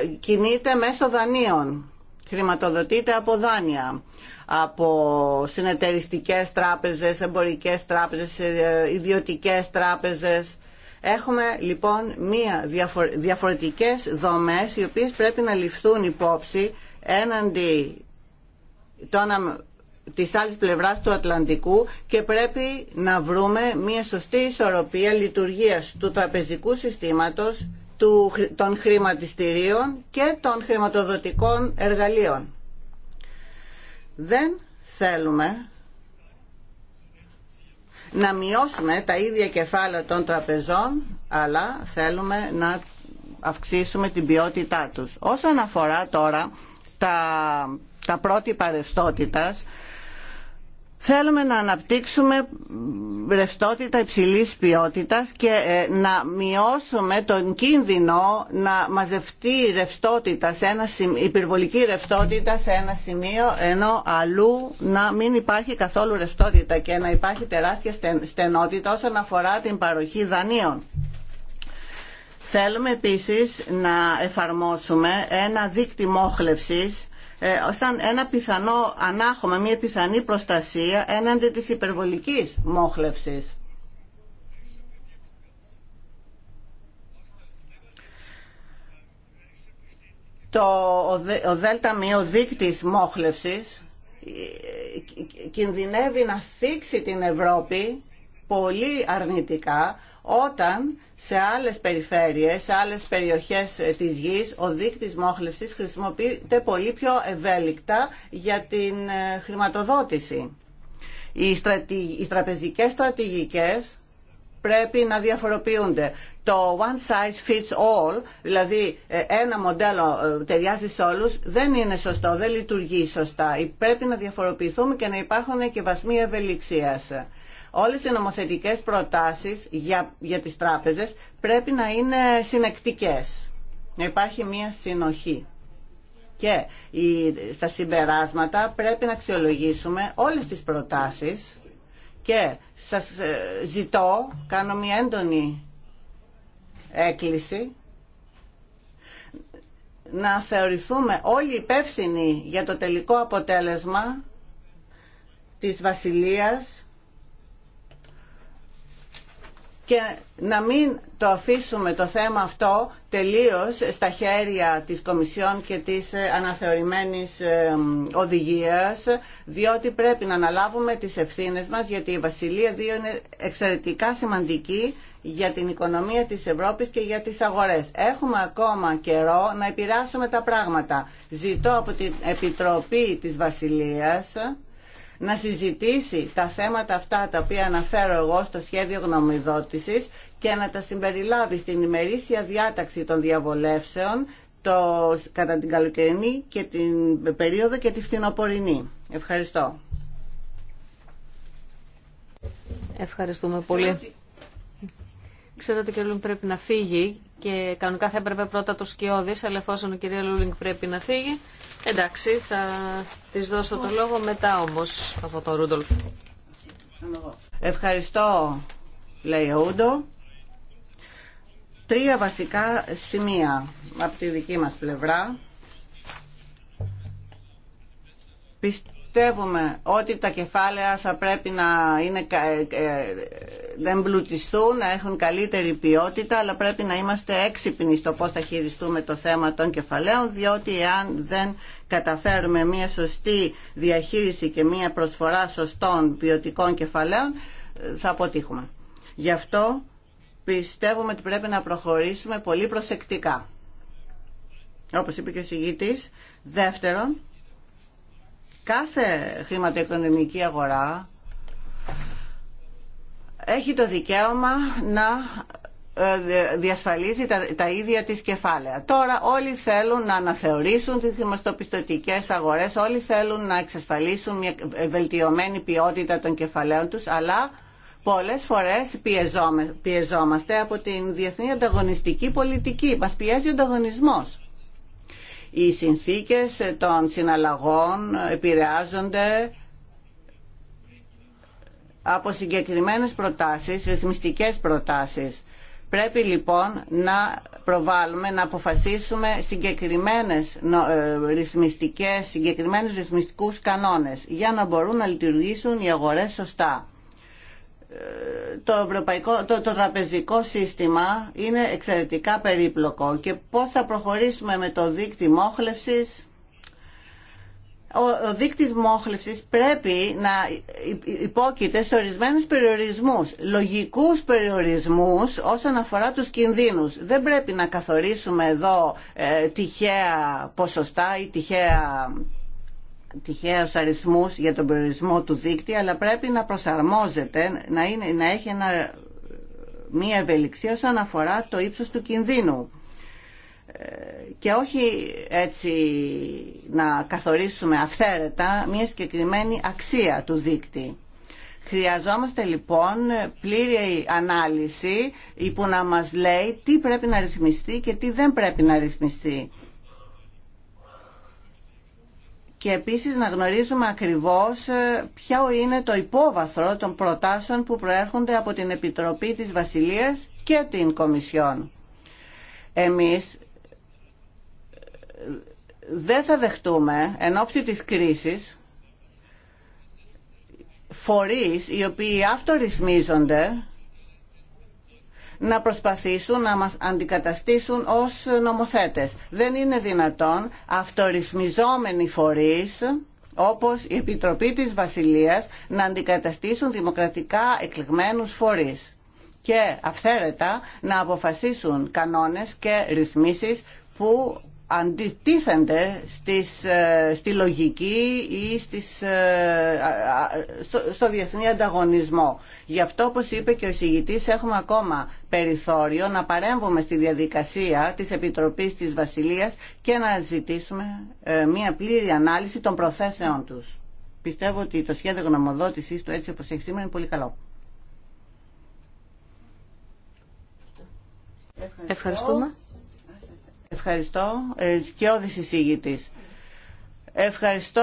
ε, κινείται μέσω δανείων. Χρηματοδοτείται από δάνεια, από συνεταιριστικές τράπεζες, εμπορικές τράπεζες, ε, ιδιωτικές τράπεζες. Έχουμε λοιπόν μία διαφορετικές δομές οι οποίες πρέπει να ληφθούν υπόψη έναντι των της άλλης πλευράς του Ατλαντικού και πρέπει να βρούμε μια σωστή ισορροπία λειτουργίας του τραπεζικού συστήματος, του, των χρηματιστηρίων και των χρηματοδοτικών εργαλείων. Δεν θέλουμε να μειώσουμε τα ίδια κεφάλαια των τραπεζών, αλλά θέλουμε να αυξήσουμε την ποιότητά τους. Όσον αφορά τώρα τα, τα πρότυπα Θέλουμε να αναπτύξουμε ρευστότητα υψηλής ποιότητας και ε, να μειώσουμε τον κίνδυνο να μαζευτεί ρευστότητα σε ένα υπερβολική ρευστότητα σε ένα σημείο ενώ αλλού να μην υπάρχει καθόλου ρευστότητα και να υπάρχει τεράστια στενότητα όσον αφορά την παροχή δανείων. Θέλουμε επίσης να εφαρμόσουμε ένα δίκτυ μόχλευσης ε, σαν ένα πιθανό ανάχωμα, μια πιθανή προστασία έναντι της υπερβολικής μόχλευσης. Το, ο ΔΕΛΤΑ ο δείκτης μόχλευσης, ε, κινδυνεύει να θίξει την Ευρώπη πολύ αρνητικά όταν σε άλλες περιφέρειες, σε άλλες περιοχές της γης ο δείκτης μόχλευσης χρησιμοποιείται πολύ πιο ευέλικτα για την ε, χρηματοδότηση. Οι, στρατη... οι τραπεζικές στρατηγικές πρέπει να διαφοροποιούνται. Το one size fits all, δηλαδή ε, ένα μοντέλο ε, ταιριάζει σε όλους, δεν είναι σωστό, δεν λειτουργεί σωστά. Πρέπει να διαφοροποιηθούμε και να υπάρχουν και βασμοί ευελιξίας όλες οι νομοθετικές προτάσεις για, για τις τράπεζες πρέπει να είναι συνεκτικές. Να υπάρχει μία συνοχή. Και η, στα συμπεράσματα πρέπει να αξιολογήσουμε όλες τις προτάσεις και σας ε, ζητώ, κάνω μία έντονη έκκληση να θεωρηθούμε όλοι υπεύθυνοι για το τελικό αποτέλεσμα της Βασιλείας και να μην το αφήσουμε το θέμα αυτό τελείως στα χέρια της Κομισιόν και της ε, αναθεωρημένης ε, οδηγίας, διότι πρέπει να αναλάβουμε τις ευθύνες μας, γιατί η Βασιλεία 2 είναι εξαιρετικά σημαντική για την οικονομία της Ευρώπης και για τις αγορές. Έχουμε ακόμα καιρό να επηρεάσουμε τα πράγματα. Ζητώ από την Επιτροπή της Βασιλείας να συζητήσει τα θέματα αυτά τα οποία αναφέρω εγώ στο σχέδιο γνωμιδότησης και να τα συμπεριλάβει στην ημερήσια διάταξη των διαβολεύσεων το, κατά την καλοκαιρινή και την περίοδο και τη φθινοπορεινή. Ευχαριστώ. Ευχαριστούμε πολύ. Ξέρω ότι ο κ. Λούλινγκ πρέπει να φύγει και κανονικά θα έπρεπε πρώτα το σκιώδης, αλλά εφόσον ο κ. Λούλινγκ πρέπει να φύγει, Εντάξει, θα της δώσω το λόγο μετά όμως από τον Ρούντολφ. Ευχαριστώ, λέει ο Ούντο. Τρία βασικά σημεία από τη δική μας πλευρά. Πιστεύουμε ότι τα κεφάλαια θα πρέπει να είναι ε, ε, δεν εμπλουτιστούν, να έχουν καλύτερη ποιότητα, αλλά πρέπει να είμαστε έξυπνοι στο πώς θα χειριστούμε το θέμα των κεφαλαίων, διότι εάν δεν καταφέρουμε μια σωστή διαχείριση και μια προσφορά σωστών ποιοτικών κεφαλαίων, θα αποτύχουμε. Γι' αυτό πιστεύουμε ότι πρέπει να προχωρήσουμε πολύ προσεκτικά. Όπως είπε και ο συγγήτης, δεύτερον, κάθε χρηματοοικονομική αγορά έχει το δικαίωμα να ε, διασφαλίζει τα, τα ίδια της κεφάλαια. Τώρα όλοι θέλουν να αναθεωρήσουν τις χρηματοπιστωτικές αγορές, όλοι θέλουν να εξασφαλίσουν μια βελτιωμένη ποιότητα των κεφαλαίων τους, αλλά πολλές φορές πιεζόμε, πιεζόμαστε από την διεθνή ανταγωνιστική πολιτική. Μας πιέζει ο ανταγωνισμός. Οι συνθήκες των συναλλαγών επηρεάζονται από συγκεκριμένες προτάσεις, ρυθμιστικές προτάσεις. Πρέπει λοιπόν να προβάλλουμε, να αποφασίσουμε συγκεκριμένες ε, ρυθμιστικές, συγκεκριμένους ρυθμιστικούς κανόνες για να μπορούν να λειτουργήσουν οι αγορές σωστά. Ε, το, ευρωπαϊκό, το, το τραπεζικό σύστημα είναι εξαιρετικά περίπλοκο και πώς θα προχωρήσουμε με το δίκτυ μόχλευσης ο δίκτυς μόχλευσης πρέπει να υπόκειται σε ορισμένους περιορισμούς, λογικούς περιορισμούς όσον αφορά τους κινδύνους. Δεν πρέπει να καθορίσουμε εδώ ε, τυχαία ποσοστά ή τυχαία τυχαίους αριθμούς για τον περιορισμό του δίκτυα αλλά πρέπει να προσαρμόζεται, να, είναι, να έχει μία ευελιξία όσον αφορά το ύψος του κινδύνου και όχι έτσι να καθορίσουμε αυθαίρετα μια συγκεκριμένη αξία του δίκτυ. Χρειαζόμαστε λοιπόν πλήρη ανάλυση που να μας λέει τι πρέπει να ρυθμιστεί και τι δεν πρέπει να ρυθμιστεί. Και επίσης να γνωρίζουμε ακριβώς ε, ποιο είναι το υπόβαθρο των προτάσεων που προέρχονται από την Επιτροπή της Βασιλείας και την Κομισιόν. Εμείς δεν θα δεχτούμε εν ώψη της κρίσης φορείς οι οποίοι αυτορυθμίζονται να προσπαθήσουν να μας αντικαταστήσουν ως νομοθέτες. Δεν είναι δυνατόν αυτορυθμιζόμενοι φορείς όπως η Επιτροπή της Βασιλείας να αντικαταστήσουν δημοκρατικά εκλεγμένους φορείς και αυθαίρετα να αποφασίσουν κανόνες και ρυθμίσεις που αντιτίθενται στις, ε, στη λογική ή στις, ε, στο, διεθνή ανταγωνισμό. Γι' αυτό, όπως είπε και ο συγητής, έχουμε ακόμα περιθώριο να παρέμβουμε στη διαδικασία της Επιτροπής της Βασιλείας και να ζητήσουμε ε, μία πλήρη ανάλυση των προθέσεων τους. Πιστεύω ότι το σχέδιο γνωμοδότησης του έτσι όπως έχει σήμερα είναι πολύ καλό. Ευχαριστούμε. Ευχαριστώ. Ε, Σκιώδης Ευχαριστώ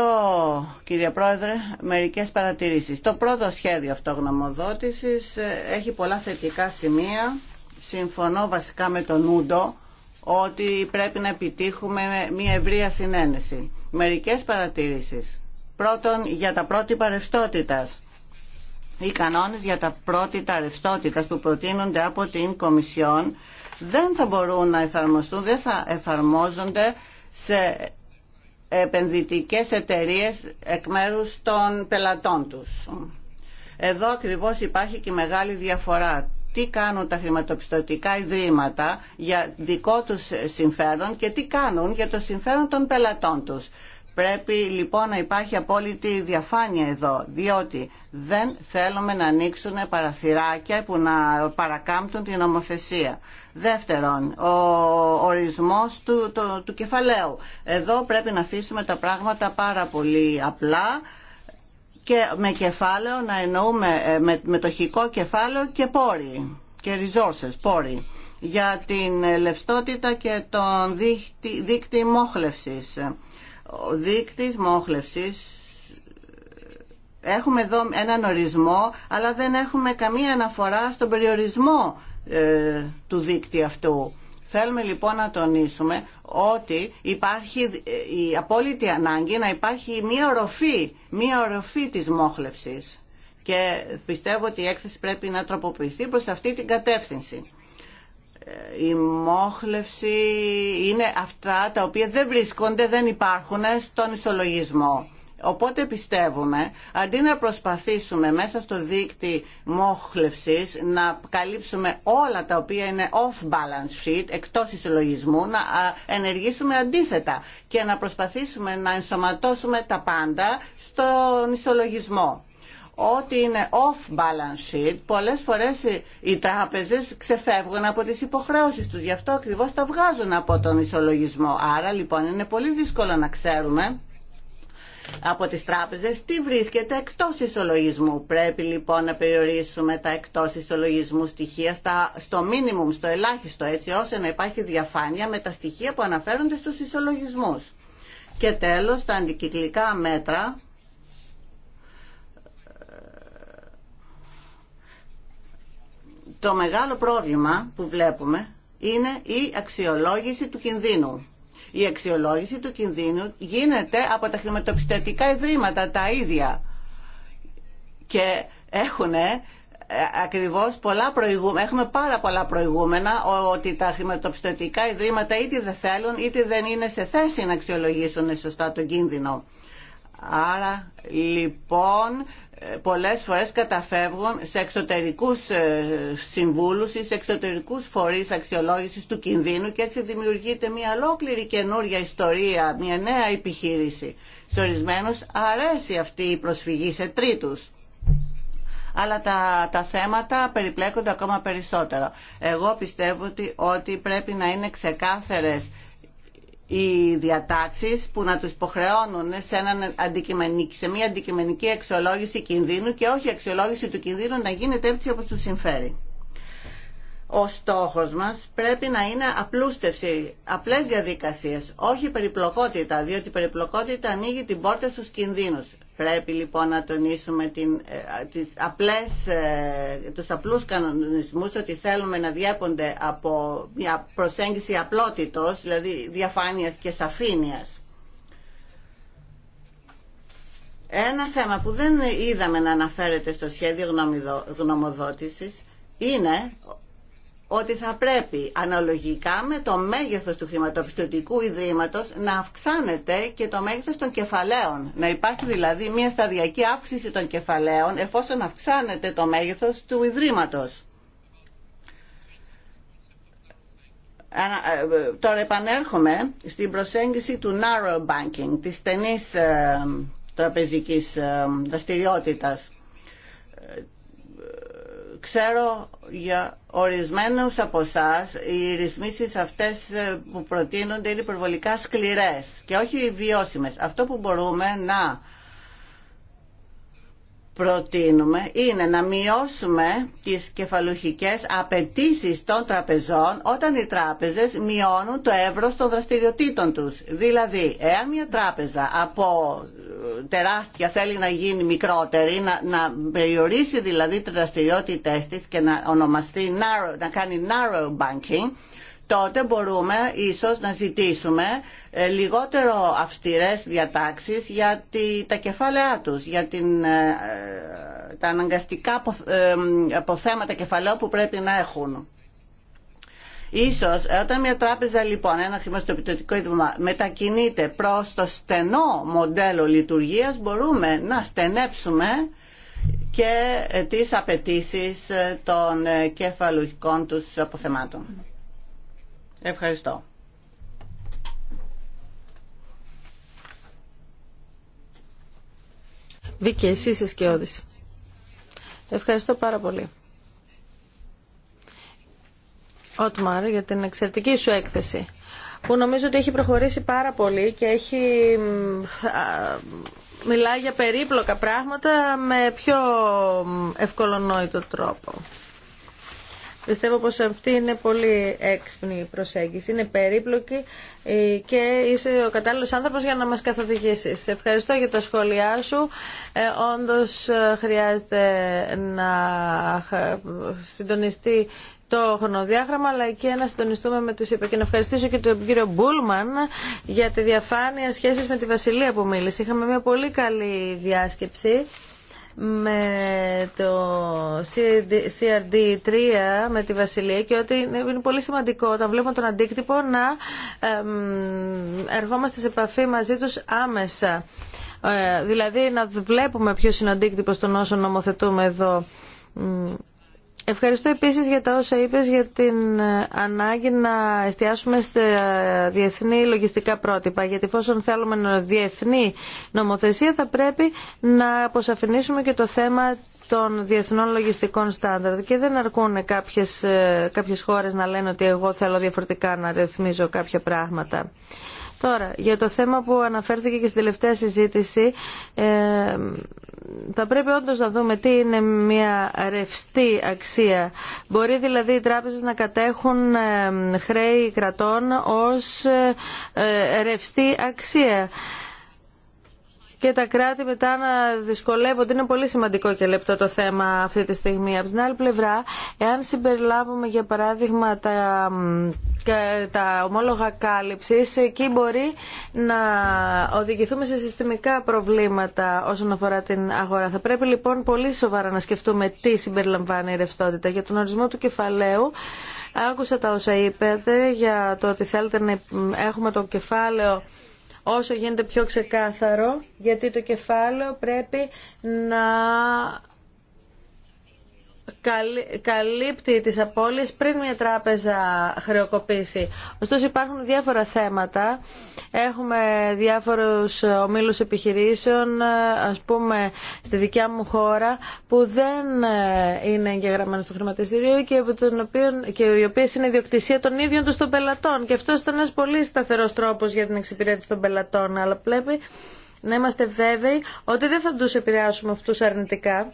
κύριε Πρόεδρε. Μερικές παρατηρήσεις. Το πρώτο σχέδιο αυτογνωμοδότησης ε, έχει πολλά θετικά σημεία. Συμφωνώ βασικά με τον Ούντο ότι πρέπει να επιτύχουμε μια ευρεία συνένεση. Μερικές παρατηρήσεις. Πρώτον, για τα πρότυπα ρευστότητα. Οι κανόνες για τα πρότυπα ρευστότητα που προτείνονται από την Κομισιόν δεν θα μπορούν να εφαρμοστούν, δεν θα εφαρμόζονται σε επενδυτικές εταιρείες εκ μέρους των πελατών τους. Εδώ ακριβώς υπάρχει και μεγάλη διαφορά. Τι κάνουν τα χρηματοπιστωτικά ιδρύματα για δικό τους συμφέρον και τι κάνουν για το συμφέρον των πελατών τους. Πρέπει λοιπόν να υπάρχει απόλυτη διαφάνεια εδώ, διότι δεν θέλουμε να ανοίξουν παραθυράκια που να παρακάμπτουν την νομοθεσία. Δεύτερον, ο ορισμός του, του, κεφαλαίου. Εδώ πρέπει να αφήσουμε τα πράγματα πάρα πολύ απλά και με κεφάλαιο να εννοούμε ε, με, μετοχικό κεφάλαιο και πόροι και resources, πόροι για την λευστότητα και τον δίκτυ, δίκτυ μόχλευσης ο δείκτης μόχλευσης έχουμε εδώ έναν ορισμό αλλά δεν έχουμε καμία αναφορά στον περιορισμό ε, του δείκτη αυτού. Θέλουμε λοιπόν να τονίσουμε ότι υπάρχει ε, η απόλυτη ανάγκη να υπάρχει μία οροφή, μία οροφή της μόχλευσης και πιστεύω ότι η έκθεση πρέπει να τροποποιηθεί προς αυτή την κατεύθυνση η μόχλευση είναι αυτά τα οποία δεν βρίσκονται, δεν υπάρχουν στον ισολογισμό. Οπότε πιστεύουμε, αντί να προσπαθήσουμε μέσα στο δίκτυ μόχλευσης να καλύψουμε όλα τα οποία είναι off-balance sheet, εκτός ισολογισμού, να ενεργήσουμε αντίθετα και να προσπαθήσουμε να ενσωματώσουμε τα πάντα στον ισολογισμό ό,τι είναι off-balance sheet, πολλές φορές οι τράπεζες ξεφεύγουν από τις υποχρεώσεις τους. Γι' αυτό ακριβώς τα βγάζουν από τον ισολογισμό. Άρα λοιπόν είναι πολύ δύσκολο να ξέρουμε από τις τράπεζες τι βρίσκεται εκτός ισολογισμού. Πρέπει λοιπόν να περιορίσουμε τα εκτός ισολογισμού στοιχεία στα, στο μίνιμουμ, στο ελάχιστο, έτσι ώστε να υπάρχει διαφάνεια με τα στοιχεία που αναφέρονται στους ισολογισμούς. Και τέλος, τα αντικυκλικά μέτρα το μεγάλο πρόβλημα που βλέπουμε είναι η αξιολόγηση του κινδύνου. Η αξιολόγηση του κινδύνου γίνεται από τα χρηματοπιστωτικά ιδρύματα τα ίδια και έχουν ε, ακριβώς πολλά προηγούμενα, έχουμε πάρα πολλά προηγούμενα ότι τα χρηματοπιστωτικά ιδρύματα είτε δεν θέλουν είτε δεν είναι σε θέση να αξιολογήσουν σωστά τον κίνδυνο. Άρα λοιπόν ε, πολλές φορές καταφεύγουν σε εξωτερικούς ε, συμβούλους ή σε εξωτερικούς φορείς αξιολόγησης του κινδύνου και έτσι δημιουργείται μια ολόκληρη καινούρια ιστορία, μια νέα επιχείρηση. Σε ορισμένους αρέσει αυτή η προσφυγή σε τρίτους. μια νεα επιχειρηση σε αρεσει αυτη η προσφυγη σε τριτους αλλα τα, τα θέματα περιπλέκονται ακόμα περισσότερο. Εγώ πιστεύω ότι, ότι πρέπει να είναι ξεκάθαρες οι διατάξεις που να τους υποχρεώνουν σε, έναν αντικειμενική, σε μια αντικειμενική αξιολόγηση κινδύνου και όχι αξιολόγηση του κινδύνου να γίνεται έτσι όπως τους συμφέρει. Ο στόχος μας πρέπει να είναι απλούστευση, απλές διαδικασίες, όχι περιπλοκότητα, διότι η περιπλοκότητα ανοίγει την πόρτα στους κινδύνου. Πρέπει λοιπόν να τονίσουμε την, ε, τις απλές, ε, τους απλούς κανονισμούς ότι θέλουμε να διέπονται από μια προσέγγιση απλότητος, δηλαδή διαφάνειας και σαφήνειας. Ένα θέμα που δεν είδαμε να αναφέρεται στο σχέδιο γνωμοδότησης είναι ότι θα πρέπει αναλογικά με το μέγεθος του χρηματοπιστωτικού ιδρύματος να αυξάνεται και το μέγεθος των κεφαλαίων. Να υπάρχει δηλαδή μια σταδιακή αύξηση των κεφαλαίων εφόσον αυξάνεται το μέγεθος του ιδρύματος. Ε, ε, τώρα επανέρχομαι στην προσέγγιση του narrow banking, της στενής ε, τραπεζικής δραστηριότητας ξέρω για ορισμένους από εσά οι ρυθμίσεις αυτές ε, που προτείνονται είναι υπερβολικά σκληρές και όχι βιώσιμες. Αυτό που μπορούμε να προτείνουμε είναι να μειώσουμε τις κεφαλουχικές απαιτήσει των τραπεζών όταν οι τράπεζες μειώνουν το εύρος των δραστηριοτήτων τους. Δηλαδή, εάν μια τράπεζα από ε, τεράστια θέλει να γίνει μικρότερη, να, περιορίσει δηλαδή τις δραστηριότητες της και να ονομαστεί narrow, να κάνει narrow banking, τότε μπορούμε ίσως να ζητήσουμε ε, λιγότερο αυστηρές διατάξεις για τα κεφάλαιά τους, για την, ε, ε, τα αναγκαστικά αποθέματα κεφαλαίου που πρέπει να έχουν. Ίσως όταν μια τράπεζα λοιπόν, ένα χρηματοπιστωτικό ίδρυμα μετακινείται προς το στενό μοντέλο λειτουργίας μπορούμε να στενέψουμε και τις απαιτήσεις των κεφαλουχικών τους αποθεμάτων. Ευχαριστώ. Βίκη, εσύ είσαι σκιώδης. Ευχαριστώ πάρα πολύ. Ότμαρ, για την εξαιρετική σου έκθεση, που νομίζω ότι έχει προχωρήσει πάρα πολύ και έχει μιλάει για περίπλοκα πράγματα με πιο ευκολονόητο τρόπο. Πιστεύω πως αυτή είναι πολύ έξυπνη προσέγγιση. Είναι περίπλοκη ε, και είσαι ο κατάλληλος άνθρωπος για να μας καθοδηγήσεις. Σε ευχαριστώ για τα σχόλιά σου. Ε, όντως ε, χρειάζεται να συντονιστεί το χρονοδιάγραμμα αλλά και να συντονιστούμε με τους είπα και να ευχαριστήσω και τον κύριο Μπούλμαν για τη διαφάνεια σχέσης με τη Βασιλεία που μίλησε. Είχαμε μια πολύ καλή διάσκεψη με το CRD3 με τη Βασιλεία και ότι είναι πολύ σημαντικό όταν βλέπουμε τον αντίκτυπο να ερχόμαστε σε επαφή μαζί τους άμεσα. Ε, δηλαδή να βλέπουμε ποιος είναι ο αντίκτυπος των όσων νομοθετούμε εδώ. Ευχαριστώ επίσης για τα όσα είπες για την ε, ανάγκη να εστιάσουμε στη διεθνή λογιστικά πρότυπα. Γιατί εφόσον θέλουμε διεθνή νομοθεσία θα πρέπει να αποσαφηνίσουμε και το θέμα των διεθνών λογιστικών σταντάρ. και δεν αρκούν κάποιες, ε, κάποιες χώρες να λένε ότι εγώ θέλω διαφορετικά να ρυθμίζω κάποια πράγματα. Τώρα, για το θέμα που αναφέρθηκε και στην τελευταία συζήτηση, ε, θα πρέπει όντω να δούμε τι είναι μια ρευστή αξία. Μπορεί δηλαδή οι τράπεζες να κατέχουν χρέη κρατών ως ε, ρευστή αξία και τα κράτη μετά να δυσκολεύονται. Είναι πολύ σημαντικό και λεπτό το θέμα αυτή τη στιγμή. Από την άλλη πλευρά, εάν συμπεριλάβουμε για παράδειγμα τα, τα ομόλογα κάλυψη, εκεί μπορεί να οδηγηθούμε σε συστημικά προβλήματα όσον αφορά την αγορά. Θα πρέπει λοιπόν πολύ σοβαρά να σκεφτούμε τι συμπεριλαμβάνει η ρευστότητα. Για τον ορισμό του κεφαλαίου, άκουσα τα όσα είπατε για το ότι θέλετε να έχουμε το κεφάλαιο όσο γίνεται πιο ξεκάθαρο, γιατί το κεφάλαιο πρέπει να καλύπτει τις απώλειες πριν μια τράπεζα χρεοκοπήσει. Ωστόσο υπάρχουν διάφορα θέματα. Έχουμε διάφορους ομίλους επιχειρήσεων, ας πούμε στη δικιά μου χώρα, που δεν ε, είναι εγγεγραμμένοι στο χρηματιστήριο και, και οι οποίες είναι ιδιοκτησία των ίδιων τους των πελατών. Και αυτό ήταν ένας πολύ σταθερός τρόπος για την εξυπηρέτηση των πελατών, αλλά πρέπει να είμαστε βέβαιοι ότι δεν θα τους επηρεάσουμε αυτού αρνητικά.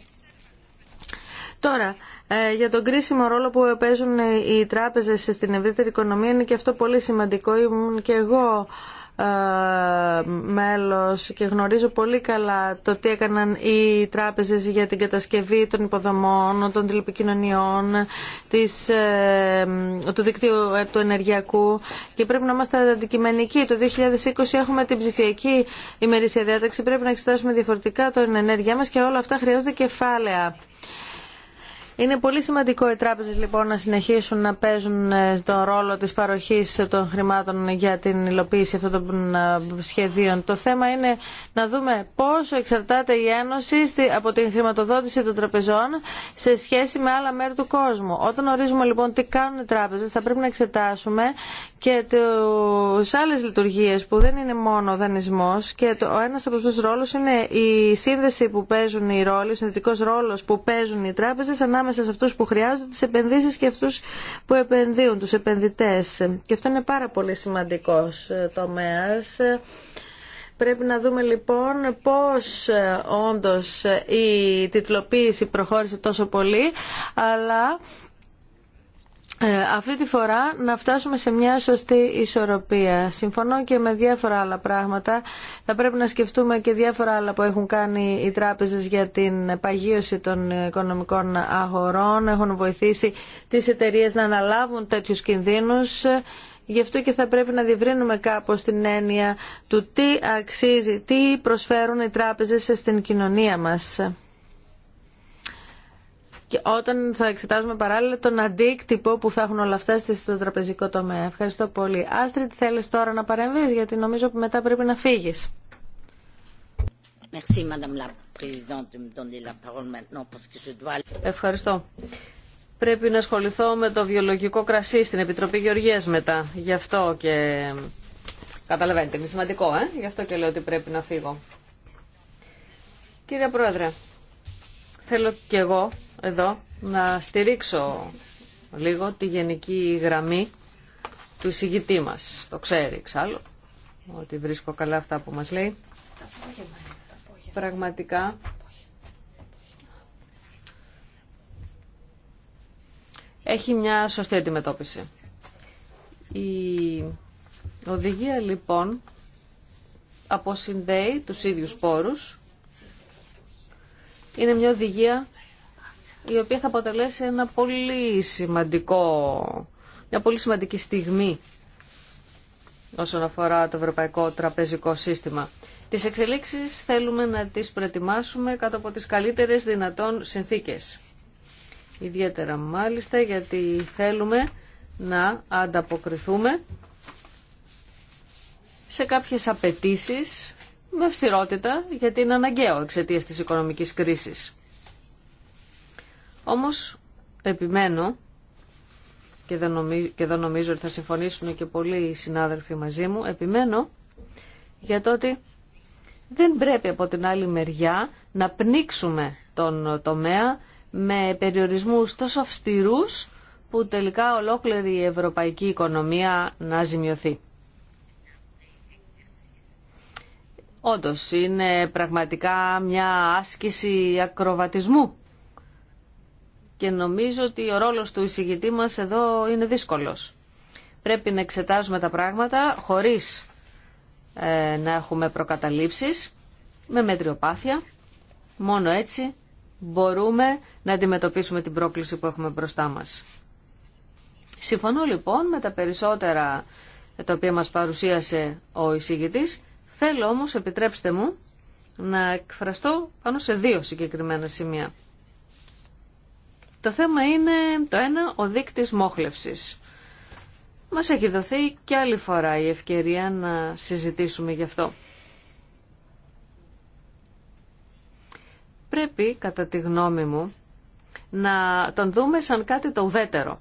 Τώρα, ε, για τον κρίσιμο ρόλο που παίζουν οι τράπεζες στην ευρύτερη οικονομία είναι και αυτό πολύ σημαντικό. Ήμουν και εγώ ε, μέλος και γνωρίζω πολύ καλά το τι έκαναν οι τράπεζες για την κατασκευή των υποδομών, των τηλεπικοινωνιών, ε, του δικτύου του ενεργειακού και πρέπει να είμαστε αντικειμενικοί. Το 2020 έχουμε την ψηφιακή ημερήσια διάταξη, πρέπει να εξετάσουμε διαφορετικά την ενέργειά μας και όλα αυτά χρειάζονται κεφάλαια. Είναι πολύ σημαντικό οι τράπεζε λοιπόν να συνεχίσουν να παίζουν ε, τον ρόλο τη παροχή των χρημάτων για την υλοποίηση αυτών των ε, σχεδίων. Το θέμα είναι να δούμε πόσο εξαρτάται η Ένωση από την χρηματοδότηση των τραπεζών σε σχέση με άλλα μέρη του κόσμου. Όταν ορίζουμε λοιπόν τι κάνουν οι τράπεζε, θα πρέπει να εξετάσουμε και τις άλλε λειτουργίε που δεν είναι μόνο ο δανεισμό. και ο ένας από του ρόλου είναι η σύνδεση που παίζουν οι ρόλοι, ο συνδετικό ρόλο που παίζουν οι τράπεζε. ανάμεσα μέσα σε αυτούς που χρειάζονται τις επενδύσεις και αυτούς που επενδύουν, τους επενδυτές. Και αυτό είναι πάρα πολύ σημαντικός ε, τομέας. Πρέπει να δούμε λοιπόν πώς ε, όντως ε, η τιτλοποίηση προχώρησε τόσο πολύ, αλλά ε, αυτή τη φορά να φτάσουμε σε μια σωστή ισορροπία. Συμφωνώ και με διάφορα άλλα πράγματα. Θα πρέπει να σκεφτούμε και διάφορα άλλα που έχουν κάνει οι τράπεζες για την παγίωση των οικονομικών αγορών. Έχουν βοηθήσει τις εταιρείες να αναλάβουν τέτοιους κινδύνους. Γι' αυτό και θα πρέπει να διευρύνουμε κάπως την έννοια του τι αξίζει, τι προσφέρουν οι τράπεζες στην κοινωνία μας και όταν θα εξετάζουμε παράλληλα τον αντίκτυπο που θα έχουν όλα αυτά στο τραπεζικό τομέα. Ευχαριστώ πολύ. Άστριτ, θέλεις τώρα να παρεμβείς, γιατί νομίζω ότι μετά πρέπει να φύγεις. Ευχαριστώ. Πρέπει να ασχοληθώ με το βιολογικό κρασί στην Επιτροπή Γεωργίας μετά. Γι' αυτό και... Καταλαβαίνετε, είναι σημαντικό, ε? Γι' αυτό και λέω ότι πρέπει να φύγω. Κύριε Πρόεδρε, θέλω και εγώ εδώ να στηρίξω λίγο τη γενική γραμμή του εισηγητή μας. Το ξέρει εξάλλου ότι βρίσκω καλά αυτά που μας λέει. Πραγματικά έχει μια σωστή αντιμετώπιση. Η οδηγία λοιπόν αποσυνδέει τους ίδιους πόρους. Είναι μια οδηγία η οποία θα αποτελέσει ένα πολύ σημαντικό, μια πολύ σημαντική στιγμή όσον αφορά το ευρωπαϊκό τραπεζικό σύστημα. Τις εξελίξεις θέλουμε να τις προετοιμάσουμε κάτω από τις καλύτερες δυνατόν συνθήκες. Ιδιαίτερα μάλιστα γιατί θέλουμε να ανταποκριθούμε σε κάποιες απαιτήσει με αυστηρότητα γιατί είναι αναγκαίο εξαιτία της οικονομικής κρίσης. Όμως επιμένω και δεν, νομίζω, και νομίζω ότι θα συμφωνήσουν και πολλοί συνάδελφοι μαζί μου, επιμένω για το ότι δεν πρέπει από την άλλη μεριά να πνίξουμε τον τομέα με περιορισμούς τόσο αυστηρούς που τελικά ολόκληρη η ευρωπαϊκή οικονομία να ζημιωθεί. Όντως είναι πραγματικά μια άσκηση ακροβατισμού και νομίζω ότι ο ρόλος του εισηγητή μας εδώ είναι δύσκολος. Πρέπει να εξετάζουμε τα πράγματα χωρίς ε, να έχουμε προκαταλήψεις, με μετριοπάθεια. Μόνο έτσι μπορούμε να αντιμετωπίσουμε την πρόκληση που έχουμε μπροστά μας. Συμφωνώ λοιπόν με τα περισσότερα τα οποία μας παρουσίασε ο εισηγητής. Θέλω όμως, επιτρέψτε μου, να εκφραστώ πάνω σε δύο συγκεκριμένα σημεία. Το θέμα είναι το ένα, ο δείκτης μόχλευσης. Μας έχει δοθεί και άλλη φορά η ευκαιρία να συζητήσουμε γι' αυτό. Πρέπει, κατά τη γνώμη μου, να τον δούμε σαν κάτι το ουδέτερο.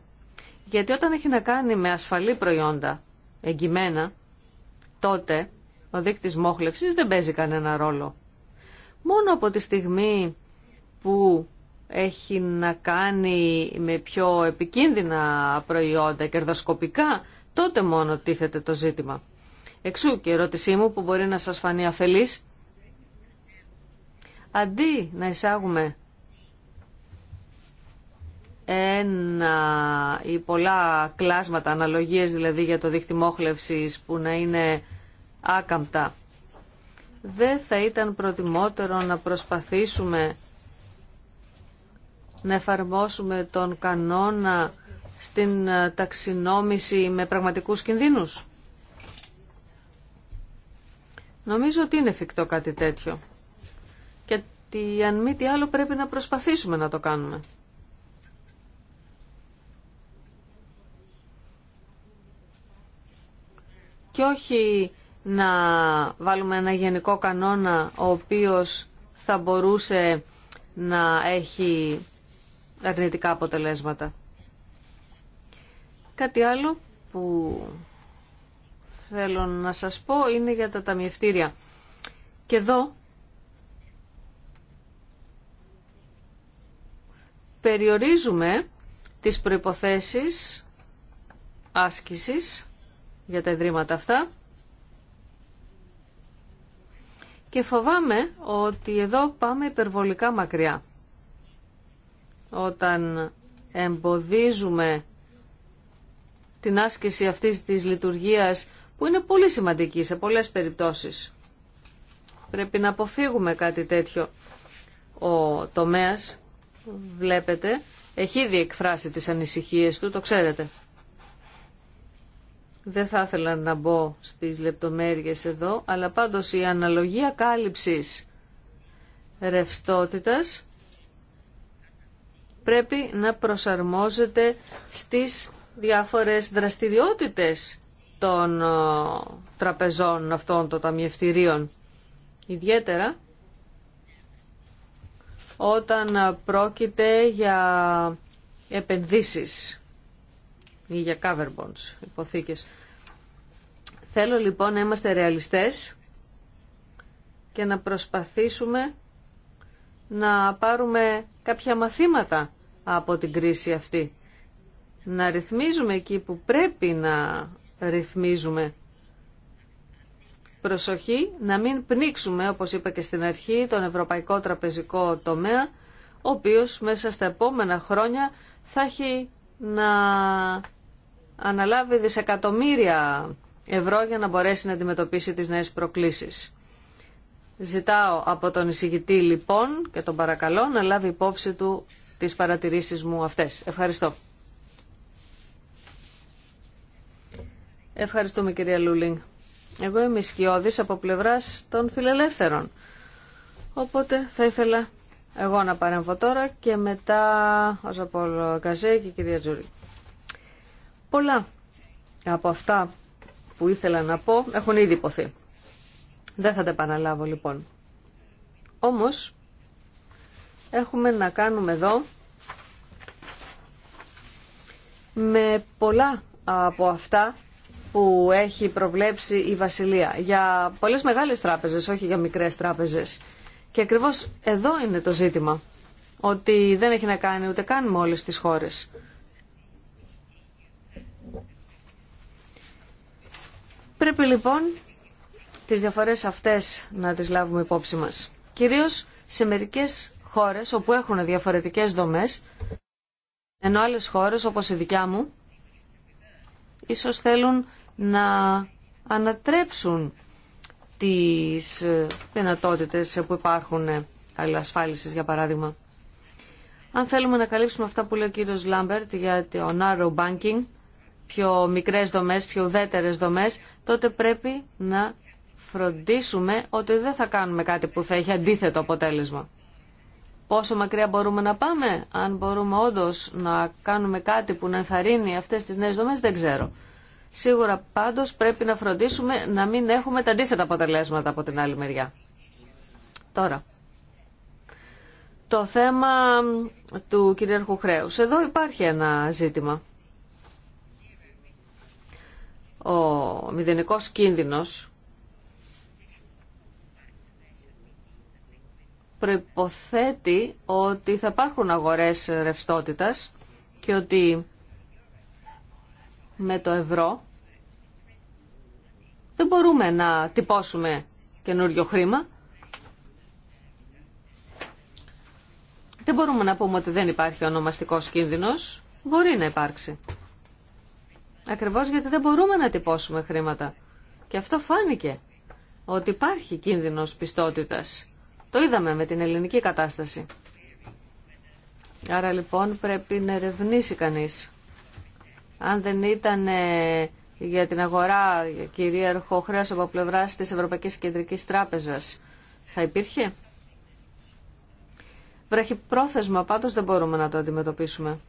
Γιατί όταν έχει να κάνει με ασφαλή προϊόντα, εγκυμένα, τότε ο δείκτης μόχλευσης δεν παίζει κανένα ρόλο. Μόνο από τη στιγμή που έχει να κάνει με πιο επικίνδυνα προϊόντα, κερδοσκοπικά, τότε μόνο τίθεται το ζήτημα. Εξού και η ερώτησή μου που μπορεί να σας φανεί αφελής. Αντί να εισάγουμε ένα ή πολλά κλάσματα, αναλογίες δηλαδή για το δίχτυ που να είναι άκαμπτα, δεν θα ήταν προτιμότερο να προσπαθήσουμε να εφαρμόσουμε τον κανόνα στην ε, ταξινόμηση με πραγματικούς κινδύνους. Νομίζω ότι είναι εφικτό κάτι τέτοιο. Και τι αν μη τι άλλο πρέπει να προσπαθήσουμε να το κάνουμε. Και όχι να βάλουμε ένα γενικό κανόνα ο οποίος θα μπορούσε να έχει αρνητικά αποτελέσματα. Κάτι άλλο που θέλω να σας πω είναι για τα ταμιευτήρια. Και εδώ περιορίζουμε τις προϋποθέσεις άσκησης για τα ιδρύματα αυτά και φοβάμαι ότι εδώ πάμε υπερβολικά μακριά όταν εμποδίζουμε την άσκηση αυτής της λειτουργίας που είναι πολύ σημαντική σε πολλές περιπτώσεις. Πρέπει να αποφύγουμε κάτι τέτοιο. Ο τομέας, βλέπετε, έχει ήδη εκφράσει τις ανησυχίες του, το ξέρετε. Δεν θα ήθελα να μπω στις λεπτομέρειες εδώ, αλλά πάντως η αναλογία κάλυψης ρευστότητας πρέπει να προσαρμόζεται στις διάφορες δραστηριότητες των ε, τραπεζών αυτών των ταμιευτηρίων. Ιδιαίτερα όταν πρόκειται για επενδύσεις ή για cover bonds, υποθήκες. Θέλω λοιπόν να είμαστε ρεαλιστές και να προσπαθήσουμε να πάρουμε κάποια μαθήματα από την κρίση αυτή. Να ρυθμίζουμε εκεί που πρέπει να ρυθμίζουμε. Προσοχή να μην πνίξουμε, όπως είπα και στην αρχή, τον ευρωπαϊκό τραπεζικό τομέα, ο οποίος μέσα στα επόμενα χρόνια θα έχει να αναλάβει δισεκατομμύρια ευρώ για να μπορέσει να αντιμετωπίσει τις νέες προκλήσεις. Ζητάω από τον εισηγητή λοιπόν και τον παρακαλώ να λάβει υπόψη του τις παρατηρήσεις μου αυτές. Ευχαριστώ. Ευχαριστούμε κυρία Λούλινγκ. Εγώ είμαι σκιώδης από πλευράς των φιλελεύθερων. Οπότε θα ήθελα εγώ να παρέμβω τώρα και μετά ο Ζαπόλο Καζέ και η κυρία Τζουρί. Πολλά από αυτά που ήθελα να πω έχουν ήδη υποθεί. Δεν θα τα επαναλάβω λοιπόν. Όμως, έχουμε να κάνουμε εδώ με πολλά από αυτά που έχει προβλέψει η Βασιλεία για πολλές μεγάλες τράπεζες, όχι για μικρές τράπεζες. Και ακριβώς εδώ είναι το ζήτημα, ότι δεν έχει να κάνει ούτε καν με όλες τις χώρες. Πρέπει λοιπόν τις διαφορές αυτές να τις λάβουμε υπόψη μας. Κυρίως σε μερικές χώρες όπου έχουν διαφορετικές δομές, ενώ άλλες χώρες όπως η δικιά μου, ίσως θέλουν να ανατρέψουν τις δυνατότητες που υπάρχουν αλληλασφάλισης για παράδειγμα. Αν θέλουμε να καλύψουμε αυτά που λέει ο κύριος Λάμπερτ για το narrow banking, πιο μικρές δομές, πιο ουδέτερες δομές, τότε πρέπει να φροντίσουμε ότι δεν θα κάνουμε κάτι που θα έχει αντίθετο αποτέλεσμα. Πόσο μακριά μπορούμε να πάμε, αν μπορούμε όντω να κάνουμε κάτι που να ενθαρρύνει αυτές τις νέε δομέ δεν ξέρω. Σίγουρα πάντως πρέπει να φροντίσουμε να μην έχουμε τα αντίθετα αποτελέσματα από την άλλη μεριά. Τώρα, το θέμα του κυριαρχού χρέου. Εδώ υπάρχει ένα ζήτημα. Ο μηδενικός κίνδυνος προϋποθέτει ότι θα υπάρχουν αγορές ρευστότητας και ότι με το ευρώ δεν μπορούμε να τυπώσουμε καινούριο χρήμα. Δεν μπορούμε να πούμε ότι δεν υπάρχει ονομαστικός κίνδυνος. Μπορεί να υπάρξει. Ακριβώς γιατί δεν μπορούμε να τυπώσουμε χρήματα. Και αυτό φάνηκε ότι υπάρχει κίνδυνος πιστότητας. Το είδαμε με την ελληνική κατάσταση. Άρα λοιπόν πρέπει να ερευνήσει κανείς. Αν δεν ήταν ε, για την αγορά κυρίαρχο χρέος από πλευρά της Ευρωπαϊκής Κεντρικής Τράπεζας, θα υπήρχε. Βρέχει πρόθεσμα, πάντως δεν μπορούμε να το αντιμετωπίσουμε.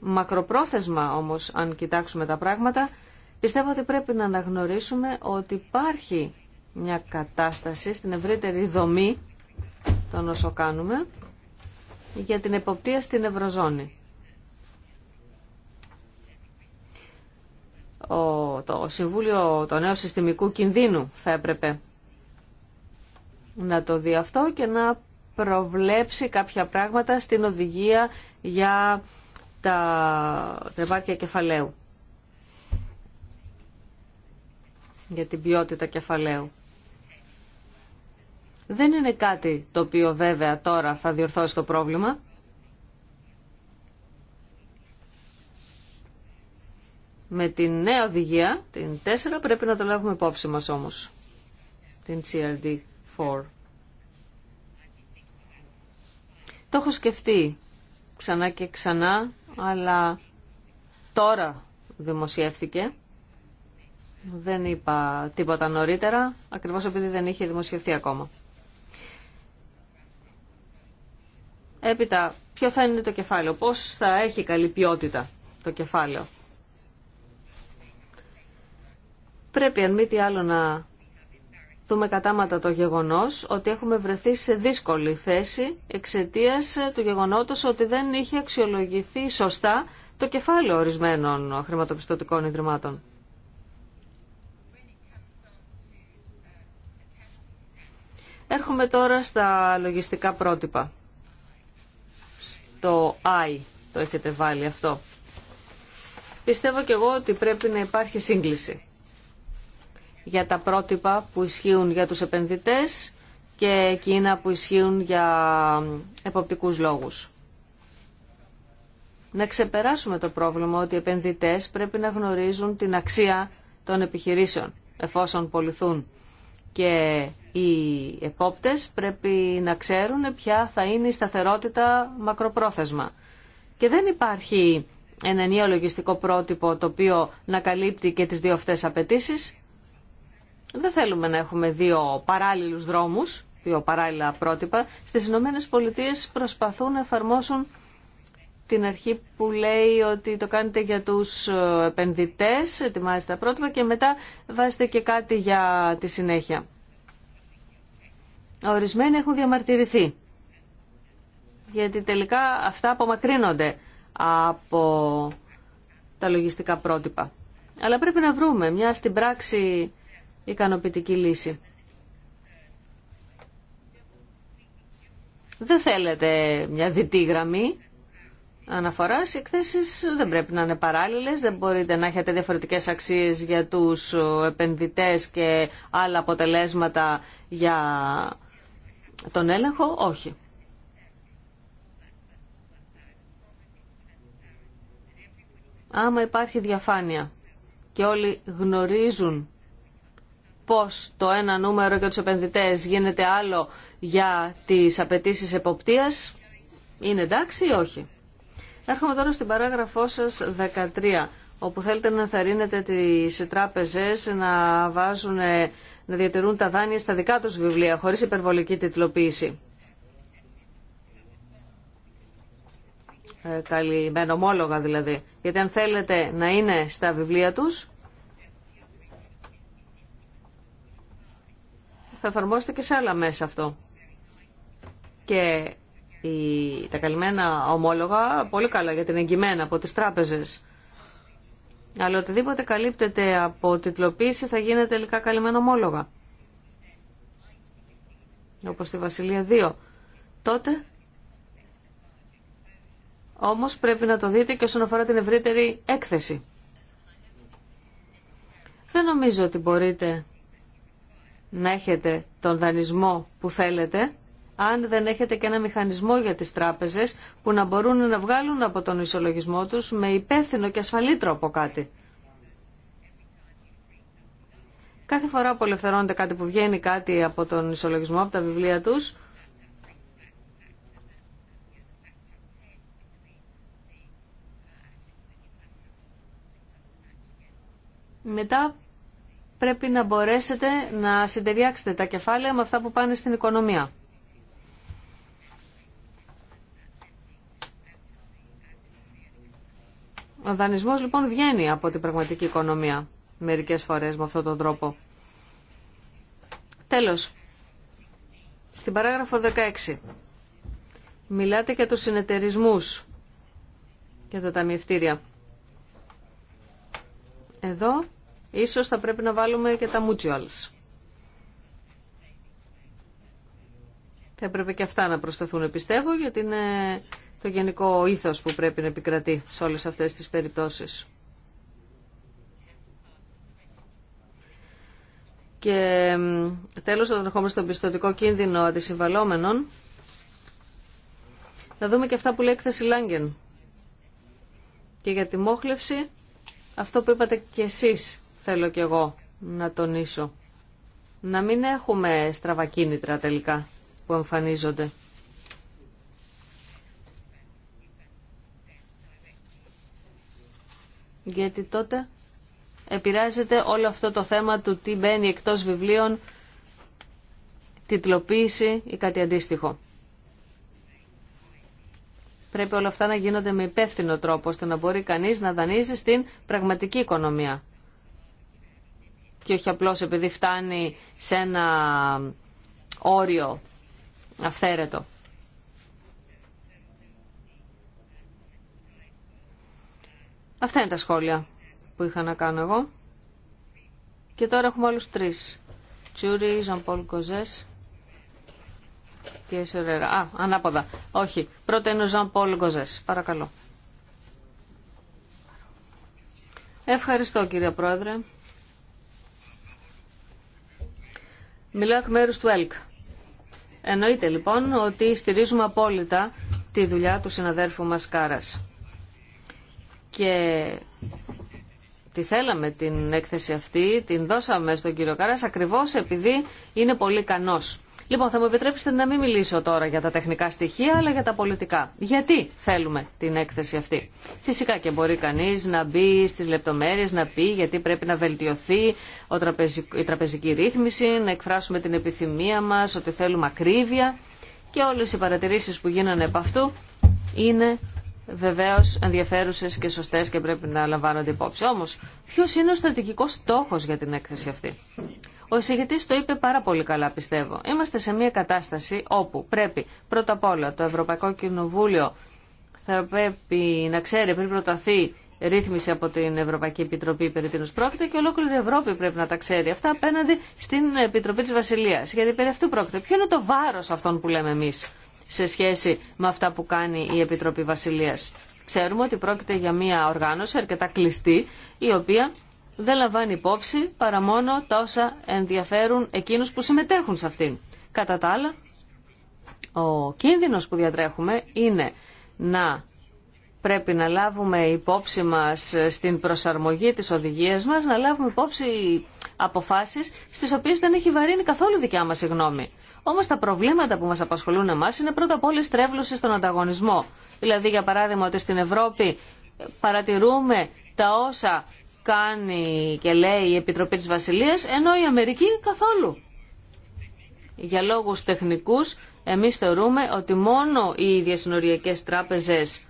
Μακροπρόθεσμα όμως, αν κοιτάξουμε τα πράγματα, πιστεύω ότι πρέπει να αναγνωρίσουμε ότι υπάρχει μια κατάσταση στην ευρύτερη δομή των όσο κάνουμε για την εποπτεία στην Ευρωζώνη. Ο, το Συμβούλιο το Νέο Συστημικού Κινδύνου θα έπρεπε να το δει αυτό και να προβλέψει κάποια πράγματα στην οδηγία για τα τρεπάρτια κεφαλαίου για την ποιότητα κεφαλαίου. Δεν είναι κάτι το οποίο βέβαια τώρα θα διορθώσει το πρόβλημα. Με την νέα οδηγία, την 4, πρέπει να το λάβουμε υπόψη μας όμως. Την CRD4. Το έχω σκεφτεί ξανά και ξανά, αλλά τώρα δημοσιεύτηκε. Δεν είπα τίποτα νωρίτερα, ακριβώς επειδή δεν είχε δημοσιευθεί ακόμα. Έπειτα, ποιο θα είναι το κεφάλαιο, πώς θα έχει καλή ποιότητα το κεφάλαιο. Πρέπει αν μη τι άλλο να δούμε κατάματα το γεγονός ότι έχουμε βρεθεί σε δύσκολη θέση εξαιτίας του γεγονότος ότι δεν είχε αξιολογηθεί σωστά το κεφάλαιο ορισμένων χρηματοπιστωτικών ιδρυμάτων. Έρχομαι τώρα στα λογιστικά πρότυπα το I το έχετε βάλει αυτό. Πιστεύω και εγώ ότι πρέπει να υπάρχει σύγκληση για τα πρότυπα που ισχύουν για τους επενδυτές και εκείνα που ισχύουν για εποπτικούς λόγους. Να ξεπεράσουμε το πρόβλημα ότι οι επενδυτές πρέπει να γνωρίζουν την αξία των επιχειρήσεων εφόσον πολιθούν και οι επόπτες πρέπει να ξέρουν ποια θα είναι η σταθερότητα μακροπρόθεσμα. Και δεν υπάρχει ένα νέο λογιστικό πρότυπο το οποίο να καλύπτει και τις δύο αυτές απαιτήσει. Δεν θέλουμε να έχουμε δύο παράλληλους δρόμους, δύο παράλληλα πρότυπα. Στις Ηνωμένες Πολιτείες προσπαθούν να εφαρμόσουν την αρχή που λέει ότι το κάνετε για τους ε, επενδυτές, ετοιμάζετε τα πρότυπα και μετά βάζετε και κάτι για τη συνέχεια. Ορισμένοι έχουν διαμαρτυρηθεί. Γιατί τελικά αυτά απομακρύνονται από τα λογιστικά πρότυπα. Αλλά πρέπει να βρούμε μια στην πράξη ικανοποιητική λύση. Δεν θέλετε μια διτή γραμμή αναφοράς. Οι εκθέσεις δεν πρέπει να είναι παράλληλες, δεν μπορείτε να έχετε διαφορετικές αξίες για τους επενδυτές και άλλα αποτελέσματα για τον έλεγχο όχι. Άμα υπάρχει διαφάνεια και όλοι γνωρίζουν πώς το ένα νούμερο για τους επενδυτές γίνεται άλλο για τις απαιτήσει εποπτείας, είναι εντάξει ή όχι. Έρχομαι τώρα στην παράγραφό σας 13, όπου θέλετε να ενθαρρύνετε τις τράπεζες να βάζουν να διατηρούν τα δάνεια στα δικά τους βιβλία χωρίς υπερβολική τιτλοποίηση. Ε, ομόλογα δηλαδή. Γιατί αν θέλετε να είναι στα βιβλία τους, θα εφαρμόσετε και σε άλλα μέσα αυτό. Και η, τα καλυμμένα ομόλογα πολύ καλά για την εγκυμένα από τις τράπεζες. Αλλά οτιδήποτε καλύπτεται από τιτλοποίηση θα γίνεται τελικά καλυμμένο ομόλογα. Όπως στη Βασιλεία 2. Τότε όμως πρέπει να το δείτε και όσον αφορά την ευρύτερη έκθεση. Δεν νομίζω ότι μπορείτε να έχετε τον δανεισμό που θέλετε αν δεν έχετε και ένα μηχανισμό για τις τράπεζες που να μπορούν να βγάλουν από τον ισολογισμό τους με υπεύθυνο και ασφαλή τρόπο κάτι. Κάθε φορά που ελευθερώνεται κάτι που βγαίνει κάτι από τον ισολογισμό, από τα βιβλία τους, μετά πρέπει να μπορέσετε να συντεριάξετε τα κεφάλαια με αυτά που πάνε στην οικονομία. Ο δανεισμό λοιπόν βγαίνει από την πραγματική οικονομία μερικέ φορέ με αυτόν τον τρόπο. Τέλος, στην παράγραφο 16 μιλάτε για του συνεταιρισμού και τα ταμιευτήρια. Εδώ ίσως θα πρέπει να βάλουμε και τα mutuals. Θα έπρεπε και αυτά να προσθεθούν πιστεύω γιατί είναι το γενικό ήθος που πρέπει να επικρατεί σε όλες αυτές τις περιπτώσεις. Και τέλος, όταν ερχόμαστε στον πιστοτικό κίνδυνο αντισυμβαλόμενων, να δούμε και αυτά που λέει έκθεση Λάγκεν. Και για τη μόχλευση, αυτό που είπατε κι εσείς θέλω κι εγώ να τονίσω. Να μην έχουμε στραβακίνητρα τελικά που εμφανίζονται. γιατί τότε επηρεάζεται όλο αυτό το θέμα του τι μπαίνει εκτός βιβλίων, τιτλοποίηση ή κάτι αντίστοιχο. Πρέπει όλα αυτά να γίνονται με υπεύθυνο τρόπο, ώστε να μπορεί κανείς να δανείζει στην πραγματική οικονομία. Και όχι απλώς επειδή φτάνει σε ένα όριο αυθαίρετο. Αυτά είναι τα σχόλια που είχα να κάνω εγώ. Και τώρα έχουμε άλλους τρεις. Τσούρι, Ζανπόλ Κοζές και Σερέρα. Α, ανάποδα. Όχι. Πρώτα είναι ο Ζαμπόλ Κοζές. Παρακαλώ. Ευχαριστώ κύριε Πρόεδρε. Μιλάω εκ μέρους του ΕΛΚ. Εννοείται λοιπόν ότι στηρίζουμε απόλυτα τη δουλειά του συναδέρφου μας Κάρας και τη θέλαμε την έκθεση αυτή, την δώσαμε στον κύριο Κάρας ακριβώς επειδή είναι πολύ κανός. Λοιπόν, θα μου επιτρέψετε να μην μιλήσω τώρα για τα τεχνικά στοιχεία, αλλά για τα πολιτικά. Γιατί θέλουμε την έκθεση αυτή. Φυσικά και μπορεί κανείς να μπει στις λεπτομέρειες, να πει γιατί πρέπει να βελτιωθεί η τραπεζική ρύθμιση, να εκφράσουμε την επιθυμία μας, ότι θέλουμε ακρίβεια. Και όλες οι παρατηρήσεις που γίνανε από αυτού είναι Βεβαίω ενδιαφέρουσε και σωστέ και πρέπει να λαμβάνονται υπόψη. όμω, ποιο είναι ο στρατηγικό στόχο για την έκθεση αυτή. Ο εισηγητή το είπε πάρα πολύ καλά, πιστεύω. Είμαστε σε μια κατάσταση όπου πρέπει πρώτα απ' όλα το Ευρωπαϊκό Κοινοβούλιο θα πρέπει να ξέρει πριν προταθεί ρύθμιση από την Ευρωπαϊκή Επιτροπή περί τίνο πρόκειται και ολόκληρη η Ευρώπη πρέπει να τα ξέρει αυτά απέναντι στην Επιτροπή τη Βασιλεία. Γιατί περί αυτού πρόκειται. Ποιο είναι το βάρο αυτών που λέμε εμεί σε σχέση με αυτά που κάνει η Επιτροπή Βασιλείας. Ξέρουμε ότι πρόκειται για μια οργάνωση αρκετά κλειστή, η οποία δεν λαμβάνει υπόψη παρά μόνο τα όσα ενδιαφέρουν εκείνους που συμμετέχουν σε αυτήν. Κατά τα άλλα, ο κίνδυνος που διατρέχουμε είναι να πρέπει να λάβουμε υπόψη μας στην προσαρμογή της οδηγίας μας, να λάβουμε υπόψη αποφάσεις στις οποίες δεν έχει βαρύνει καθόλου δικιά μας η γνώμη. Όμως τα προβλήματα που μας απασχολούν εμάς είναι πρώτα απ' όλα στρέβλωση στον ανταγωνισμό. Δηλαδή για παράδειγμα ότι στην Ευρώπη παρατηρούμε τα όσα κάνει και λέει η Επιτροπή της Βασιλείας, ενώ η Αμερική καθόλου. Για λόγους τεχνικούς εμείς θεωρούμε ότι μόνο οι τράπεζες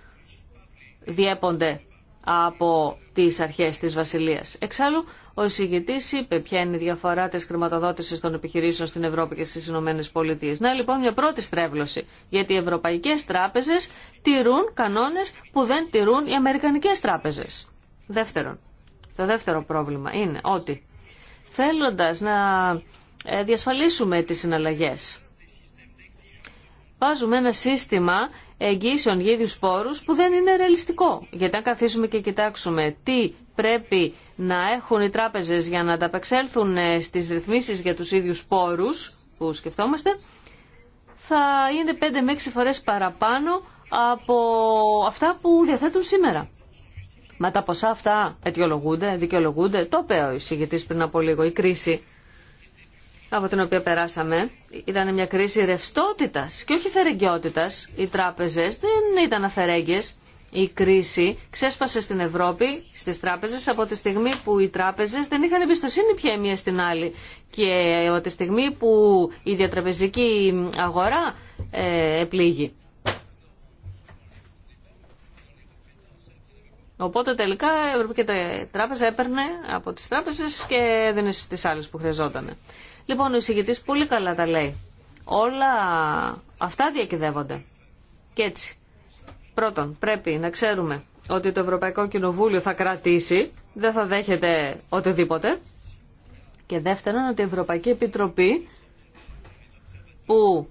διέπονται από τις αρχές της Βασιλείας. Εξάλλου, ο εισηγητή είπε ποια είναι η διαφορά τη χρηματοδότηση των επιχειρήσεων στην Ευρώπη και στι Ηνωμένε Πολιτείε. Να λοιπόν μια πρώτη στρέβλωση, γιατί οι Ευρωπαϊκέ Τράπεζε τηρούν κανόνε που δεν τηρούν οι Αμερικανικέ τράπεζε. Δεύτερον, το δεύτερο πρόβλημα είναι ότι θέλοντα να ε, διασφαλίσουμε τι συναλλαγές, βάζουμε ένα σύστημα εγγύσεων για ίδιους πόρους που δεν είναι ρεαλιστικό. Γιατί αν καθίσουμε και κοιτάξουμε τι πρέπει να έχουν οι τράπεζες για να ανταπεξέλθουν ε, στις ρυθμίσεις για τους ίδιους πόρους που σκεφτόμαστε, θα είναι 5 με 6 φορές παραπάνω από αυτά που διαθέτουν σήμερα. Μα τα ποσά αυτά αιτιολογούνται, δικαιολογούνται. Το είπε ο εισηγητής πριν από λίγο, η κρίση από την οποία περάσαμε ήταν μια κρίση ρευστότητας και όχι φερεγγιότητας. Οι τράπεζες δεν ήταν αφαιρέγγες. Η κρίση ξέσπασε στην Ευρώπη, στις τράπεζες, από τη στιγμή που οι τράπεζες δεν είχαν εμπιστοσύνη πια η μία στην άλλη. Και από τη στιγμή που η διατραπεζική αγορά ε, επλήγει. Οπότε τελικά η Ευρωπαϊκή Τράπεζα έπαιρνε από τις τράπεζες και δεν στις άλλες που χρειαζόταν. Λοιπόν, ο εισηγητής πολύ καλά τα λέει. Όλα αυτά διακυδεύονται. Και έτσι. Πρώτον, πρέπει να ξέρουμε ότι το Ευρωπαϊκό Κοινοβούλιο θα κρατήσει, δεν θα δέχεται οτιδήποτε. Και δεύτερον, ότι η Ευρωπαϊκή Επιτροπή που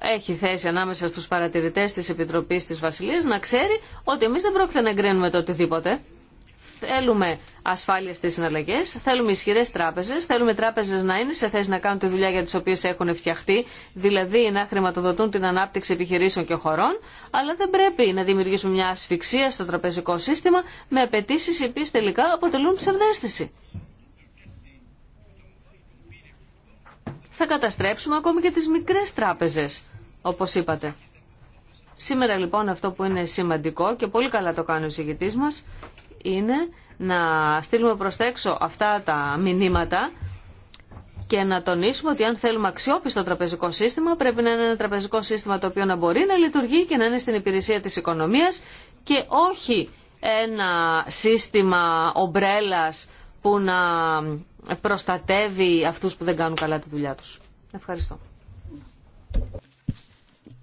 έχει θέση ανάμεσα στους παρατηρητές της Επιτροπής της Βασιλείας να ξέρει ότι εμείς δεν πρόκειται να εγκρίνουμε το οτιδήποτε. Θέλουμε ασφάλεια στι συναλλαγέ, θέλουμε ισχυρέ τράπεζε, θέλουμε τράπεζε να είναι σε θέση να κάνουν τη δουλειά για τι οποίε έχουν φτιαχτεί, δηλαδή να χρηματοδοτούν την ανάπτυξη επιχειρήσεων και χωρών, αλλά δεν πρέπει να δημιουργήσουμε μια ασφυξία στο τραπεζικό σύστημα με απαιτήσει οι οποίε τελικά αποτελούν ψευδέστηση. Θα καταστρέψουμε ακόμη και τι μικρέ τράπεζε, όπω είπατε. Σήμερα λοιπόν αυτό που είναι σημαντικό και πολύ καλά το κάνει ο συγκητής μας είναι να στείλουμε προς τα αυτά τα μηνύματα και να τονίσουμε ότι αν θέλουμε αξιόπιστο τραπεζικό σύστημα πρέπει να είναι ένα τραπεζικό σύστημα το οποίο να μπορεί να λειτουργεί και να είναι στην υπηρεσία της οικονομίας και όχι ένα σύστημα ομπρέλας που να προστατεύει αυτούς που δεν κάνουν καλά τη δουλειά τους. Ευχαριστώ.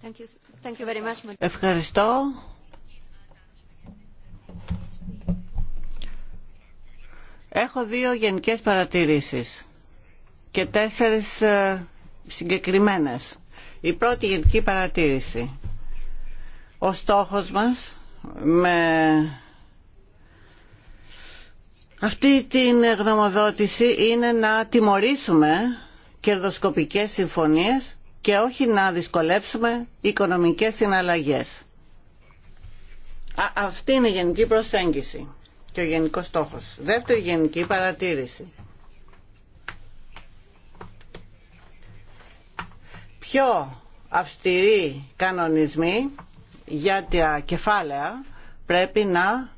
Thank you. Thank you very much. Ευχαριστώ. Έχω δύο γενικές παρατηρήσεις και τέσσερις ε, συγκεκριμένες. Η πρώτη γενική παρατήρηση. Ο στόχος μας με αυτή την γνωμοδότηση είναι να τιμωρήσουμε κερδοσκοπικές συμφωνίες και όχι να δυσκολέψουμε οικονομικές συναλλαγές. αυτή είναι η γενική προσέγγιση και ο γενικός στόχος. Δεύτερη γενική παρατήρηση. Πιο αυστηροί κανονισμοί για τα κεφάλαια πρέπει να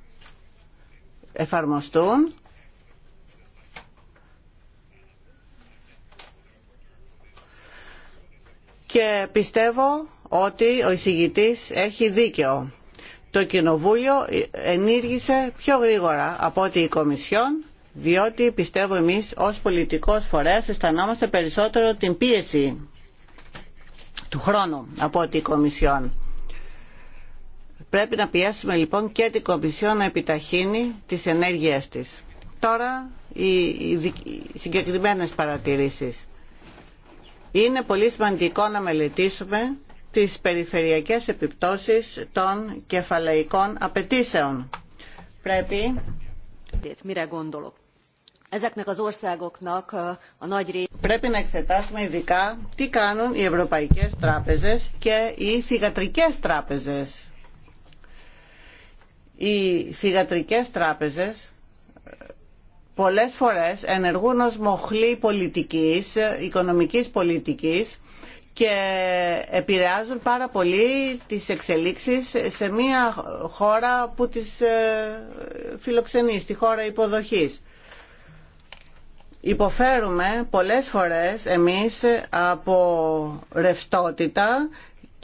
εφαρμοστούν και πιστεύω ότι ο εισηγητής έχει δίκαιο το Κοινοβούλιο ενήργησε πιο γρήγορα από ότι η Κομισιόν διότι πιστεύω εμείς ως πολιτικός φορέας αισθανόμαστε περισσότερο την πίεση του χρόνου από ότι η Κομισιόν. Πρέπει να πιέσουμε λοιπόν και την Κομισιόν να επιταχύνει τις ενέργειές της. Τώρα οι συγκεκριμένες παρατηρήσεις. Είναι πολύ σημαντικό να μελετήσουμε τις περιφερειακές επιπτώσεις των κεφαλαϊκών απαιτήσεων. Πρέπει Πρέπει να εξετάσουμε ειδικά τι κάνουν οι ευρωπαϊκές τράπεζες και οι θηγατρικές τράπεζες. Οι θηγατρικές τράπεζες ε, πολλές φορές ενεργούν ως μοχλή πολιτικής, ε, οικονομικής πολιτικής και επηρεάζουν πάρα πολύ τις εξελίξεις σε μια χώρα που τις ε, φιλοξενεί, στη χώρα υποδοχής. Υποφέρουμε πολλές φορές εμείς από ρευστότητα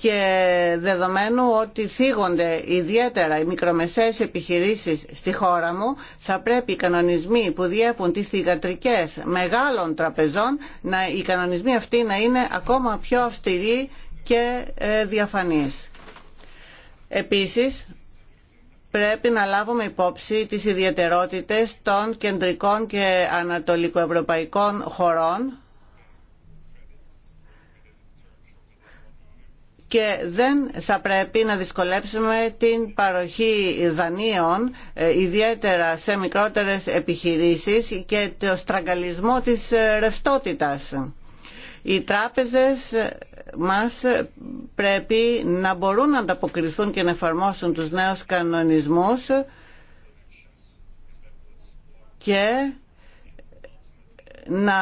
και δεδομένου ότι θίγονται ιδιαίτερα οι μικρομεσαίες επιχειρήσεις στη χώρα μου, θα πρέπει οι κανονισμοί που διέπουν τις θηγατρικές μεγάλων τραπεζών, να, οι κανονισμοί αυτοί να είναι ακόμα πιο αυστηροί και ε, διαφανείς. Επίσης, πρέπει να λάβουμε υπόψη τις ιδιαιτερότητες των κεντρικών και ανατολικοευρωπαϊκών χωρών και δεν θα πρέπει να δυσκολέψουμε την παροχή δανείων ε, ιδιαίτερα σε μικρότερες επιχειρήσεις και το στραγγαλισμό της ε, ρευστότητας. Οι τράπεζες ε, μας πρέπει να μπορούν να ανταποκριθούν και να εφαρμόσουν τους νέους κανονισμούς και να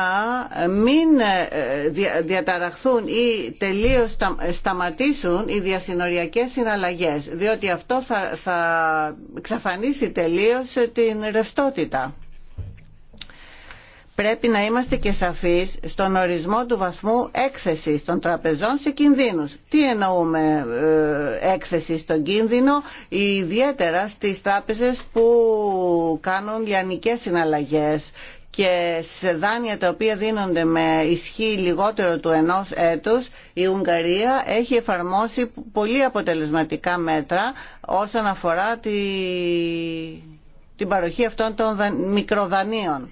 μην ε, διαταραχθούν ή τελείως σταματήσουν οι διασυνοριακές συναλλαγές, διότι αυτό θα, θα εξαφανίσει τελείως ε, την ρευστότητα. Πρέπει να είμαστε και σαφείς στον ορισμό του βαθμού έκθεσης των τραπεζών σε κινδύνους. Τι εννοούμε ε, έκθεση στον κίνδυνο, ιδιαίτερα στις τράπεζες που κάνουν λιανικές συναλλαγές και σε δάνεια τα οποία δίνονται με ισχύ λιγότερο του ενός έτους η Ουγγαρία έχει εφαρμόσει πολύ αποτελεσματικά μέτρα όσον αφορά τη... την παροχή αυτών των μικροδανείων.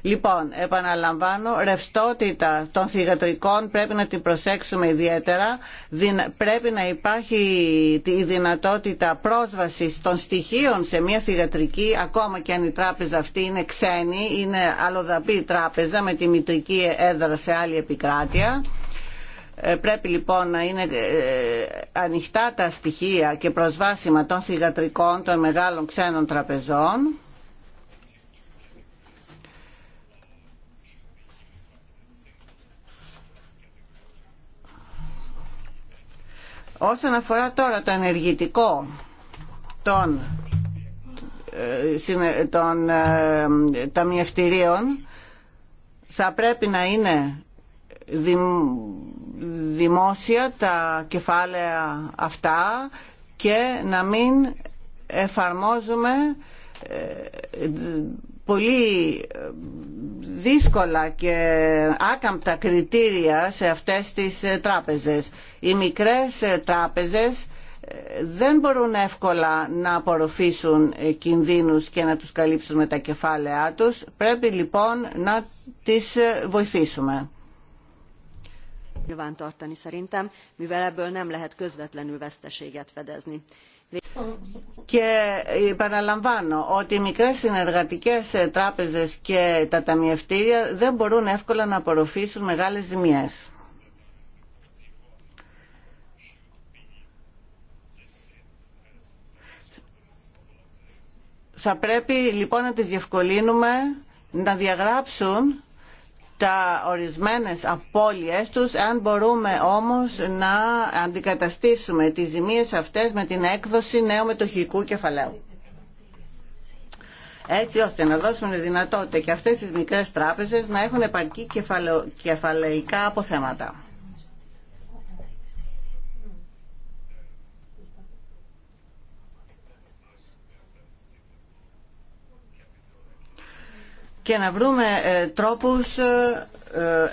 Λοιπόν, επαναλαμβάνω, ρευστότητα των θηγατρικών πρέπει να την προσέξουμε ιδιαίτερα. Πρέπει να υπάρχει η δυνατότητα πρόσβασης των στοιχείων σε μια θηγατρική, ακόμα και αν η τράπεζα αυτή είναι ξένη, είναι αλλοδαπή τράπεζα με τη μητρική έδρα σε άλλη επικράτεια. Ε, πρέπει λοιπόν να είναι ε, ανοιχτά τα στοιχεία και προσβάσιμα των θηγατρικών των μεγάλων ξένων τραπεζών Όσον αφορά τώρα το ενεργητικό των, ε, των ε, ταμιευτηρίων θα πρέπει να είναι δημόσια τα κεφάλαια αυτά και να μην εφαρμόζουμε ε, πολύ ε, δύσκολα και άκαμπτα κριτήρια σε αυτές τις ε, τράπεζες. Οι μικρές ε, τράπεζες δεν μπορούν εύκολα να απορροφήσουν κινδύνους και να τους καλύψουν με τα κεφάλαιά τους. Πρέπει λοιπόν να τις βοηθήσουμε. szerintem, nem lehet közvetlenül και επαναλαμβάνω ότι οι μικρές συνεργατικές τράπεζες και τα ταμιευτήρια δεν μπορούν εύκολα να απορροφήσουν μεγάλες ζημιές. Θα πρέπει λοιπόν να τις διευκολύνουμε να διαγράψουν τα ορισμένες απώλειες τους αν μπορούμε όμως να αντικαταστήσουμε τις ζημίες αυτές με την έκδοση νέου μετοχικού κεφαλαίου. Έτσι ώστε να δώσουν δυνατότητα και αυτές τις μικρές τράπεζες να έχουν επαρκή κεφαλαϊκά αποθέματα. και να βρούμε ε, τρόπους ε,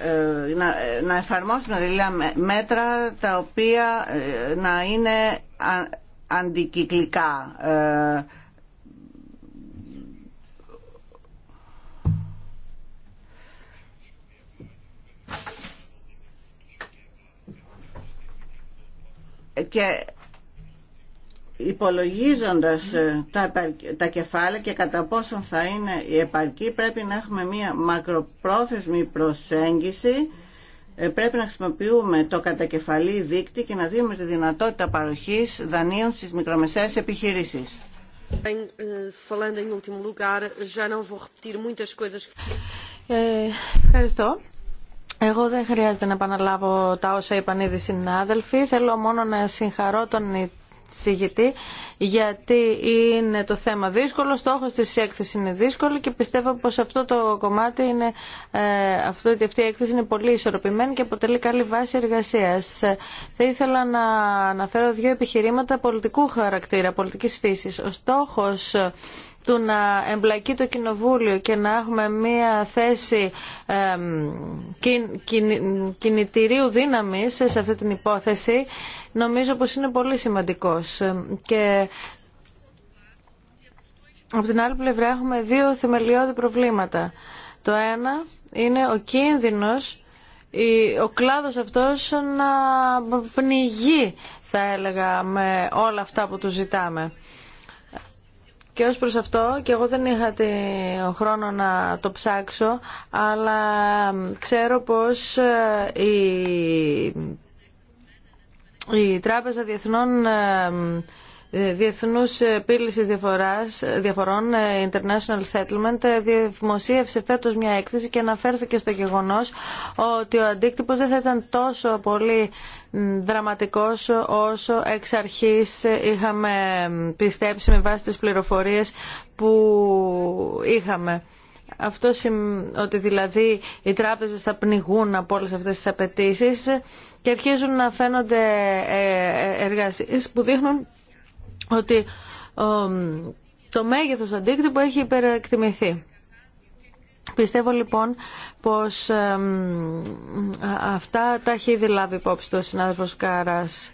ε, να εφαρμόσουμε δηλαδή μέτρα τα οποία να είναι αντικυκλικά. Και υπολογίζοντας ε, τα, τα κεφάλαια και κατά πόσο θα είναι η επαρκή πρέπει να έχουμε μια μακροπρόθεσμη προσέγγιση ε, πρέπει να χρησιμοποιούμε το κατακεφαλή δίκτυ και να δίνουμε τη δυνατότητα παροχής δανείων στις μικρομεσαίες επιχειρήσεις. ευχαριστώ. Εγώ δεν χρειάζεται να επαναλάβω τα όσα είπαν ήδη συνάδελφοι. Θέλω μόνο να συγχαρώ τον γιατί είναι το θέμα δύσκολο, στόχος της έκθεσης είναι δύσκολο και πιστεύω πως αυτό το κομμάτι είναι, ε, αυτό, ότι αυτή η έκθεση είναι πολύ ισορροπημένη και αποτελεί καλή βάση εργασίας. Θα ήθελα να αναφέρω δύο επιχειρήματα πολιτικού χαρακτήρα, πολιτικής φύσης. Ο στόχος του να εμπλακεί το κοινοβούλιο και να έχουμε μία θέση κινητηρίου δύναμης σε αυτή την υπόθεση νομίζω πως είναι πολύ σημαντικός και από την άλλη πλευρά έχουμε δύο θεμελιώδη προβλήματα. Το ένα είναι ο κίνδυνος ο κλάδος αυτός να πνιγεί θα έλεγα με όλα αυτά που του ζητάμε. Και ως προς αυτό, και εγώ δεν είχα χρόνο να το ψάξω, αλλά ξέρω πως ε, η Τράπεζα Διεθνών ε, ε, Διεθνούς Πύλησης Διαφοράς, Διαφορών ε, International Settlement δημοσίευσε φέτος μια έκθεση και αναφέρθηκε στο γεγονός ότι ο αντίκτυπος δεν θα ήταν τόσο πολύ δραματικός όσο εξ αρχής είχαμε πιστέψει με βάση τις πληροφορίες που είχαμε αυτό ότι δηλαδή οι τράπεζες θα πνιγούν από όλες αυτές τις απαιτήσει και αρχίζουν να φαίνονται ε, ε, εργασίες που δείχνουν ότι το μέγεθος αντίκτυπου έχει υπερεκτιμηθεί. Πιστεύω λοιπόν πως αυτά τα έχει ήδη λάβει υπόψη το συνάδελφος Κάρας.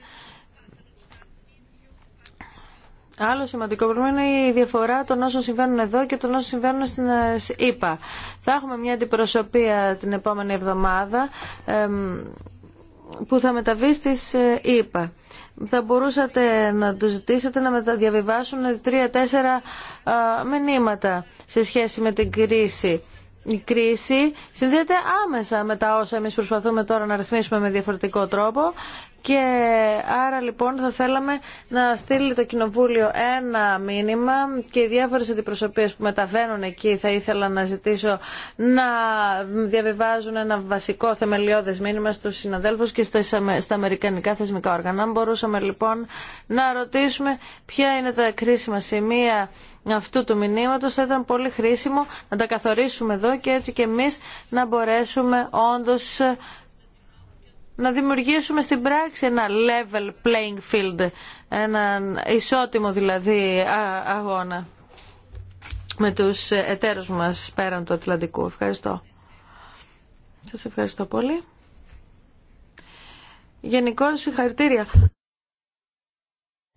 Άλλο σημαντικό πρόβλημα είναι η διαφορά των όσων συμβαίνουν εδώ και των όσων συμβαίνουν στην ΕΠΑ. Θα έχουμε μια αντιπροσωπεία την επόμενη εβδομάδα που θα μεταβεί στι ΕΠΑ. Θα μπορούσατε να του ζητήσετε να μεταδιαβιβάσουν τρία-τέσσερα ε, μηνύματα σε σχέση με την κρίση. Η κρίση συνδέεται άμεσα με τα όσα εμείς προσπαθούμε τώρα να ρυθμίσουμε με διαφορετικό τρόπο και άρα λοιπόν θα θέλαμε να στείλει το Κοινοβούλιο ένα μήνυμα και οι διάφορε αντιπροσωπείε που μεταβαίνουν εκεί θα ήθελα να ζητήσω να διαβιβάζουν ένα βασικό θεμελιώδε μήνυμα στου συναδέλφου και στα αμερικανικά θεσμικά όργανα. Αν μπορούσαμε λοιπόν να ρωτήσουμε ποια είναι τα κρίσιμα σημεία αυτού του μηνύματο, θα ήταν πολύ χρήσιμο να τα καθορίσουμε εδώ και έτσι και εμεί να μπορέσουμε όντω να δημιουργήσουμε στην πράξη ένα level playing field, έναν ισότιμο δηλαδή αγώνα με τους εταίρους μας πέραν του Ατλαντικού. Ευχαριστώ. Σας ευχαριστώ πολύ. Γενικώ συγχαρητήρια.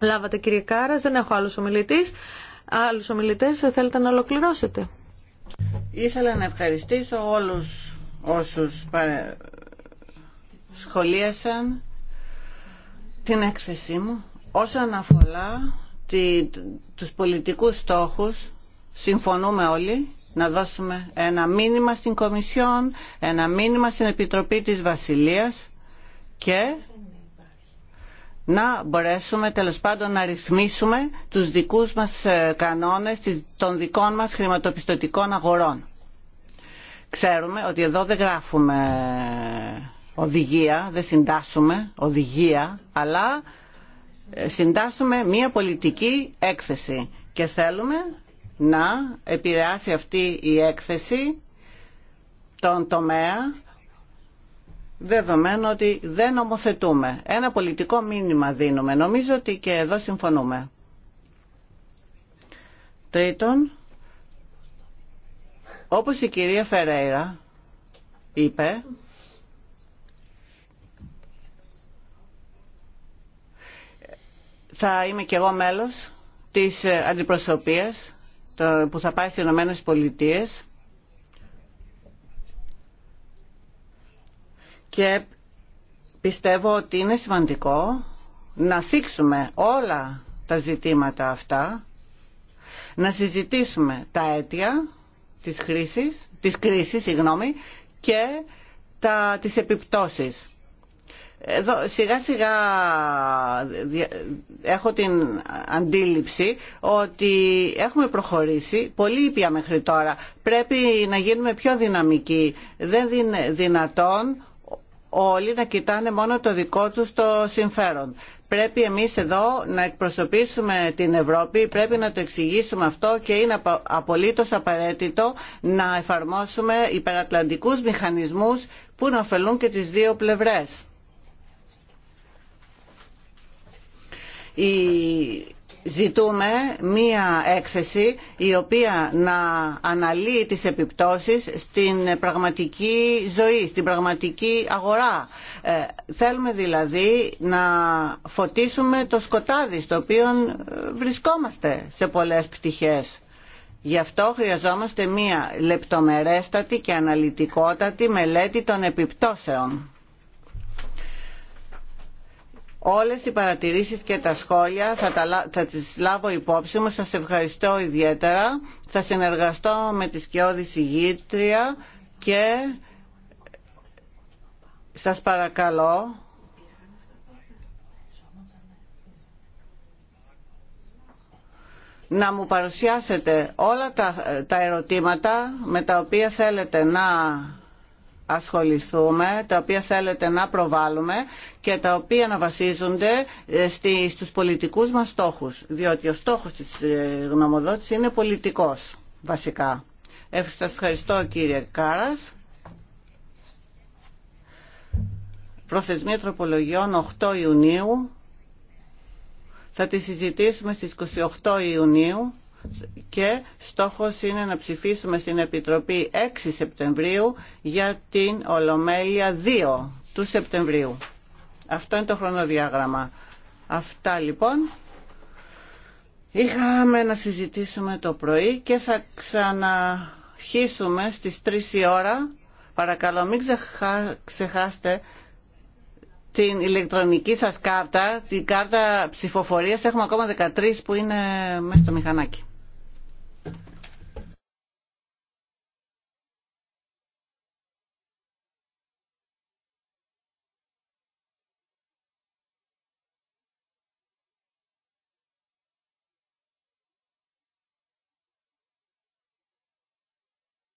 Λάβατε κύριε Κάρας, δεν έχω άλλους ομιλητής. Άλλους ομιλητές θέλετε να ολοκληρώσετε. Ήθελα να ευχαριστήσω όλους όσους σχολίασαν την έκθεσή μου όσον αφορά τους πολιτικούς στόχους συμφωνούμε όλοι να δώσουμε ένα μήνυμα στην Κομισιόν, ένα μήνυμα στην Επιτροπή της Βασιλείας και να μπορέσουμε τέλος πάντων να ρυθμίσουμε τους δικούς μας ε, κανόνες των δικών μας χρηματοπιστωτικών αγορών. Ξέρουμε ότι εδώ δεν γράφουμε οδηγία, δεν συντάσσουμε οδηγία, αλλά ε, συντάσσουμε μία πολιτική έκθεση και θέλουμε να επηρεάσει αυτή η έκθεση τον τομέα δεδομένου ότι δεν νομοθετούμε. Ένα πολιτικό μήνυμα δίνουμε. Νομίζω ότι και εδώ συμφωνούμε. Τρίτον, όπως η κυρία Φερέιρα είπε, θα είμαι και εγώ μέλος της ε, αντιπροσωπείας που θα πάει στις Ηνωμένες Πολιτείες και πιστεύω ότι είναι σημαντικό να θίξουμε όλα τα ζητήματα αυτά να συζητήσουμε τα αίτια της, κρίσης της κρίσης συγγνώμη, και τα, τις επιπτώσεις εδώ σιγά σιγά έχω την αντίληψη ότι έχουμε προχωρήσει πολύ ήπια μέχρι τώρα. Πρέπει να γίνουμε πιο δυναμικοί. Δεν είναι δυνατόν όλοι να κοιτάνε μόνο το δικό τους το συμφέρον. Πρέπει εμείς εδώ να εκπροσωπήσουμε την Ευρώπη, πρέπει να το εξηγήσουμε αυτό και είναι απολύτως απαραίτητο να εφαρμόσουμε υπερατλαντικούς μηχανισμούς που να ωφελούν και τις δύο πλευρές. ζητούμε μία έκθεση η οποία να αναλύει τις επιπτώσεις στην πραγματική ζωή, στην πραγματική αγορά. Ε, θέλουμε δηλαδή να φωτίσουμε το σκοτάδι στο οποίο ε, βρισκόμαστε σε πολλές πτυχές. Γι' αυτό χρειαζόμαστε μία λεπτομερέστατη και αναλυτικότατη μελέτη των επιπτώσεων. Όλες οι παρατηρήσεις και τα σχόλια θα, τα, θα τις λάβω υπόψη μου. Σας ευχαριστώ ιδιαίτερα. Θα συνεργαστώ με τη Σκιώδη Συγήτρια και σας παρακαλώ να μου παρουσιάσετε όλα τα, τα ερωτήματα με τα οποία θέλετε να ασχοληθούμε, τα οποία θέλετε να προβάλλουμε και τα οποία να βασίζονται ε, στους πολιτικούς μας στόχους. Διότι ο στόχος της ε, γνωμοδότησης είναι πολιτικός, βασικά. Σας ευχαριστώ κύριε Κάρας. Προθεσμία τροπολογιών 8 Ιουνίου. Θα τη συζητήσουμε στις 28 Ιουνίου και στόχος είναι να ψηφίσουμε στην Επιτροπή 6 Σεπτεμβρίου για την Ολομέλεια 2 του Σεπτεμβρίου. Αυτό είναι το χρονοδιάγραμμα. Αυτά λοιπόν. Είχαμε να συζητήσουμε το πρωί και θα ξαναρχίσουμε στις 3 η ώρα. Παρακαλώ μην ξεχά... την ηλεκτρονική σας κάρτα, την κάρτα ψηφοφορίας. Έχουμε ακόμα 13 που είναι μέσα στο μηχανάκι.